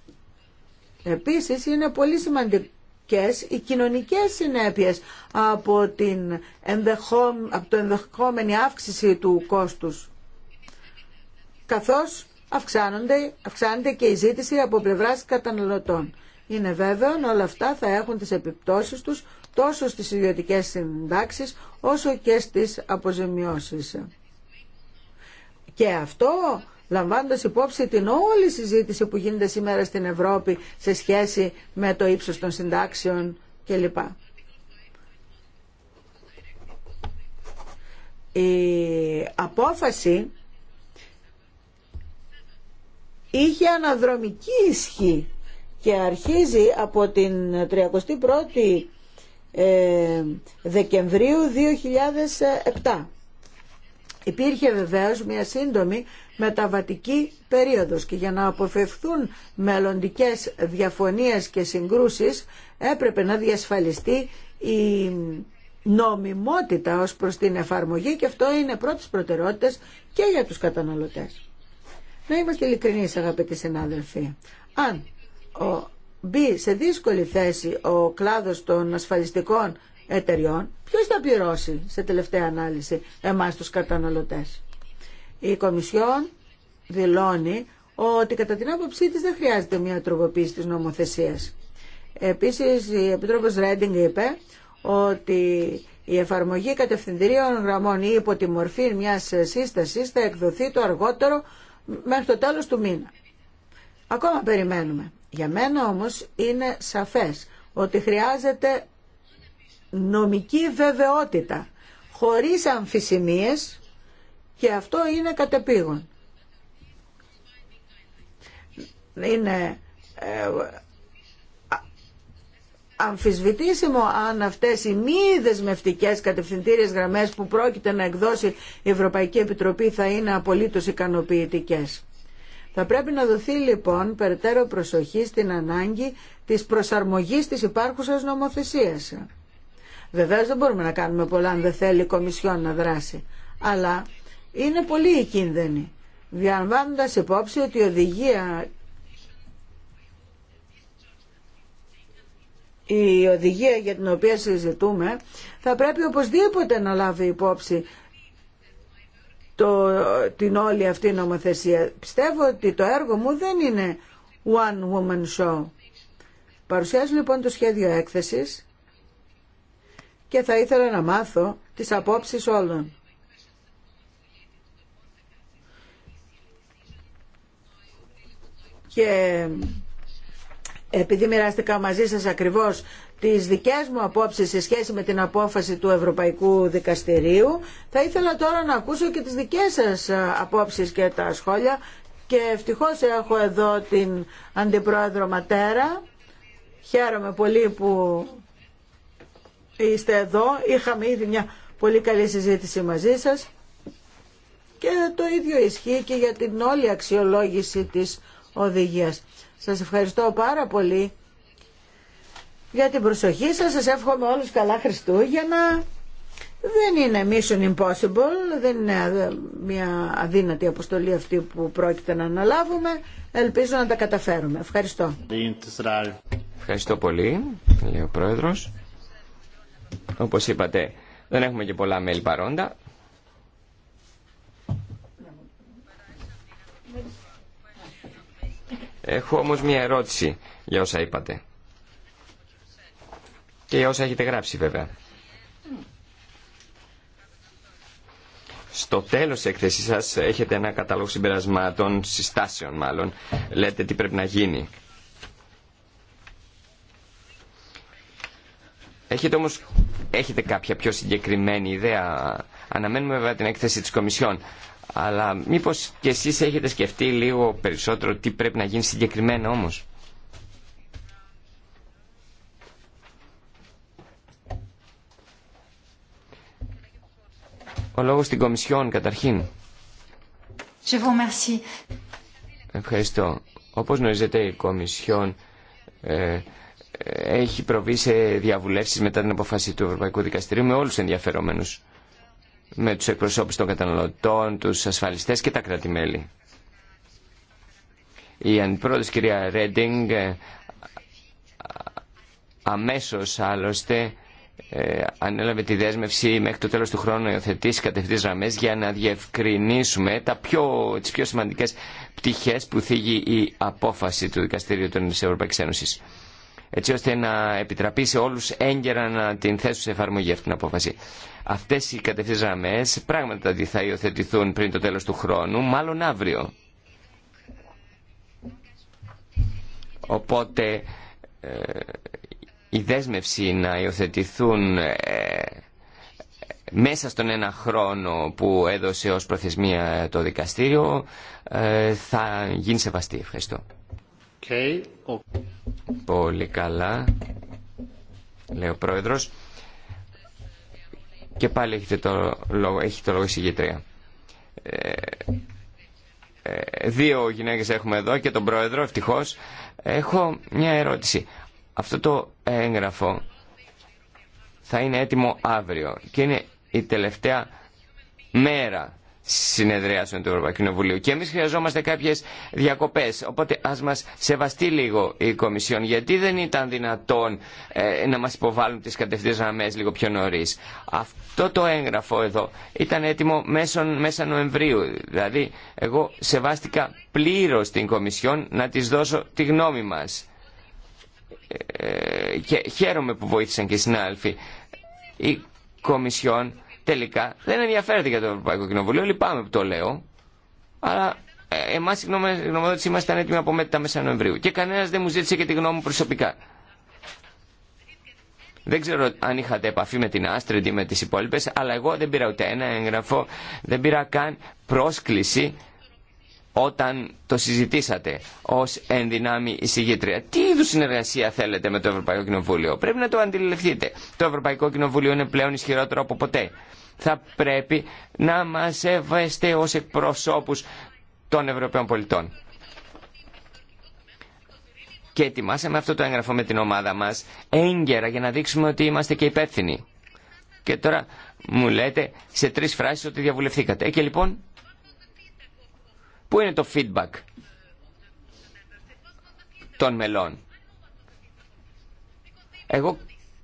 Επίσης είναι πολύ σημαντικές οι κοινωνικές συνέπειες από, την ενδεχό, από το ενδεχόμενη αύξηση του κόστους καθώς αυξάνονται, αυξάνεται και η ζήτηση από πλευράς καταναλωτών. Είναι βέβαιο όλα αυτά θα έχουν τις επιπτώσεις τους τόσο στις ιδιωτικές συντάξεις όσο και στις αποζημιώσεις. Και αυτό λαμβάνοντας υπόψη την όλη συζήτηση που γίνεται σήμερα στην Ευρώπη σε σχέση με το ύψος των συντάξεων κλπ. Η απόφαση είχε αναδρομική ισχύ και αρχίζει από την 31η ε, Δεκεμβρίου 2007. Υπήρχε βεβαίως μια σύντομη μεταβατική περίοδος και για να αποφευθούν μελλοντικές διαφωνίες και συγκρούσεις έπρεπε να διασφαλιστεί η νομιμότητα ως προς την εφαρμογή και αυτό είναι πρώτης προτεραιότητας και για τους καταναλωτές. Να είμαστε ειλικρινείς αγαπητοί συνάδελφοι. Αν ο μπει σε δύσκολη θέση ο κλάδος των ασφαλιστικών εταιριών, ποιος θα πληρώσει σε τελευταία ανάλυση εμάς τους καταναλωτές. Η Κομισιόν δηλώνει ότι κατά την άποψή της δεν χρειάζεται μια τροποποίηση της νομοθεσίας. Επίσης η Επιτρόπος Ρέντινγκ είπε ότι η εφαρμογή κατευθυντηρίων γραμμών ή υπό τη μορφή μιας σύστασης θα εκδοθεί το αργότερο μέχρι το τέλος του μήνα. Ακόμα περιμένουμε. Για μένα όμως είναι σαφές ότι χρειάζεται νομική βεβαιότητα χωρίς αμφισημίες και αυτό είναι κατεπήγον. Είναι ε, αμφισβητήσιμο αν αυτές οι μη δεσμευτικέ κατευθυντήριες γραμμές που πρόκειται να εκδώσει η Ευρωπαϊκή Επιτροπή θα είναι απολύτως ικανοποιητικές. Θα πρέπει να δοθεί λοιπόν περαιτέρω προσοχή στην ανάγκη της προσαρμογής της υπάρχουσας νομοθεσίας. Βεβαίως δεν μπορούμε να κάνουμε πολλά αν δεν θέλει η Κομισιόν να δράσει. Αλλά είναι πολύ η κίνδυνη. Διαμβάνοντας υπόψη ότι η οδηγία η οδηγία για την οποία συζητούμε θα πρέπει οπωσδήποτε να λάβει υπόψη το, την όλη αυτή νομοθεσία. Πιστεύω ότι το έργο μου δεν είναι one woman show. Παρουσιάζω λοιπόν το σχέδιο έκθεσης και θα ήθελα να μάθω τις απόψεις όλων. Και επειδή μοιράστηκα μαζί σας ακριβώς τις δικές μου απόψεις σε σχέση με την απόφαση του Ευρωπαϊκού Δικαστηρίου. Θα ήθελα τώρα να ακούσω και τις δικές σας ε, απόψεις και τα σχόλια και ευτυχώς έχω εδώ την Αντιπρόεδρο Ματέρα. Χαίρομαι πολύ που είστε εδώ. Είχαμε ήδη μια πολύ καλή συζήτηση μαζί σας και το ίδιο ισχύει και για την όλη αξιολόγηση της οδηγίας. Σας ευχαριστώ πάρα πολύ για την προσοχή σας. Σας εύχομαι όλους καλά Χριστούγεννα. Δεν είναι mission impossible, δεν είναι μια αδύνατη αποστολή αυτή που πρόκειται να αναλάβουμε. Ελπίζω να τα καταφέρουμε. Ευχαριστώ. Ευχαριστώ πολύ, λέει ο Πρόεδρος. Όπως είπατε, δεν έχουμε και πολλά μέλη παρόντα. Έχω όμως μια ερώτηση για όσα είπατε και όσα έχετε γράψει βέβαια. Στο τέλος της εκθέσης σας έχετε ένα κατάλογο συμπερασμάτων, συστάσεων μάλλον. Λέτε τι πρέπει να γίνει. Έχετε όμως έχετε κάποια πιο συγκεκριμένη ιδέα. Αναμένουμε βέβαια την έκθεση της Κομισιόν. Αλλά μήπως και εσείς έχετε σκεφτεί λίγο περισσότερο τι πρέπει να γίνει συγκεκριμένα όμως. Ο λόγος στην Κομισιόν καταρχήν. Ευχαριστώ. Όπως γνωρίζετε η Κομισιόν ε, έχει προβεί σε διαβουλεύσεις μετά την αποφάση του Ευρωπαϊκού Δικαστηρίου με όλους τους ενδιαφερόμενους. Με τους εκπροσώπους των καταναλωτών, τους ασφαλιστές και τα κράτη-μέλη. Η αντιπρόεδρος κυρία Ρέντινγκ ε, αμέσως άλλωστε ε, ανέλαβε τη δέσμευση μέχρι το τέλος του χρόνου να υιοθετήσει κατευθυντές γραμμές για να διευκρινίσουμε τα πιο, τις πιο σημαντικές πτυχές που θίγει η απόφαση του Δικαστήριου της Ευρωπαϊκής Ένωσης έτσι ώστε να επιτραπεί σε όλους έγκαιρα να την θέσουν σε εφαρμογή αυτή την απόφαση. Αυτές οι κατευθυντές γραμμές πράγματα θα υιοθετηθούν πριν το τέλος του χρόνου, μάλλον αύριο. Οπότε ε, η δέσμευση να υιοθετηθούν ε, μέσα στον ένα χρόνο που έδωσε ως προθεσμία το δικαστήριο ε, θα γίνει σεβαστή. Ευχαριστώ. Okay. Πολύ καλά, λέει ο Πρόεδρος. Και πάλι έχετε το λόγο, έχει το λόγο η ε, δύο γυναίκες έχουμε εδώ και τον Πρόεδρο, ευτυχώς. Έχω μια ερώτηση. Αυτό το έγγραφο θα είναι έτοιμο αύριο και είναι η τελευταία μέρα συνεδριάσεων του Ευρωπαϊκού Κοινοβουλίου. Και εμείς χρειαζόμαστε κάποιες διακοπές. Οπότε ας μας σεβαστεί λίγο η Κομισιόν. Γιατί δεν ήταν δυνατόν ε, να μας υποβάλουν τις κατευθείαν γραμμέ λίγο πιο νωρίς. Αυτό το έγγραφο εδώ ήταν έτοιμο μέσα Νοεμβρίου. Δηλαδή εγώ σεβάστηκα πλήρως την Κομισιόν να της δώσω τη γνώμη μας και ε, ε, χαίρομαι που βοήθησαν και οι συνάδελφοι. Η Κομισιόν τελικά δεν ενδιαφέρεται για το Ευρωπαϊκό Κοινοβουλίο, λυπάμαι που το λέω, αλλά ε, εμάς η γνωμοδότησή ήμασταν έτοιμοι από μετά μέσα Νοεμβρίου και κανένας δεν μου ζήτησε και τη γνώμη μου προσωπικά. Δεν ξέρω αν είχατε επαφή με την Άστρεντ ή με τις υπόλοιπες, αλλά εγώ δεν πήρα ούτε ένα έγγραφο, δεν πήρα καν πρόσκληση όταν το συζητήσατε ως ενδυνάμει εισηγήτρια. Τι είδους συνεργασία θέλετε με το Ευρωπαϊκό Κοινοβούλιο. Πρέπει να το αντιληφθείτε. Το Ευρωπαϊκό Κοινοβούλιο είναι πλέον ισχυρότερο από ποτέ. Θα πρέπει να μας σέβεστε ως εκπροσώπους των Ευρωπαίων πολιτών. Και ετοιμάσαμε αυτό το έγγραφο με την ομάδα μας έγκαιρα για να δείξουμε ότι είμαστε και υπεύθυνοι. Και τώρα μου λέτε σε τρεις φράσεις ότι διαβουλευθήκατε. Ε, και λοιπόν Πού είναι το feedback των μελών. Εγώ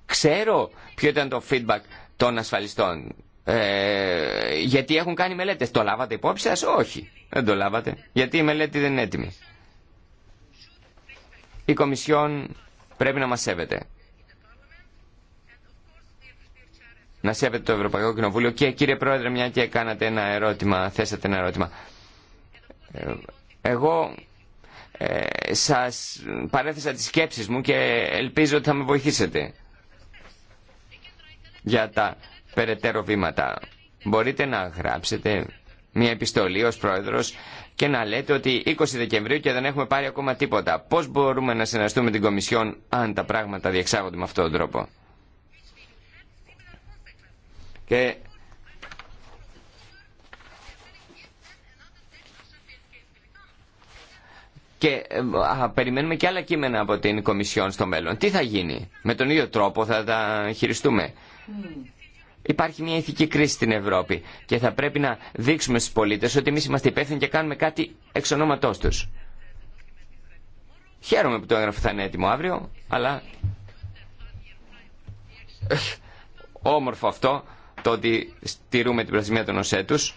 ξέρω ποιο ήταν το feedback των ασφαλιστών. Ε, γιατί έχουν κάνει μελέτες. Το λάβατε υπόψη σας. Όχι. Δεν το λάβατε. Γιατί η μελέτη δεν είναι έτοιμη. Η Κομισιόν πρέπει να μας σέβεται. Να σέβεται το Ευρωπαϊκό Κοινοβούλιο. Και κύριε Πρόεδρε, μια και κάνατε ένα ερώτημα, θέσατε ένα ερώτημα. Εγώ ε, σας παρέθεσα τις σκέψεις μου και ελπίζω ότι θα με βοηθήσετε για τα περαιτέρω βήματα. Μπορείτε να γράψετε μια επιστολή ως πρόεδρος και να λέτε ότι 20 Δεκεμβρίου και δεν έχουμε πάρει ακόμα τίποτα. Πώς μπορούμε να συνεργαστούμε την Κομισιόν αν τα πράγματα διεξάγονται με αυτόν τον τρόπο. Και και ε, περιμένουμε και άλλα κείμενα από την Κομισιόν στο μέλλον. Τι θα γίνει, με τον ίδιο τρόπο θα τα χειριστούμε. Mm. Υπάρχει μια ηθική κρίση στην Ευρώπη και θα πρέπει να δείξουμε στους πολίτες ότι εμείς είμαστε υπεύθυνοι και κάνουμε κάτι εξ ονόματός τους. Χαίρομαι που το έγγραφο θα είναι έτοιμο αύριο, αλλά όμορφο αυτό το ότι στηρούμε την πλασμία των οσέτους,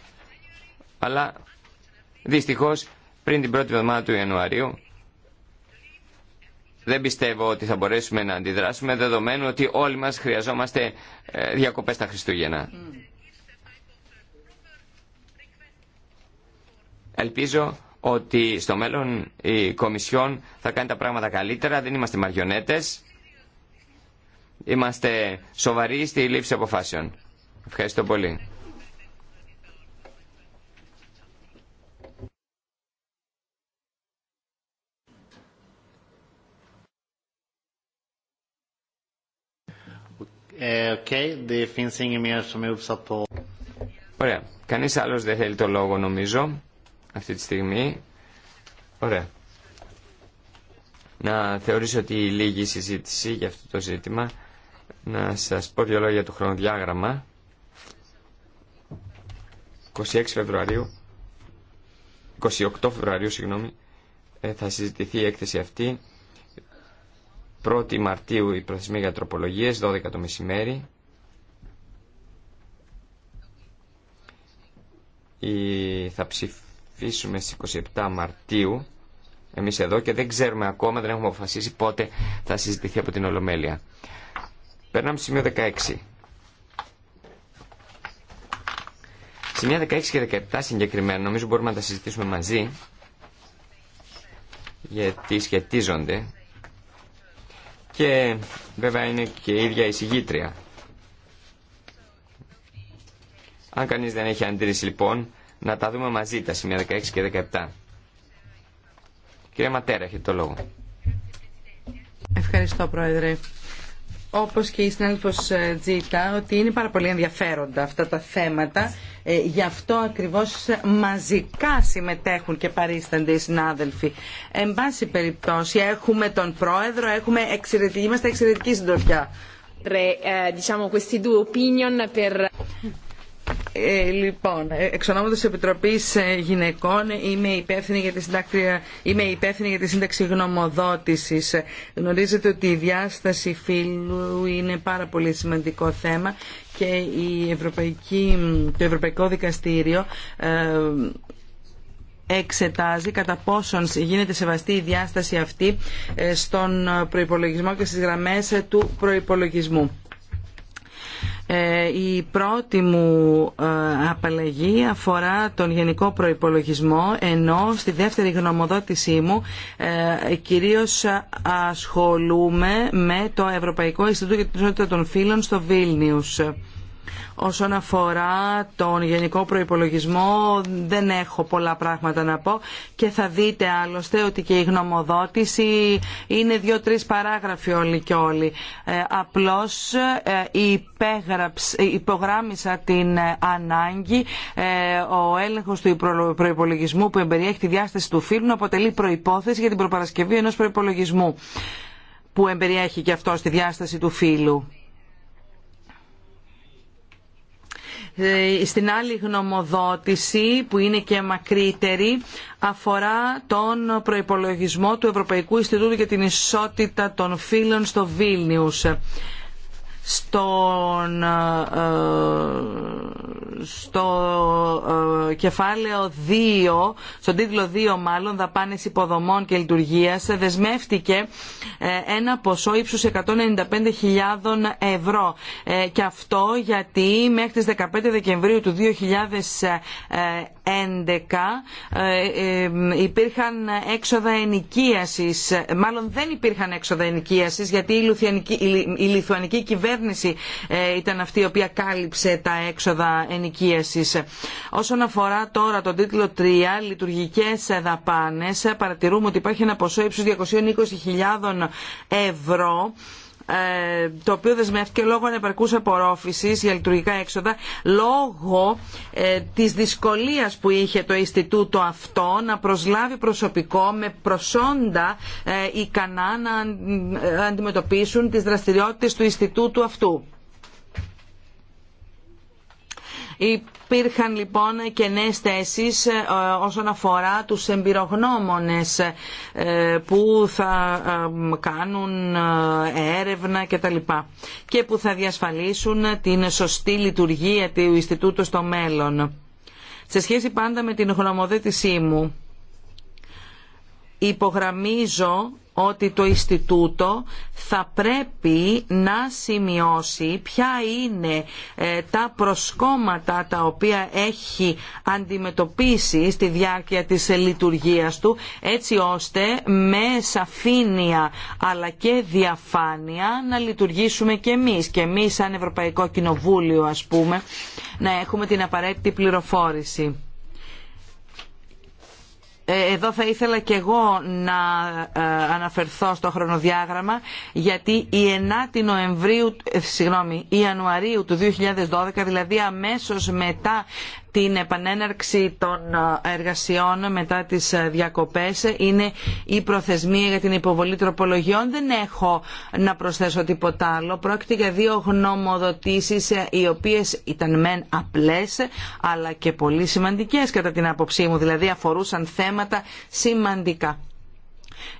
αλλά δυστυχώς πριν την πρώτη εβδομάδα του Ιανουαρίου δεν πιστεύω ότι θα μπορέσουμε να αντιδράσουμε δεδομένου ότι όλοι μας χρειαζόμαστε ε, διακοπές τα Χριστούγεννα. Ελπίζω ότι στο μέλλον η Κομισιόν θα κάνει τα πράγματα καλύτερα. Δεν είμαστε μαριονέτες. Είμαστε σοβαροί στη λήψη αποφάσεων. Ευχαριστώ πολύ. Ε, Ωραία. Κανεί άλλο δεν θέλει το λόγο νομίζω αυτή τη στιγμή. Ωραία. Να θεωρήσω ότι η λίγη συζήτηση για αυτό το ζήτημα. Να σας πω δύο λόγια για το χρονοδιάγραμμα. 26 Φεβρουαρίου, 28 Φεβρουαρίου, συγγνώμη, ε, θα συζητηθεί η έκθεση αυτή. 1η Μαρτίου η προθεσμία για τροπολογίες, 12 το μεσημέρι. Η... Θα ψηφίσουμε στις 27 Μαρτίου, εμείς εδώ, και δεν ξέρουμε ακόμα, δεν έχουμε αποφασίσει πότε θα συζητηθεί από την Ολομέλεια. Περνάμε στο σημείο 16. Σημεία 16 και 17 συγκεκριμένα, νομίζω μπορούμε να τα συζητήσουμε μαζί, γιατί σχετίζονται και βέβαια είναι και η ίδια η συγγήτρια. Αν κανείς δεν έχει αντίρρηση λοιπόν, να τα δούμε μαζί τα σημεία 16 και 17. Κύριε Ματέρα, έχετε το λόγο. Ευχαριστώ, Πρόεδρε. Όπως και η συνάδελφος ε, Τζίτα, ότι είναι πάρα πολύ ενδιαφέροντα αυτά τα θέματα ε, γι' αυτό ακριβώς μαζικά συμμετέχουν και παρίστανται οι συνάδελφοι. Εν πάση περιπτώσει έχουμε τον πρόεδρο, έχουμε εξαιρετική, είμαστε εξαιρετική συντροφιά. Ε, ε, ε, λοιπόν, ε, εξ ονόματο τη Επιτροπή ε, Γυναικών είμαι υπεύθυνη για τη, υπεύθυνη για τη σύνταξη γνωμοδότηση. Γνωρίζετε ότι η διάσταση φύλου είναι πάρα πολύ σημαντικό θέμα και η Ευρωπαϊκή, το Ευρωπαϊκό Δικαστήριο ε, εξετάζει κατά πόσον γίνεται σεβαστή η διάσταση αυτή ε, στον προϋπολογισμό και στις γραμμές του προϋπολογισμού. Ε, η πρώτη μου ε, απαλλαγή αφορά τον γενικό προϋπολογισμό ενώ στη δεύτερη γνωμοδότησή μου ε, κυρίως ασχολούμαι με το Ευρωπαϊκό Ινστιτούτο για την Ισότητα των Φίλων στο Βίλνιους. Όσον αφορά τον γενικό προϋπολογισμό δεν έχω πολλά πράγματα να πω και θα δείτε άλλωστε ότι και η γνωμοδότηση είναι δύο-τρεις παράγραφοι όλοι και όλοι. Ε, απλώς ε, την ε, ανάγκη ε, ο έλεγχος του προϋπολογισμού που εμπεριέχει τη διάσταση του φύλου να αποτελεί προϋπόθεση για την προπαρασκευή ενός προϋπολογισμού που εμπεριέχει και αυτό στη διάσταση του φύλου. Ε, στην άλλη γνωμοδότηση που είναι και μακρύτερη αφορά τον προϋπολογισμό του Ευρωπαϊκού Ινστιτούτου για την Ισότητα των Φίλων στο Βίλνιους στον, ε, ε, στο ε, κεφάλαιο 2, στον τίτλο 2 μάλλον, δαπάνες υποδομών και λειτουργίας, δεσμεύτηκε ένα ποσό ύψους 195.000 ευρώ. Και αυτό γιατί μέχρι τις 15 Δεκεμβρίου του 2011 ε, ε, υπήρχαν έξοδα ενοικίασης, μάλλον δεν υπήρχαν έξοδα ενοικίασης γιατί η, η λιθουανική κυβέρνηση ε, ήταν αυτή η οποία κάλυψε τα έξοδα ενοικίασης. Όσον αφορά τώρα τον τίτλο 3, λειτουργικές δαπάνες, παρατηρούμε ότι υπάρχει ένα ποσό ύψους 220.000 ευρώ ε, το οποίο δεσμεύτηκε λόγω ανεπαρκού απορρόφηση για λειτουργικά έξοδα λόγω ε, της δυσκολίας που είχε το Ινστιτούτο αυτό να προσλάβει προσωπικό με προσόντα ε, ικανά να αντιμετωπίσουν τις δραστηριότητες του Ινστιτούτου αυτού. Υπήρχαν λοιπόν και νέες θέσεις ε, όσον αφορά τους εμπειρογνώμονες ε, που θα ε, κάνουν έρευνα λοιπά Και που θα διασφαλίσουν την σωστή λειτουργία του Ινστιτούτου στο μέλλον. Σε σχέση πάντα με την γνωμοδέτησή μου, υπογραμμίζω ότι το Ινστιτούτο θα πρέπει να σημειώσει ποια είναι ε, τα προσκόμματα τα οποία έχει αντιμετωπίσει στη διάρκεια της λειτουργίας του έτσι ώστε με σαφήνεια αλλά και διαφάνεια να λειτουργήσουμε και εμείς και εμείς σαν Ευρωπαϊκό Κοινοβούλιο ας πούμε να έχουμε την απαραίτητη πληροφόρηση. Ε, εδώ θα ήθελα και εγώ να ε, αναφερθώ στο χρονοδιάγραμμα γιατί η 9η Νοεμβρίου, ε, συγγνώμη, Ιανουαρίου του 2012, δηλαδή αμέσως μετά την επανέναρξη των ε, εργασιών μετά τις ε, διακοπές είναι η προθεσμία για την υποβολή τροπολογιών. Δεν έχω να προσθέσω τίποτα άλλο. Πρόκειται για δύο γνωμοδοτήσεις ε, οι οποίες ήταν μεν απλές αλλά και πολύ σημαντικές κατά την άποψή μου. Δηλαδή αφορούσαν θέματα σημαντικά.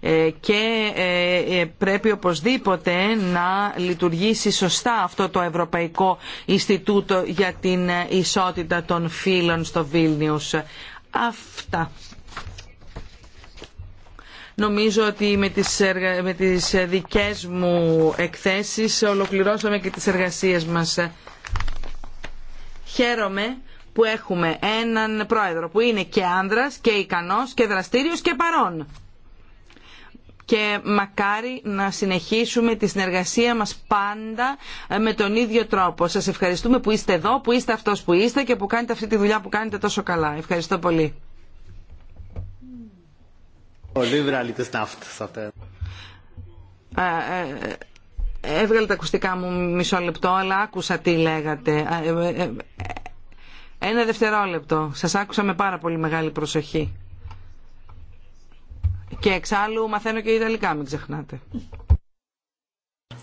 Ε, και ε, ε, πρέπει οπωσδήποτε να λειτουργήσει σωστά αυτό το Ευρωπαϊκό Ινστιτούτο για την Ισότητα των Φίλων στο Βίλνιους. Αυτά. Νομίζω ότι με τις, εργα... με τις δικές μου εκθέσεις ολοκληρώσαμε και τις εργασίες μας. Χαίρομαι που έχουμε έναν πρόεδρο που είναι και άνδρας και ικανός και δραστήριος και παρόν και μακάρι να συνεχίσουμε τη συνεργασία μας πάντα ε, με τον ίδιο τρόπο. Σας ευχαριστούμε που είστε εδώ, που είστε αυτός που είστε και που κάνετε αυτή τη δουλειά που κάνετε τόσο καλά. Ευχαριστώ πολύ. Ε, ε, έβγαλε τα ακουστικά μου μισό λεπτό, αλλά άκουσα τι λέγατε. Ένα δευτερόλεπτο. Σας άκουσα με πάρα πολύ μεγάλη προσοχή. Και εξάλλου μαθαίνω και Ιταλικά, μην ξεχνάτε.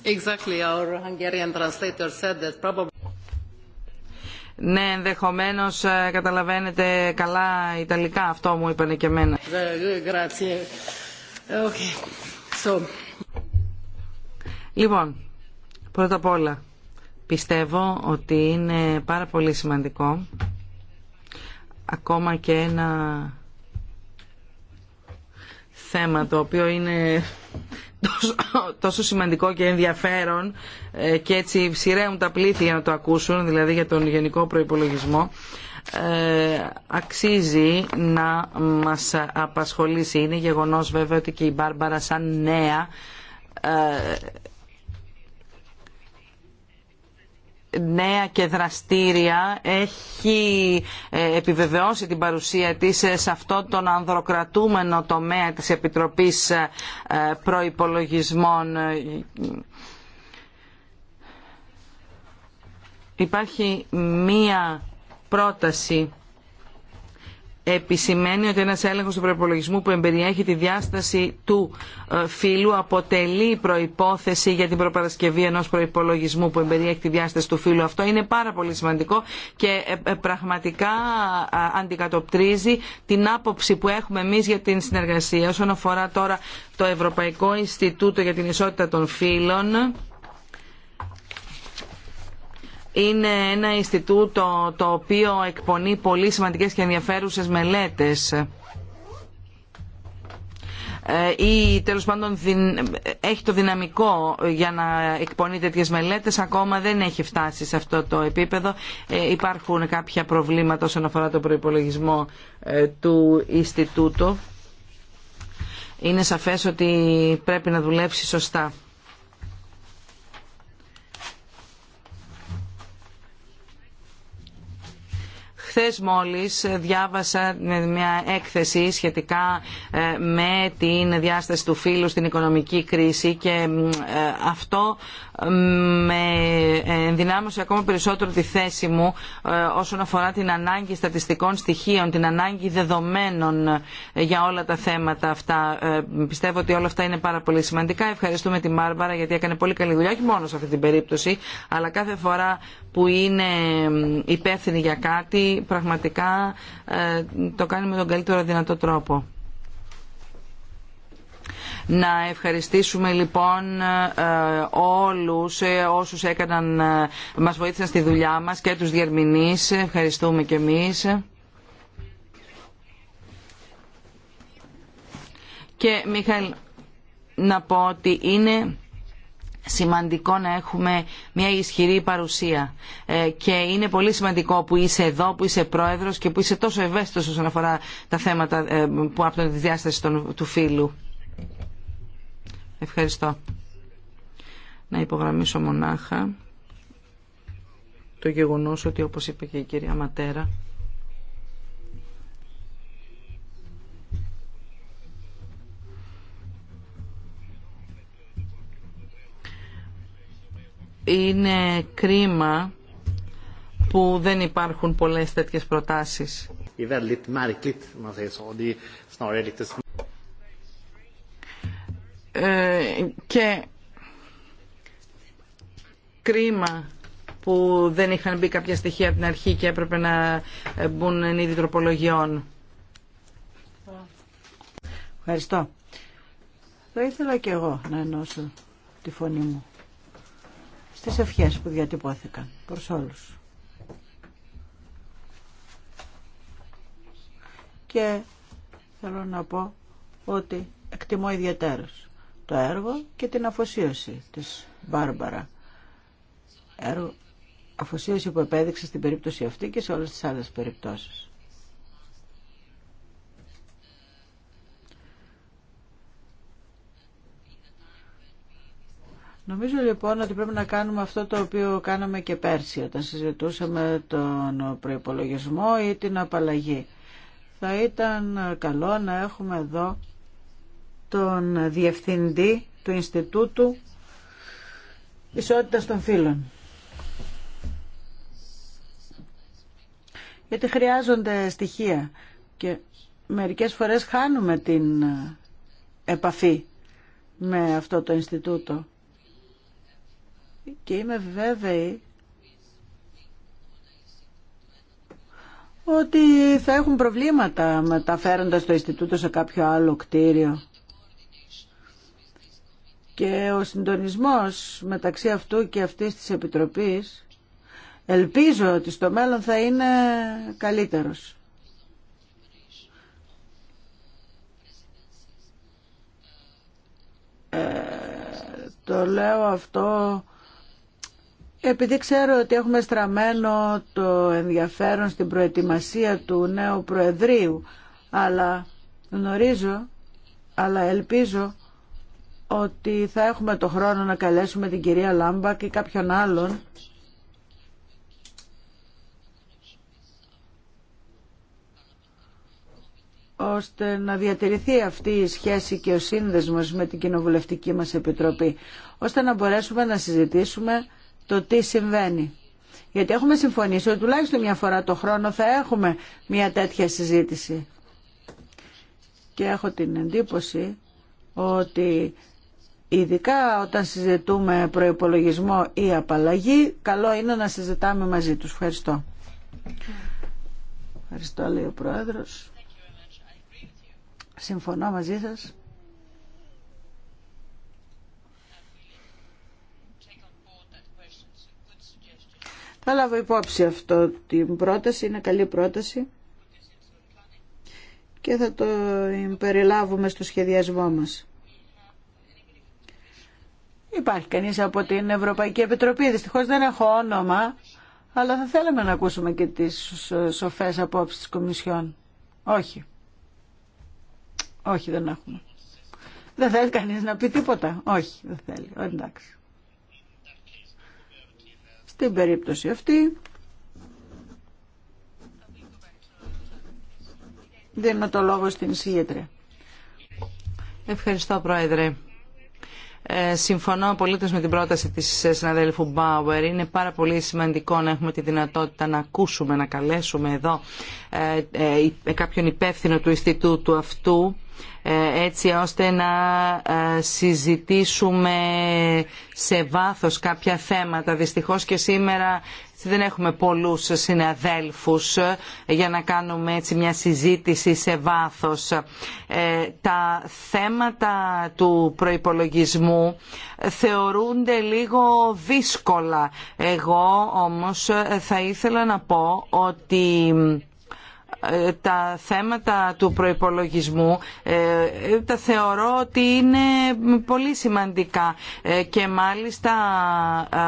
Exactly, our Hungarian translator said that probably... Ναι, ενδεχομένω ε, καταλαβαίνετε καλά Ιταλικά, αυτό μου είπανε και εμένα. Okay. So. Λοιπόν, πρώτα απ' όλα, πιστεύω ότι είναι πάρα πολύ σημαντικό ακόμα και ένα θέμα το οποίο είναι τόσο, τόσο σημαντικό και ενδιαφέρον ε, και έτσι ψηρέουν τα πλήθη για να το ακούσουν, δηλαδή για τον γενικό προϋπολογισμό ε, αξίζει να μας απασχολήσει. Είναι γεγονός βέβαια ότι και η Μπάρμπαρα σαν νέα ε, νέα και δραστήρια έχει ε, επιβεβαιώσει την παρουσία της ε, σε αυτό τον ανδροκρατούμενο τομέα της Επιτροπής ε, Προϋπολογισμών. Υπάρχει μία πρόταση επισημαίνει ότι ένας έλεγχος του προπολογισμού που εμπεριέχει τη διάσταση του ε, φύλου αποτελεί προϋπόθεση για την προπαρασκευή ενός προϋπολογισμού που εμπεριέχει τη διάσταση του φύλου. Αυτό είναι πάρα πολύ σημαντικό και ε, ε, πραγματικά αντικατοπτρίζει την άποψη που έχουμε εμείς για την συνεργασία. Όσον αφορά τώρα το Ευρωπαϊκό Ινστιτούτο για την Ισότητα των Φύλων, είναι ένα Ινστιτούτο το οποίο εκπονεί πολύ σημαντικές και ενδιαφέρουσες μελέτες ε, ή τέλος πάντων έχει το δυναμικό για να εκπονεί τέτοιε μελέτες ακόμα δεν έχει φτάσει σε αυτό το επίπεδο ε, υπάρχουν κάποια προβλήματα όσον αφορά το προϋπολογισμό ε, του Ινστιτούτου είναι σαφές ότι πρέπει να δουλέψει σωστά Χθες μόλις διάβασα μια έκθεση σχετικά ε, με την διάσταση του φύλου στην οικονομική κρίση και ε, αυτό με ενδυνάμωσε ακόμα περισσότερο τη θέση μου ε, όσον αφορά την ανάγκη στατιστικών στοιχείων, την ανάγκη δεδομένων ε, για όλα τα θέματα αυτά. Ε, πιστεύω ότι όλα αυτά είναι πάρα πολύ σημαντικά. Ευχαριστούμε τη Μάρβαρα γιατί έκανε πολύ καλή δουλειά, όχι μόνο σε αυτή την περίπτωση, αλλά κάθε φορά που είναι υπεύθυνη για κάτι, πραγματικά το κάνει με τον καλύτερο δυνατό τρόπο. Να ευχαριστήσουμε λοιπόν ε, όλους ε, όσους έκαναν, ε, μας βοήθησαν στη δουλειά μας και τους διερμηνείς. Ευχαριστούμε και εμείς. Και Μιχαήλ, να πω ότι είναι σημαντικό να έχουμε μια ισχυρή παρουσία και είναι πολύ σημαντικό που είσαι εδώ, που είσαι πρόεδρος και που είσαι τόσο ευαίσθητος όσον αφορά τα θέματα που από τη διάσταση του φίλου. Ευχαριστώ. Να υπογραμμίσω μονάχα το γεγονός ότι όπως είπε και η κυρία Ματέρα είναι κρίμα που δεν υπάρχουν πολλές τέτοιες προτάσεις και κρίμα που δεν είχαν μπει κάποια στοιχεία από την αρχή και έπρεπε να μπουν εν είδη τροπολογιών. Ευχαριστώ. Θα ήθελα και εγώ να ενώσω τη φωνή μου στις ευχές που διατυπώθηκαν προς όλους. Και θέλω να πω ότι εκτιμώ ιδιαίτερος το έργο και την αφοσίωση της Μπάρμπαρα. Έργο, αφοσίωση που επέδειξε στην περίπτωση αυτή και σε όλες τις άλλες περιπτώσεις. Νομίζω λοιπόν ότι πρέπει να κάνουμε αυτό το οποίο κάναμε και πέρσι όταν συζητούσαμε τον προϋπολογισμό ή την απαλλαγή. Θα ήταν καλό να έχουμε εδώ τον Διευθυντή του Ινστιτούτου Ισότητας των Φύλων. Γιατί χρειάζονται στοιχεία και μερικές φορές χάνουμε την ε, επαφή με αυτό το Ινστιτούτο. Και είμαι βέβαιη ότι θα έχουν προβλήματα μεταφέροντας το Ινστιτούτο σε κάποιο άλλο κτίριο και ο συντονισμός μεταξύ αυτού και αυτής της Επιτροπής ελπίζω ότι στο μέλλον θα είναι καλύτερος. Ε, το λέω αυτό επειδή ξέρω ότι έχουμε στραμμένο το ενδιαφέρον στην προετοιμασία του νέου Προεδρίου αλλά γνωρίζω αλλά ελπίζω ότι θα έχουμε το χρόνο να καλέσουμε την κυρία Λάμπα και κάποιον άλλον ώστε να διατηρηθεί αυτή η σχέση και ο σύνδεσμος με την Κοινοβουλευτική μας Επιτροπή, ώστε να μπορέσουμε να συζητήσουμε το τι συμβαίνει. Γιατί έχουμε συμφωνήσει ότι τουλάχιστον μια φορά το χρόνο θα έχουμε μια τέτοια συζήτηση. Και έχω την εντύπωση ότι Ειδικά όταν συζητούμε προϋπολογισμό ή απαλλαγή, καλό είναι να συζητάμε μαζί τους. Ευχαριστώ. Ευχαριστώ, λέει ο Πρόεδρος. Συμφωνώ μαζί σας. Θα λάβω υπόψη αυτό την πρόταση, είναι καλή πρόταση και θα το περιλάβουμε στο σχεδιασμό μας. Υπάρχει κανείς από την Ευρωπαϊκή Επιτροπή. Δυστυχώς δεν έχω όνομα, αλλά θα θέλαμε να ακούσουμε και τις σοφές απόψεις της Κομισιόν. Όχι. Όχι, δεν έχουμε. Δεν θέλει κανείς να πει τίποτα. Όχι, δεν θέλει. εντάξει. Στην περίπτωση αυτή δίνω το λόγο στην Σύγετρια. Ευχαριστώ, Πρόεδρε. Ε, συμφωνώ πολύ με την πρόταση τη ε, συναδέλφου Μπάουερ. Είναι πάρα πολύ σημαντικό να έχουμε τη δυνατότητα να ακούσουμε, να καλέσουμε εδώ ε, κάποιον υπεύθυνο του Ινστιτούτου αυτού ε, έτσι ώστε να ε, συζητήσουμε σε βάθος κάποια θέματα. Δυστυχώς και σήμερα δεν έχουμε πολλούς συναδέλφους ε, για να κάνουμε έτσι μια συζήτηση σε βάθος. Τα θέματα του προϋπολογισμού θεωρούνται λίγο δύσκολα. Εγώ όμως θα ήθελα να πω ότι ε, τα θέματα του προϋπολογισμού ε, τα θεωρώ ότι είναι πολύ σημαντικά ε, και μάλιστα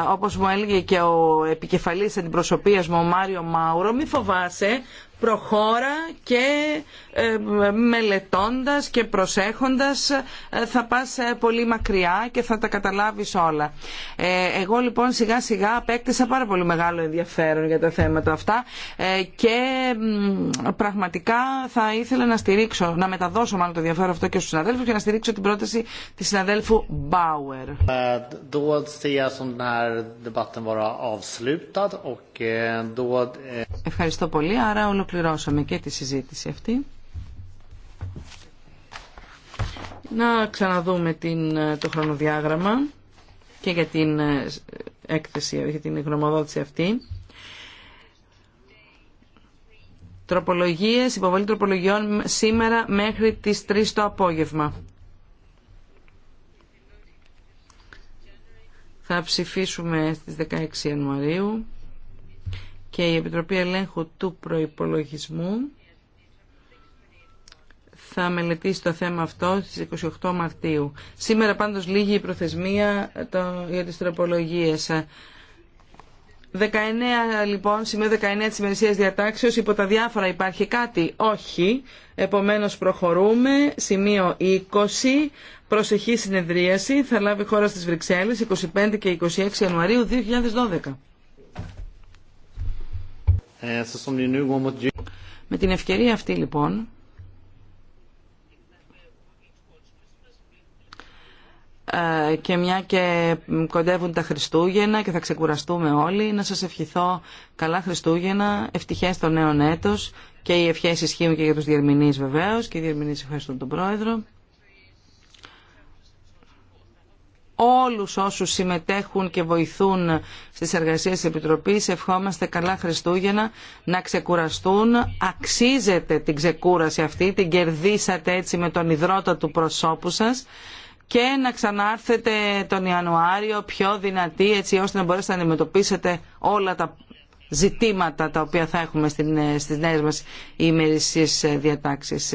όπως μου έλεγε και ο επικεφαλής αντιπροσωπείας μου ο Μάριο Μάουρο μη φοβάσαι προχώρα και ε, μελετώντας και προσέχοντας ε, θα πας ε, πολύ μακριά και θα τα καταλάβεις όλα. Εγώ λοιπόν σιγά σιγά απέκτησα πάρα πολύ μεγάλο ενδιαφέρον για τα θέματα αυτά και πραγματικά θα ήθελα να στηρίξω, να μεταδώσω μάλλον το ενδιαφέρον αυτό και στους συναδέλφους και να στηρίξω την πρόταση της συναδέλφου Μπάουερ. Eh, eh, Ευχαριστώ πολύ. Άρα ολοκληρώσαμε και τη συζήτηση αυτή. Να ξαναδούμε την, το χρονοδιάγραμμα και για την ε, έκθεση, για την γνωμοδότηση αυτή. Τροπολογίες, υποβολή τροπολογιών σήμερα μέχρι τις 3 το απόγευμα. Θα ψηφίσουμε στις 16 Ιανουαρίου και η Επιτροπή Ελέγχου του Προϋπολογισμού θα μελετήσει το θέμα αυτό στις 28 Μαρτίου. Σήμερα πάντως λίγη η προθεσμία για τις τροπολογίες. 19 λοιπόν, σημείο 19 της ημερησίας διατάξεως, υπό τα διάφορα υπάρχει κάτι. Όχι, επομένως προχωρούμε. Σημείο 20, προσεχή συνεδρίαση, θα λάβει χώρα στις Βρυξέλλες 25 και 26 Ιανουαρίου 2012. Ε, Με την ευκαιρία αυτή λοιπόν Ε, και μια και κοντεύουν τα Χριστούγεννα και θα ξεκουραστούμε όλοι, να σας ευχηθώ καλά Χριστούγεννα, ευτυχές στο νέο έτος και οι ευχές ισχύουν και για τους διερμηνείς βεβαίως και οι διερμηνείς ευχαριστούν τον Πρόεδρο. όλους όσους συμμετέχουν και βοηθούν στις εργασίες της Επιτροπής. Ευχόμαστε καλά Χριστούγεννα να ξεκουραστούν. Αξίζετε την ξεκούραση αυτή, την κερδίσατε έτσι με τον υδρότα του προσώπου σας και να ξανάρθετε τον Ιανουάριο πιο δυνατή έτσι ώστε να μπορέσετε να αντιμετωπίσετε όλα τα ζητήματα τα οποία θα έχουμε ε, στις νέες μας ημερησίες ε, διατάξεις.